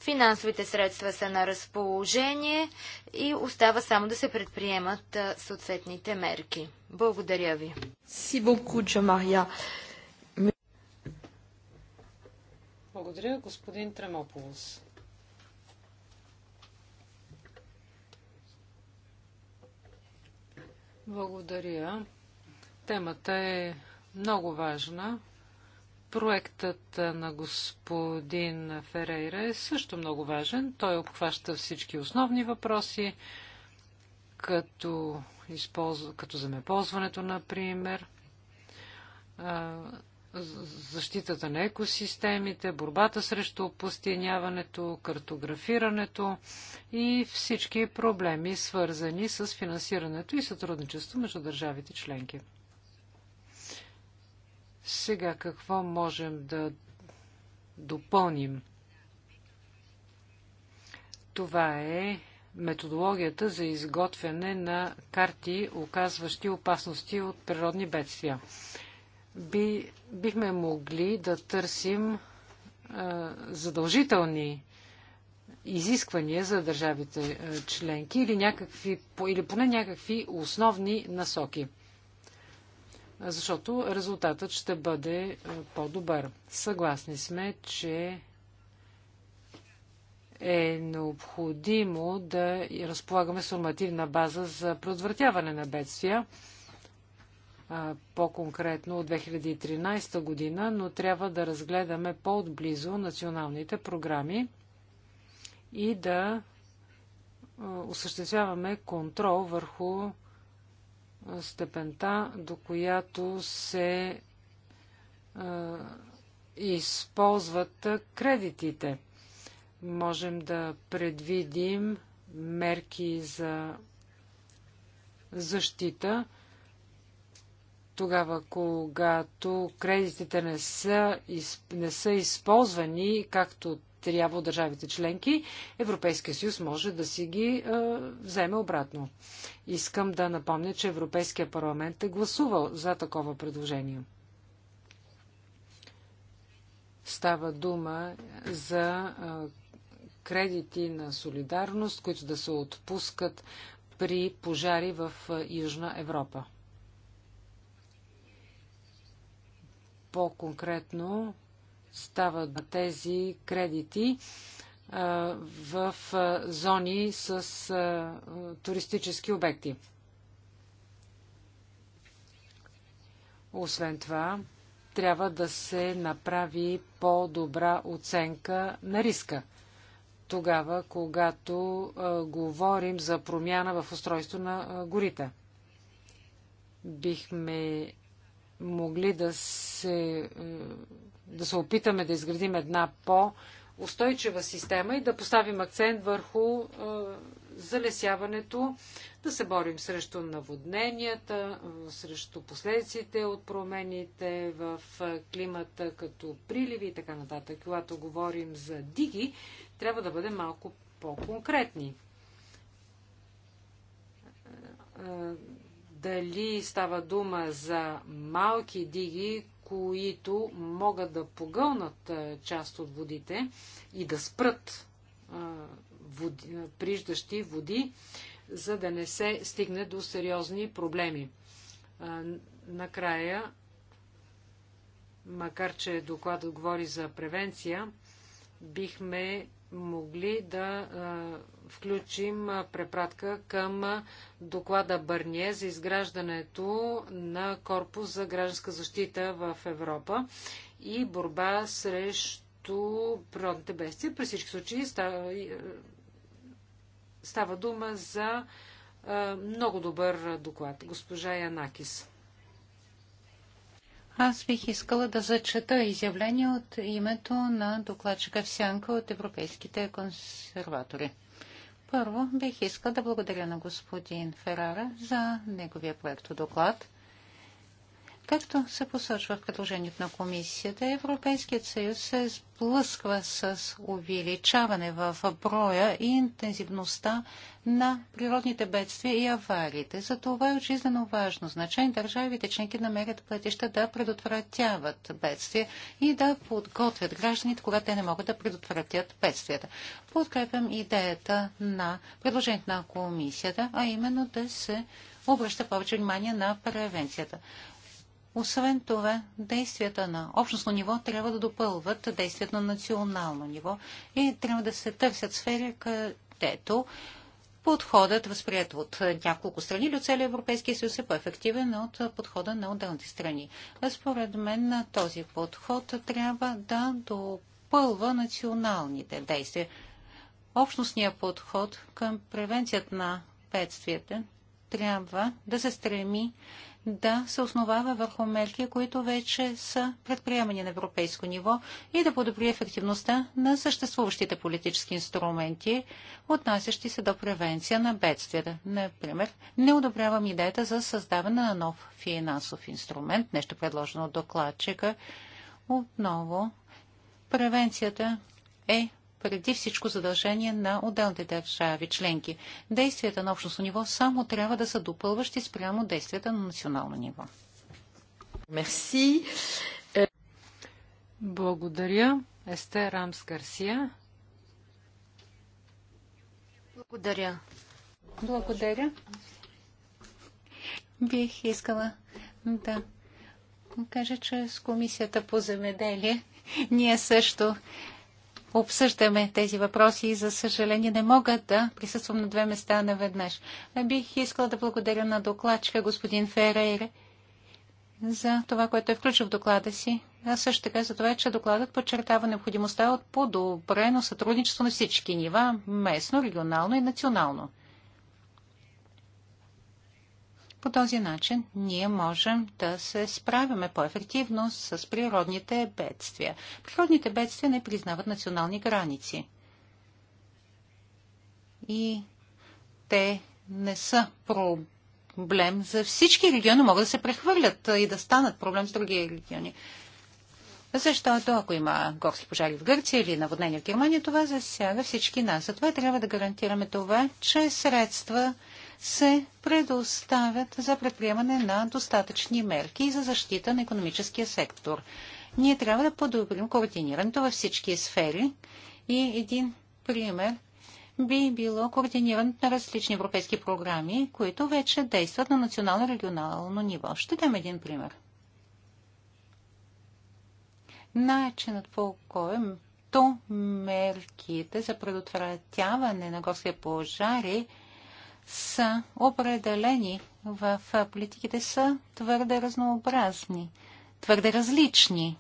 Финансовите средства са на разположение и остава само да се предприемат съответните мерки. Благодаря ви. Си Мария. Благодаря, господин Тремополос. Благодаря. Темата е много важна. Проектът на господин Ферейра е също много важен. Той обхваща всички основни въпроси, като, използва, като земеползването, например, защитата на екосистемите, борбата срещу опустиняването, картографирането и всички проблеми, свързани с финансирането и сътрудничество между държавите членки. Сега какво можем да допълним? Това е методологията за изготвяне на карти, оказващи опасности от природни бедствия. Би бихме могли да търсим е, задължителни изисквания за държавите е, членки или, някакви, или поне някакви основни насоки. Защото резултатът ще бъде е, по-добър. Съгласни сме, че е необходимо да разполагаме с нормативна база за предотвратяване на бедствия по-конкретно от 2013 година, но трябва да разгледаме по-отблизо националните програми и да осъществяваме контрол върху степента, до която се използват кредитите. Можем да предвидим мерки за защита тогава, когато кредитите не са, не са използвани както трябва от държавите членки, Европейския съюз може да си ги е, вземе обратно. Искам да напомня, че Европейския парламент е гласувал за такова предложение. Става дума за е, кредити на солидарност, които да се отпускат при пожари в Южна Европа. По-конкретно стават на тези кредити в зони с туристически обекти. Освен това, трябва да се направи по-добра оценка на риска. Тогава, когато говорим за промяна в устройство на горите. Бихме могли да се, е, да се опитаме да изградим една по-устойчива система и да поставим акцент върху е, залесяването, да се борим срещу наводненията, е, срещу последиците от промените в климата, като приливи и така нататък. Когато говорим за диги, трябва да бъдем малко по-конкретни дали става дума за малки диги, които могат да погълнат част от водите и да спрат води, приждащи води, за да не се стигне до сериозни проблеми. Накрая, макар че докладът говори за превенция, бихме могли да включим препратка към доклада Бърние за изграждането на корпус за гражданска защита в Европа и борба срещу природните бестия. При всички случаи става, става дума за много добър доклад. Госпожа Янакис. Аз бих искала да зачета изявление от името на докладчика в сянка от европейските консерватори. Първо бих искал да благодаря на господин Ферара за неговия проект доклад. Както се посочва в предложението на комисията, Европейският съюз се сблъсква с увеличаване в броя и интензивността на природните бедствия и авариите. За това е от жизнено важно значение държавите членки намерят пътища да предотвратяват бедствия и да подготвят гражданите, когато те не могат да предотвратят бедствията. Подкрепям идеята на предложението на комисията, а именно да се обръща повече внимание на превенцията. Освен това, действията на общностно ниво трябва да допълват действията на национално ниво и трябва да се търсят сфери, където подходът, възприят от няколко страни или от целия Европейския съюз е по-ефективен от подхода на отделните страни. Според мен този подход трябва да допълва националните действия. Общностният подход към превенцията на бедствията трябва да се стреми да се основава върху мерки, които вече са предприемани на европейско ниво и да подобри ефективността на съществуващите политически инструменти, отнасящи се до превенция на бедствията. Например, не одобрявам идеята за създаване на нов финансов инструмент, нещо предложено от докладчика. Отново, превенцията е преди всичко задължение на отделните държави членки. Действията на общностно ниво само трябва да са допълващи спрямо действията на национално ниво. Мерси. Е, Благодаря. Есте Рамс Гарсия. Благодаря. Благодаря. Бих искала да кажа, че с Комисията по земеделие ние също обсъждаме тези въпроси и за съжаление не мога да присъствам на две места наведнъж. Бих искала да благодаря на докладчика господин Ферейре за това, което е включил в доклада си, а също така за това, че докладът подчертава необходимостта от подобрено сътрудничество на всички нива, местно, регионално и национално. По този начин ние можем да се справяме по-ефективно с природните бедствия. Природните бедствия не признават национални граници. И те не са проблем за всички региони, могат да се прехвърлят и да станат проблем с други региони. Защото ако има горски пожари в Гърция или наводнение в Германия, това засяга всички нас. Затова трябва да гарантираме това, че средства се предоставят за предприемане на достатъчни мерки и за защита на економическия сектор. Ние трябва да подобрим координирането във всички сфери и един пример би било координирането на различни европейски програми, които вече действат на национално и регионално ниво. Ще дам един пример. Начинът по който мерките за предотвратяване на горски пожари – са определени в политиките, са твърде разнообразни, твърде различни.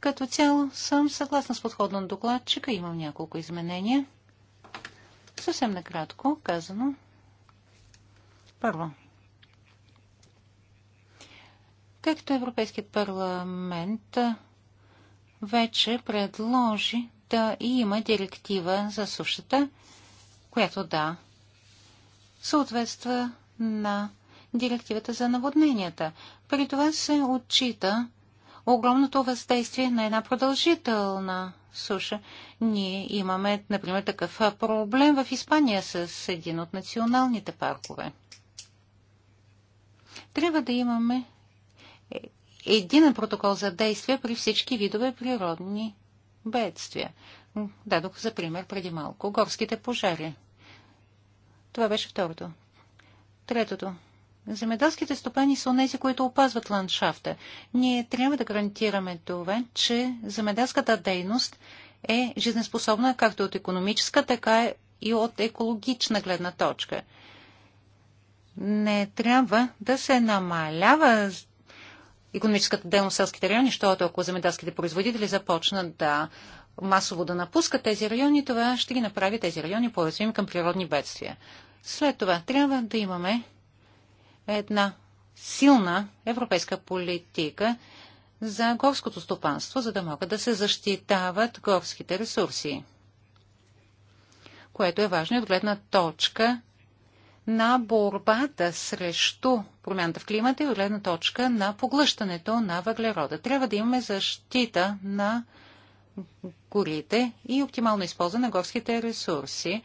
Като цяло съм съгласна с подходна докладчика, имам няколко изменения. Съвсем накратко казано. Първо. Както Европейският парламент вече предложи да има директива за сушата, която да съответства на директивата за наводненията. При това се отчита огромното въздействие на една продължителна суша. Ние имаме, например, такъв проблем в Испания с един от националните паркове. Трябва да имаме един протокол за действие при всички видове природни бедствия дадох за пример преди малко. Горските пожари. Това беше второто. Третото. Земеделските стопани са онези, които опазват ландшафта. Ние трябва да гарантираме това, че земеделската дейност е жизнеспособна както от економическа, така и от екологична гледна точка. Не трябва да се намалява економическата дейност в селските райони, защото ако земеделските производители започнат да масово да напускат тези райони, това ще ги направи тези райони по-уязвими към природни бедствия. След това трябва да имаме една силна европейска политика за горското стопанство, за да могат да се защитават горските ресурси, което е важно и от гледна точка на борбата срещу промяната в климата и от гледна точка на поглъщането на въглерода. Трябва да имаме защита на горите и оптимално използване на горските ресурси.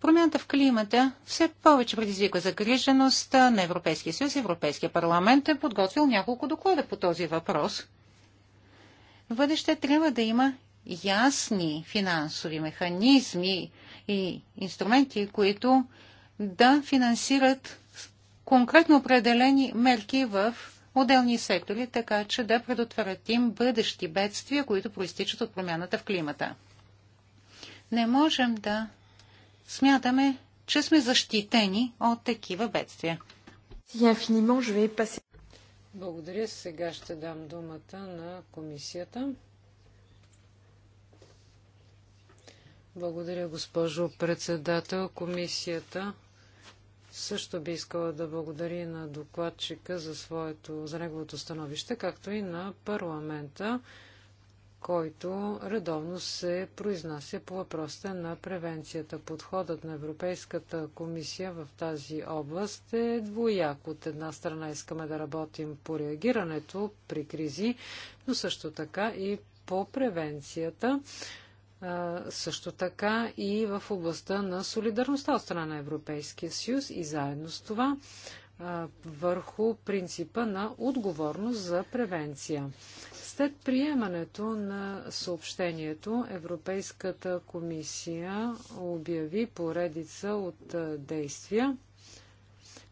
Промяната в климата все повече предизвиква загриженост на Европейския съюз. Европейския парламент е подготвил няколко доклада по този въпрос. В бъдеще трябва да има ясни финансови механизми и инструменти, които да финансират конкретно определени мерки в отделни сектори, така че да предотвратим бъдещи бедствия, които проистичат от промяната в климата. Не можем да смятаме, че сме защитени от такива бедствия. Благодаря. Сега ще дам думата на комисията. Благодаря, госпожо председател. Комисията също би искала да благодари на докладчика за, своето, за неговото становище, както и на парламента, който редовно се произнася по въпросите на превенцията. Подходът на Европейската комисия в тази област е двояк. От една страна искаме да работим по реагирането при кризи, но също така и по превенцията също така и в областта на солидарността от страна на Европейския съюз и заедно с това върху принципа на отговорност за превенция. След приемането на съобщението, Европейската комисия обяви поредица от действия,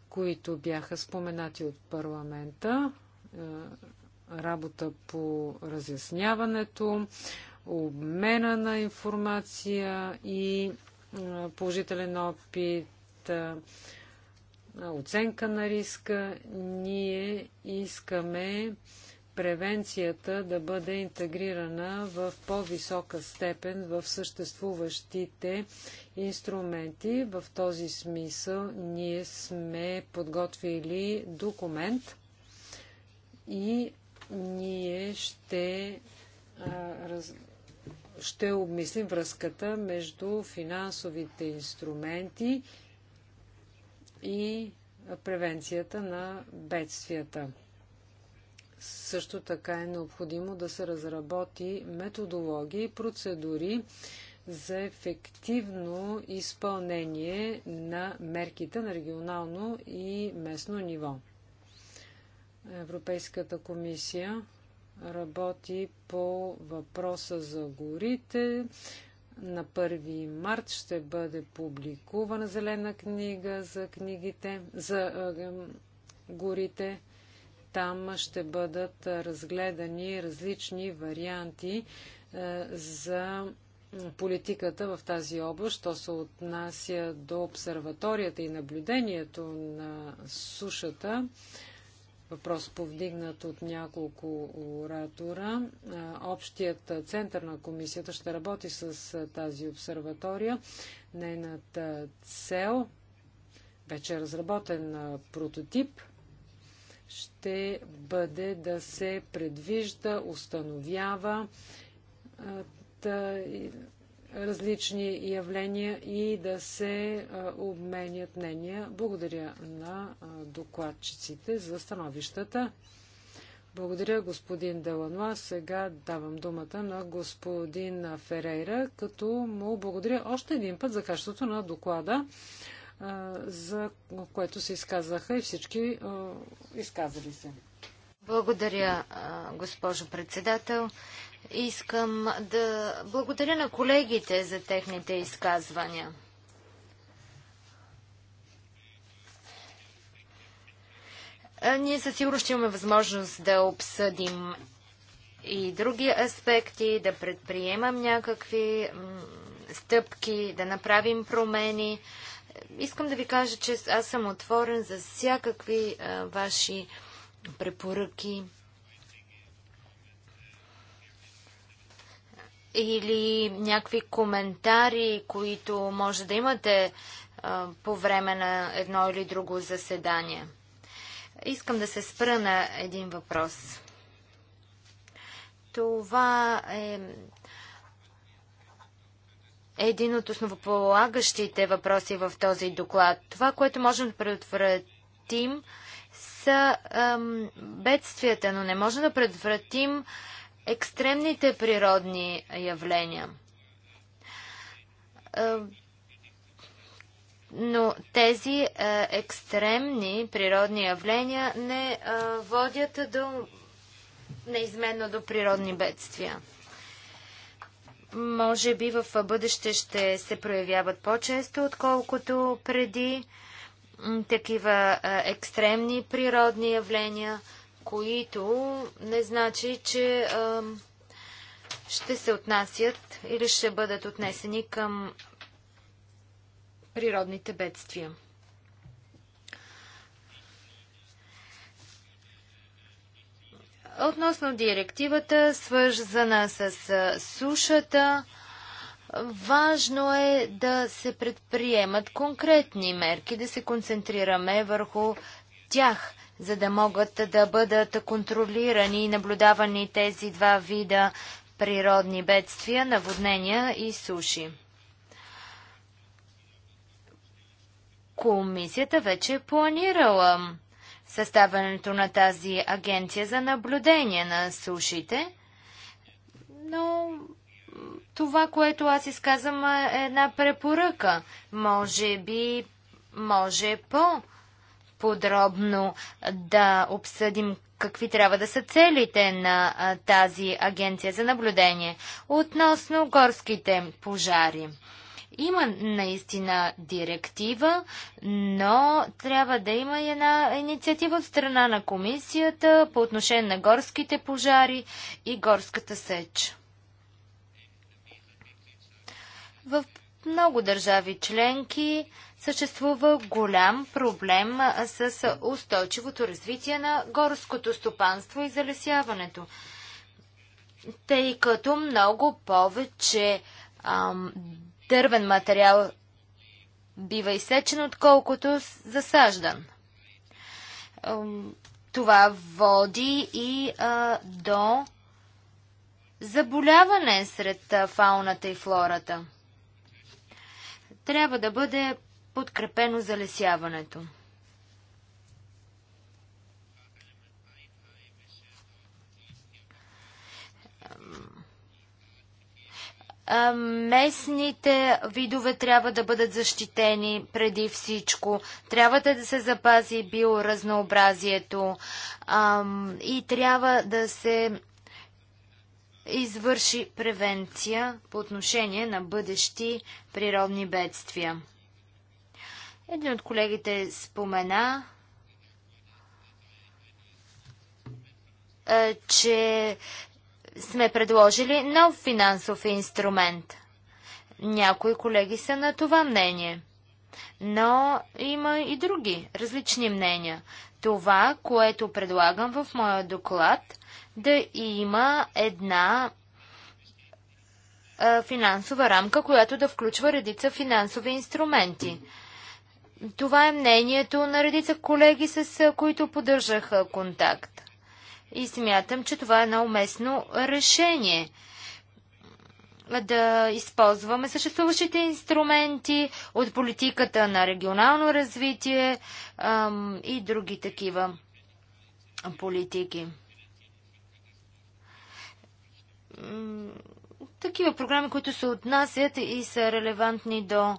които бяха споменати от парламента, работа по разясняването, обмена на информация и положителен опит, оценка на риска. Ние искаме превенцията да бъде интегрирана в по-висока степен в съществуващите инструменти. В този смисъл ние сме подготвили документ и ние ще а, раз, ще обмислим връзката между финансовите инструменти и превенцията на бедствията. Също така е необходимо да се разработи методологии и процедури за ефективно изпълнение на мерките на регионално и местно ниво. Европейската комисия работи по въпроса за горите. На 1 март ще бъде публикувана зелена книга за книгите, за горите. Там ще бъдат разгледани различни варианти за политиката в тази област, що се отнася до обсерваторията и наблюдението на сушата въпрос повдигнат от няколко оратора. Общият център на комисията ще работи с тази обсерватория. Нейната цел вече е разработен прототип ще бъде да се предвижда, установява различни явления и да се обменят мнения. Благодаря на докладчиците за становищата. Благодаря, господин Делануа. Сега давам думата на господин Ферейра, като му благодаря още един път за качеството на доклада, за което се изказаха и всички изказали се. Благодаря, госпожо председател. Искам да благодаря на колегите за техните изказвания. Ние със сигурност ще имаме възможност да обсъдим и други аспекти, да предприемам някакви стъпки, да направим промени. Искам да ви кажа, че аз съм отворен за всякакви ваши препоръки. или някакви коментари, които може да имате по време на едно или друго заседание. Искам да се спра на един въпрос. Това е един от основополагащите въпроси в този доклад. Това, което можем да предотвратим, са бедствията, но не можем да предотвратим екстремните природни явления. Е, но тези е, екстремни природни явления не е, водят до неизменно до природни бедствия. Може би в бъдеще ще се проявяват по-често, отколкото преди такива екстремни природни явления – които не значи, че а, ще се отнасят или ще бъдат отнесени към природните бедствия. Относно директивата, свързана с сушата, важно е да се предприемат конкретни мерки, да се концентрираме върху тях – за да могат да бъдат контролирани и наблюдавани тези два вида природни бедствия, наводнения и суши. Комисията вече е планирала съставянето на тази агенция за наблюдение на сушите, но това, което аз изказвам е една препоръка. Може би, може по- подробно да обсъдим какви трябва да са целите на тази агенция за наблюдение относно горските пожари. Има наистина директива, но трябва да има и една инициатива от страна на комисията по отношение на горските пожари и горската сеч. В много държави членки съществува голям проблем с устойчивото развитие на горското стопанство и залесяването, тъй като много повече ам, дървен материал бива изсечен, отколкото засаждан. Това води и а, до заболяване сред фауната и флората. Трябва да бъде подкрепено залесяването. Местните видове трябва да бъдат защитени преди всичко. Трябва да се запази биоразнообразието и трябва да се извърши превенция по отношение на бъдещи природни бедствия. Един от колегите спомена, е, че сме предложили нов финансов инструмент. Някои колеги са на това мнение. Но има и други различни мнения. Това, което предлагам в моя доклад, да има една е, финансова рамка, която да включва редица финансови инструменти това е мнението на редица колеги, с които поддържах контакт. И смятам, че това е едно уместно решение да използваме съществуващите инструменти от политиката на регионално развитие ам, и други такива политики. Такива програми, които се отнасят и са релевантни до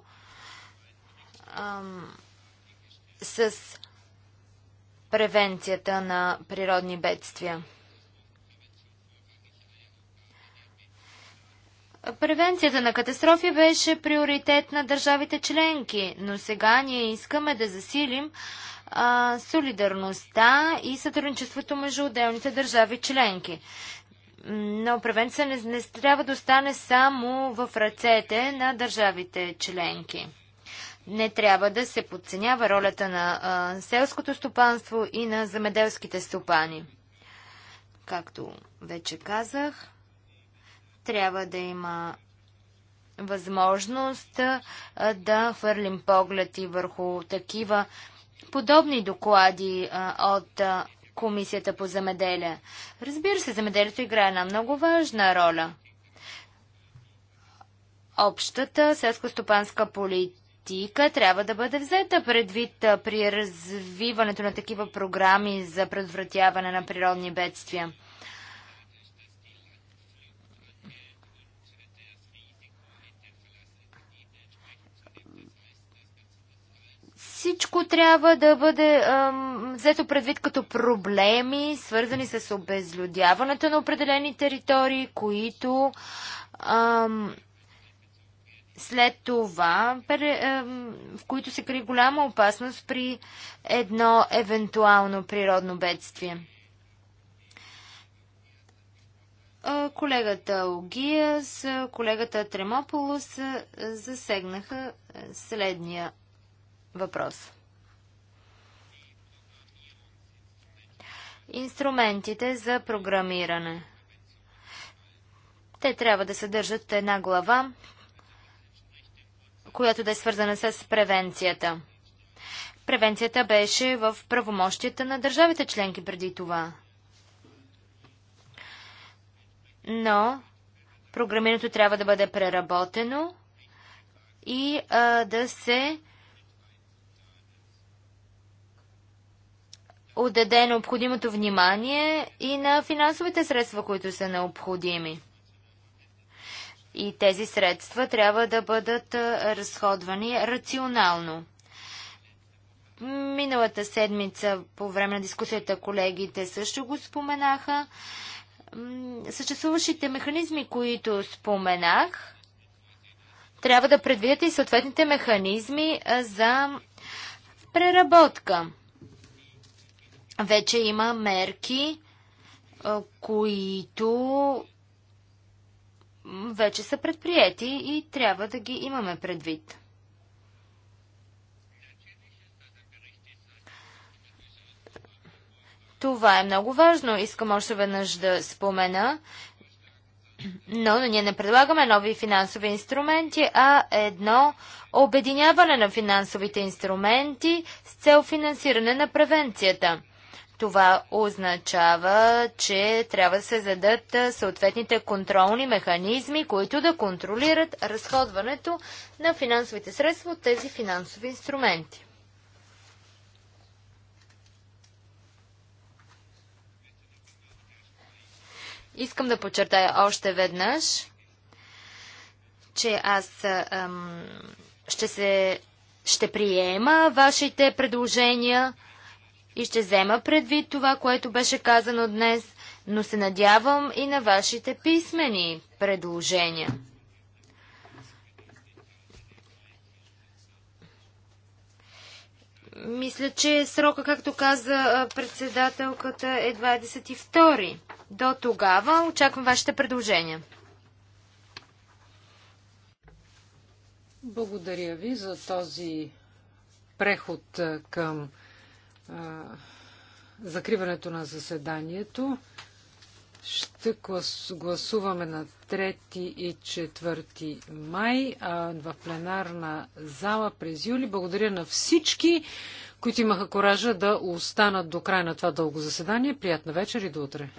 ам, с превенцията на природни бедствия. Превенцията на катастрофи беше приоритет на държавите членки, но сега ние искаме да засилим а, солидарността и сътрудничеството между отделните държави членки. Но превенция не, не трябва да остане само в ръцете на държавите членки. Не трябва да се подценява ролята на а, селското стопанство и на замеделските стопани. Както вече казах, трябва да има възможност а, да хвърлим поглед и върху такива подобни доклади а, от а, Комисията по земеделие. Разбира се, земеделието играе една много важна роля. Общата селско-стопанска политика политика трябва да бъде взета предвид при развиването на такива програми за предотвратяване на природни бедствия? всичко трябва да бъде ам, взето предвид като проблеми, свързани с обезлюдяването на определени територии, които ам, след това, в които се кри голяма опасност при едно евентуално природно бедствие. Е, колегата Огиас, е, колегата Тремополос е, засегнаха следния въпрос. Инструментите за програмиране. Те трябва да съдържат една глава, която да е свързана с превенцията. Превенцията беше в правомощията на държавите членки преди това. Но програмирането трябва да бъде преработено и а, да се отдаде необходимото внимание и на финансовите средства, които са необходими. И тези средства трябва да бъдат разходвани рационално. Миналата седмица по време на дискусията колегите също го споменаха. Съществуващите механизми, които споменах, трябва да предвидят и съответните механизми за преработка. Вече има мерки, които вече са предприяти и трябва да ги имаме предвид. Това е много важно, искам още веднъж да спомена. Но, но ние не предлагаме нови финансови инструменти, а едно обединяване на финансовите инструменти с цел финансиране на превенцията. Това означава, че трябва да се задат съответните контролни механизми, които да контролират разходването на финансовите средства от тези финансови инструменти. Искам да подчертая още веднъж, че аз ам, ще се ще приема вашите предложения и ще взема предвид това, което беше казано днес, но се надявам и на вашите писмени предложения. Мисля, че срока, както каза председателката, е 22. До тогава очаквам вашите предложения. Благодаря ви за този преход към закриването на заседанието. Ще гласуваме на 3 и 4 май в пленарна зала през юли. Благодаря на всички, които имаха коража да останат до края на това дълго заседание. Приятна вечер и до утре!